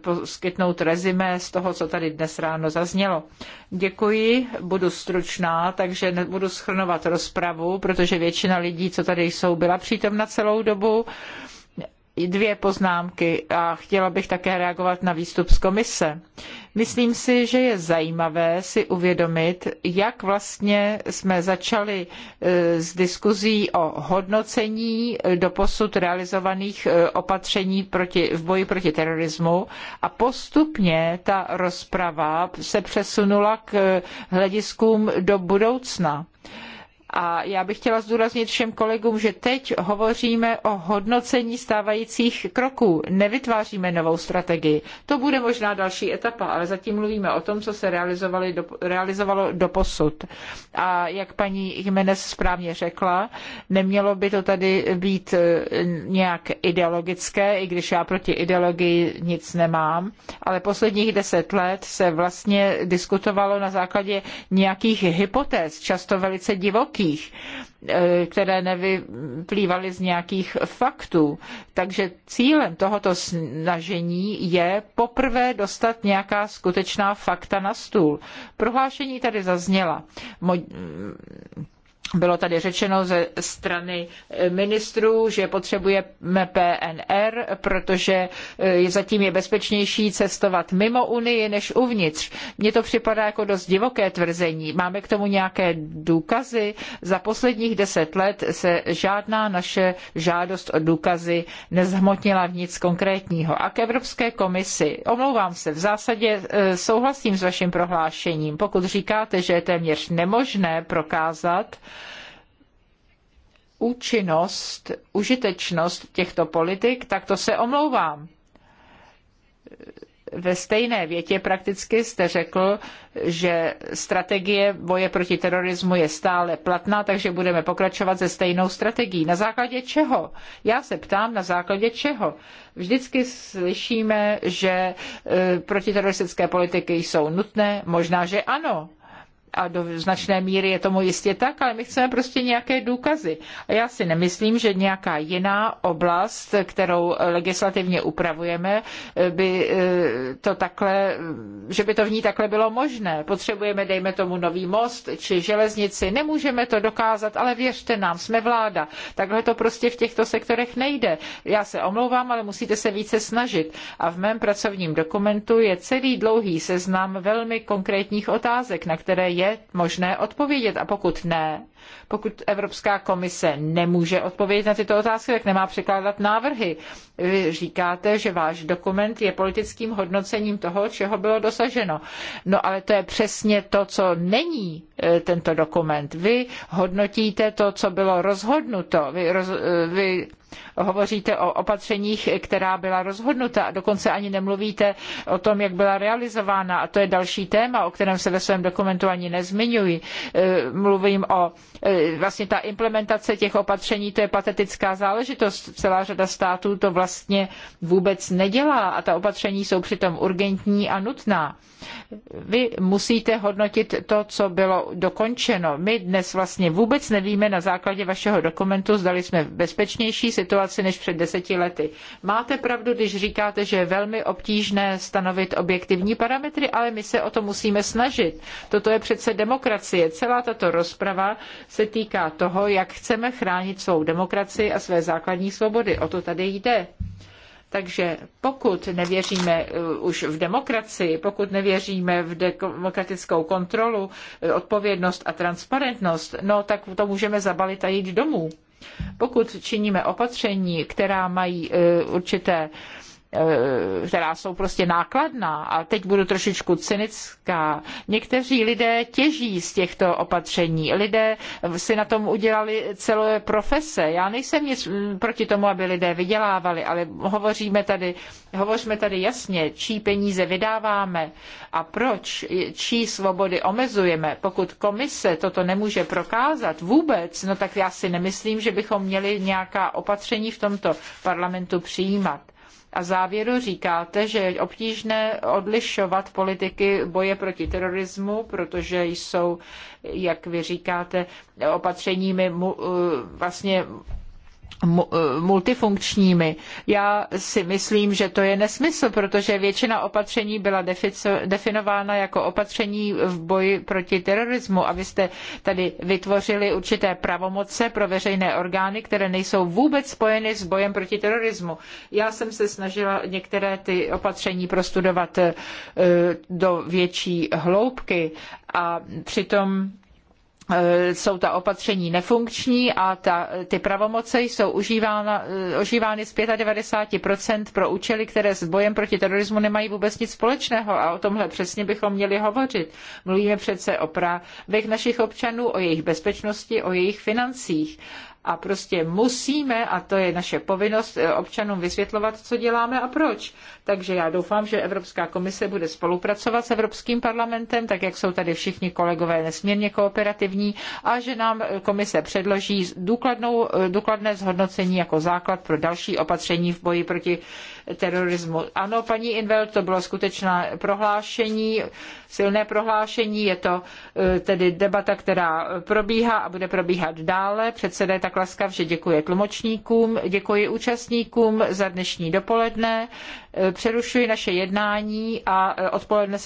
poskytnout rezimé z toho, co tady dnes ráno zaznělo. Děkuji, budu stručná, takže nebudu schrnovat rozpravu, protože většina lidí, co tady jsou, byla přítomna celou dobu dvě poznámky a chtěla bych také reagovat na výstup z komise. Myslím si, že je zajímavé si uvědomit, jak vlastně jsme začali e, s diskuzí o hodnocení e, doposud realizovaných e, opatření proti, v boji proti terorismu a postupně ta rozprava se přesunula k hlediskům do budoucna. A já bych chtěla zdůraznit všem kolegům, že teď hovoříme o hodnocení stávajících kroků. Nevytváříme novou strategii. To bude možná další etapa, ale zatím mluvíme o tom, co se do, realizovalo do posud. A jak paní Jiménez správně řekla, nemělo by to tady být e, nějak ideologické, i když já proti ideologii nic nemám, ale posledních deset let se vlastně diskutovalo na základě nějakých hypotéz, často velice divokých, sítích, eh, které nevyplývaly z nějakých faktů. Takže cílem tohoto snažení je poprvé dostat nějaká skutečná fakta na stůl. Prohlášení tady zazněla. Mo- bylo tady řečeno ze strany ministrů, že potřebujeme PNR, protože eh, zatím je bezpečnější cestovat mimo Unii než uvnitř. Mně to připadá jako dost divoké tvrzení. Máme k tomu nějaké důkazy. Za posledních deset let se žádná naše žádost o důkazy nezhmotnila v nic konkrétního. A k Evropské komisi. Omlouvám se, v zásadě eh, souhlasím s vaším prohlášením. Pokud říkáte, že je téměř nemožné prokázat, účinnost, užitečnost těchto politik, tak to se omlouvám. Ve stejné větě prakticky jste řekl, že strategie boje proti terorismu je stále platná, takže budeme pokračovat se stejnou strategií. Na základě čeho? Já se ptám, na základě čeho? Vždycky slyšíme, že e, protiteroristické politiky jsou nutné, možná, že ano a do značné míry je tomu jistě tak, ale my chceme prostě nějaké důkazy. A já si nemyslím, že nějaká jiná oblast, kterou legislativně upravujeme, by eh, to takhle, že by to v ní takhle bylo možné. Potřebujeme, dejme tomu, nový most či železnici. Nemůžeme to dokázat, ale věřte nám, jsme vláda. Takhle to prostě v těchto sektorech nejde. Já se omlouvám, ale musíte se více snažit. A v mém pracovním dokumentu je celý dlouhý seznam velmi konkrétních otázek, na které je je možné odpovědět a pokud ne, pokud Evropská komise nemůže odpovědět na tyto otázky, tak nemá překládat návrhy. Vy říkáte, že váš dokument je politickým hodnocením toho, čeho bylo dosaženo. No ale to je přesně to, co není e, tento dokument. Vy hodnotíte to, co bylo rozhodnuto. Vy, roz, e, vy hovoříte o opatřeních, která byla rozhodnuta a dokonce ani nemluvíte o tom, jak byla realizována a to je další téma, o kterém se ve svém dokumentu ani nezmiňuji. E, mluvím o E, vlastně ta implementace těch opatření, to je patetická záležitost. Celá řada států to vlastně vůbec nedělá a ta opatření jsou přitom urgentní a nutná. Vy musíte hodnotit to, co bylo dokončeno. My dnes vlastně vůbec nevíme na základě vašeho dokumentu, zdali jsme v bezpečnější situaci než před deseti lety. Máte pravdu, když říkáte, že je velmi obtížné stanovit objektivní parametry, ale my se o to musíme snažit. Toto je přece demokracie. Celá tato rozprava se týká toho, jak chceme chránit svou demokracii a své základní svobody. O to tady jde. Takže pokud nevěříme uh, už v demokracii, pokud nevěříme v demokratickou kontrolu, uh, odpovědnost a transparentnost, no tak to můžeme zabalit a jít domů. Pokud činíme opatření, která mají uh, určité Eh, která jsou prostě nákladná. A teď budu trošičku cynická. Někteří lidé těží z těchto opatření. Lidé si na tom udělali celé profese. Já nejsem nic mm, proti tomu, aby lidé vydělávali, ale hovoříme tady, hovořme tady jasně, čí peníze vydáváme a proč, čí svobody omezujeme. Pokud komise toto nemůže prokázat vůbec, no tak já si nemyslím, že bychom měli nějaká opatření v tomto parlamentu přijímat a závěru říkáte, že je obtížné odlišovat politiky boje proti terorismu, protože jsou, jak vy říkáte, opatřeními eh, vlastně Eh, multifunkčními. Já si myslím, že to je nesmysl, protože většina opatření byla definována jako opatření v boji proti terorismu a vy jste tady vytvořili určité pravomoce pro veřejné orgány, které nejsou vůbec spojeny s bojem proti terorismu. Já jsem se snažila některé ty opatření prostudovat eh, do větší hloubky a přitom Eh, jsou ta opatření nefunkční a ta, ty pravomoce jsou eh, užívány z 95% pro účely, které s bojem proti terorismu nemají vůbec nic společného a o tomhle přesně bychom měli hovořit. Mluvíme přece o právech našich občanů, o jejich bezpečnosti, o jejich financích a prostě musíme, a to je naše povinnost, eh, občanům vysvětlovat, co děláme a proč. Takže já doufám, že Evropská komise bude spolupracovat s Evropským parlamentem, tak jak jsou tady všichni kolegové nesmírně kooperativní, a že nám komise předloží důkladnou, eh, důkladné zhodnocení jako základ pro další opatření v boji proti terorismu. Ano, paní Invel, to bylo skutečné prohlášení, silné prohlášení, je to eh, tedy debata, která probíhá a bude probíhat dále. Předseda je tak laskav, že děkuje tlumočníkům, děkuji účastníkům za dnešní dopoledne. Eh, přerušuji naše jednání a eh, odpoledne se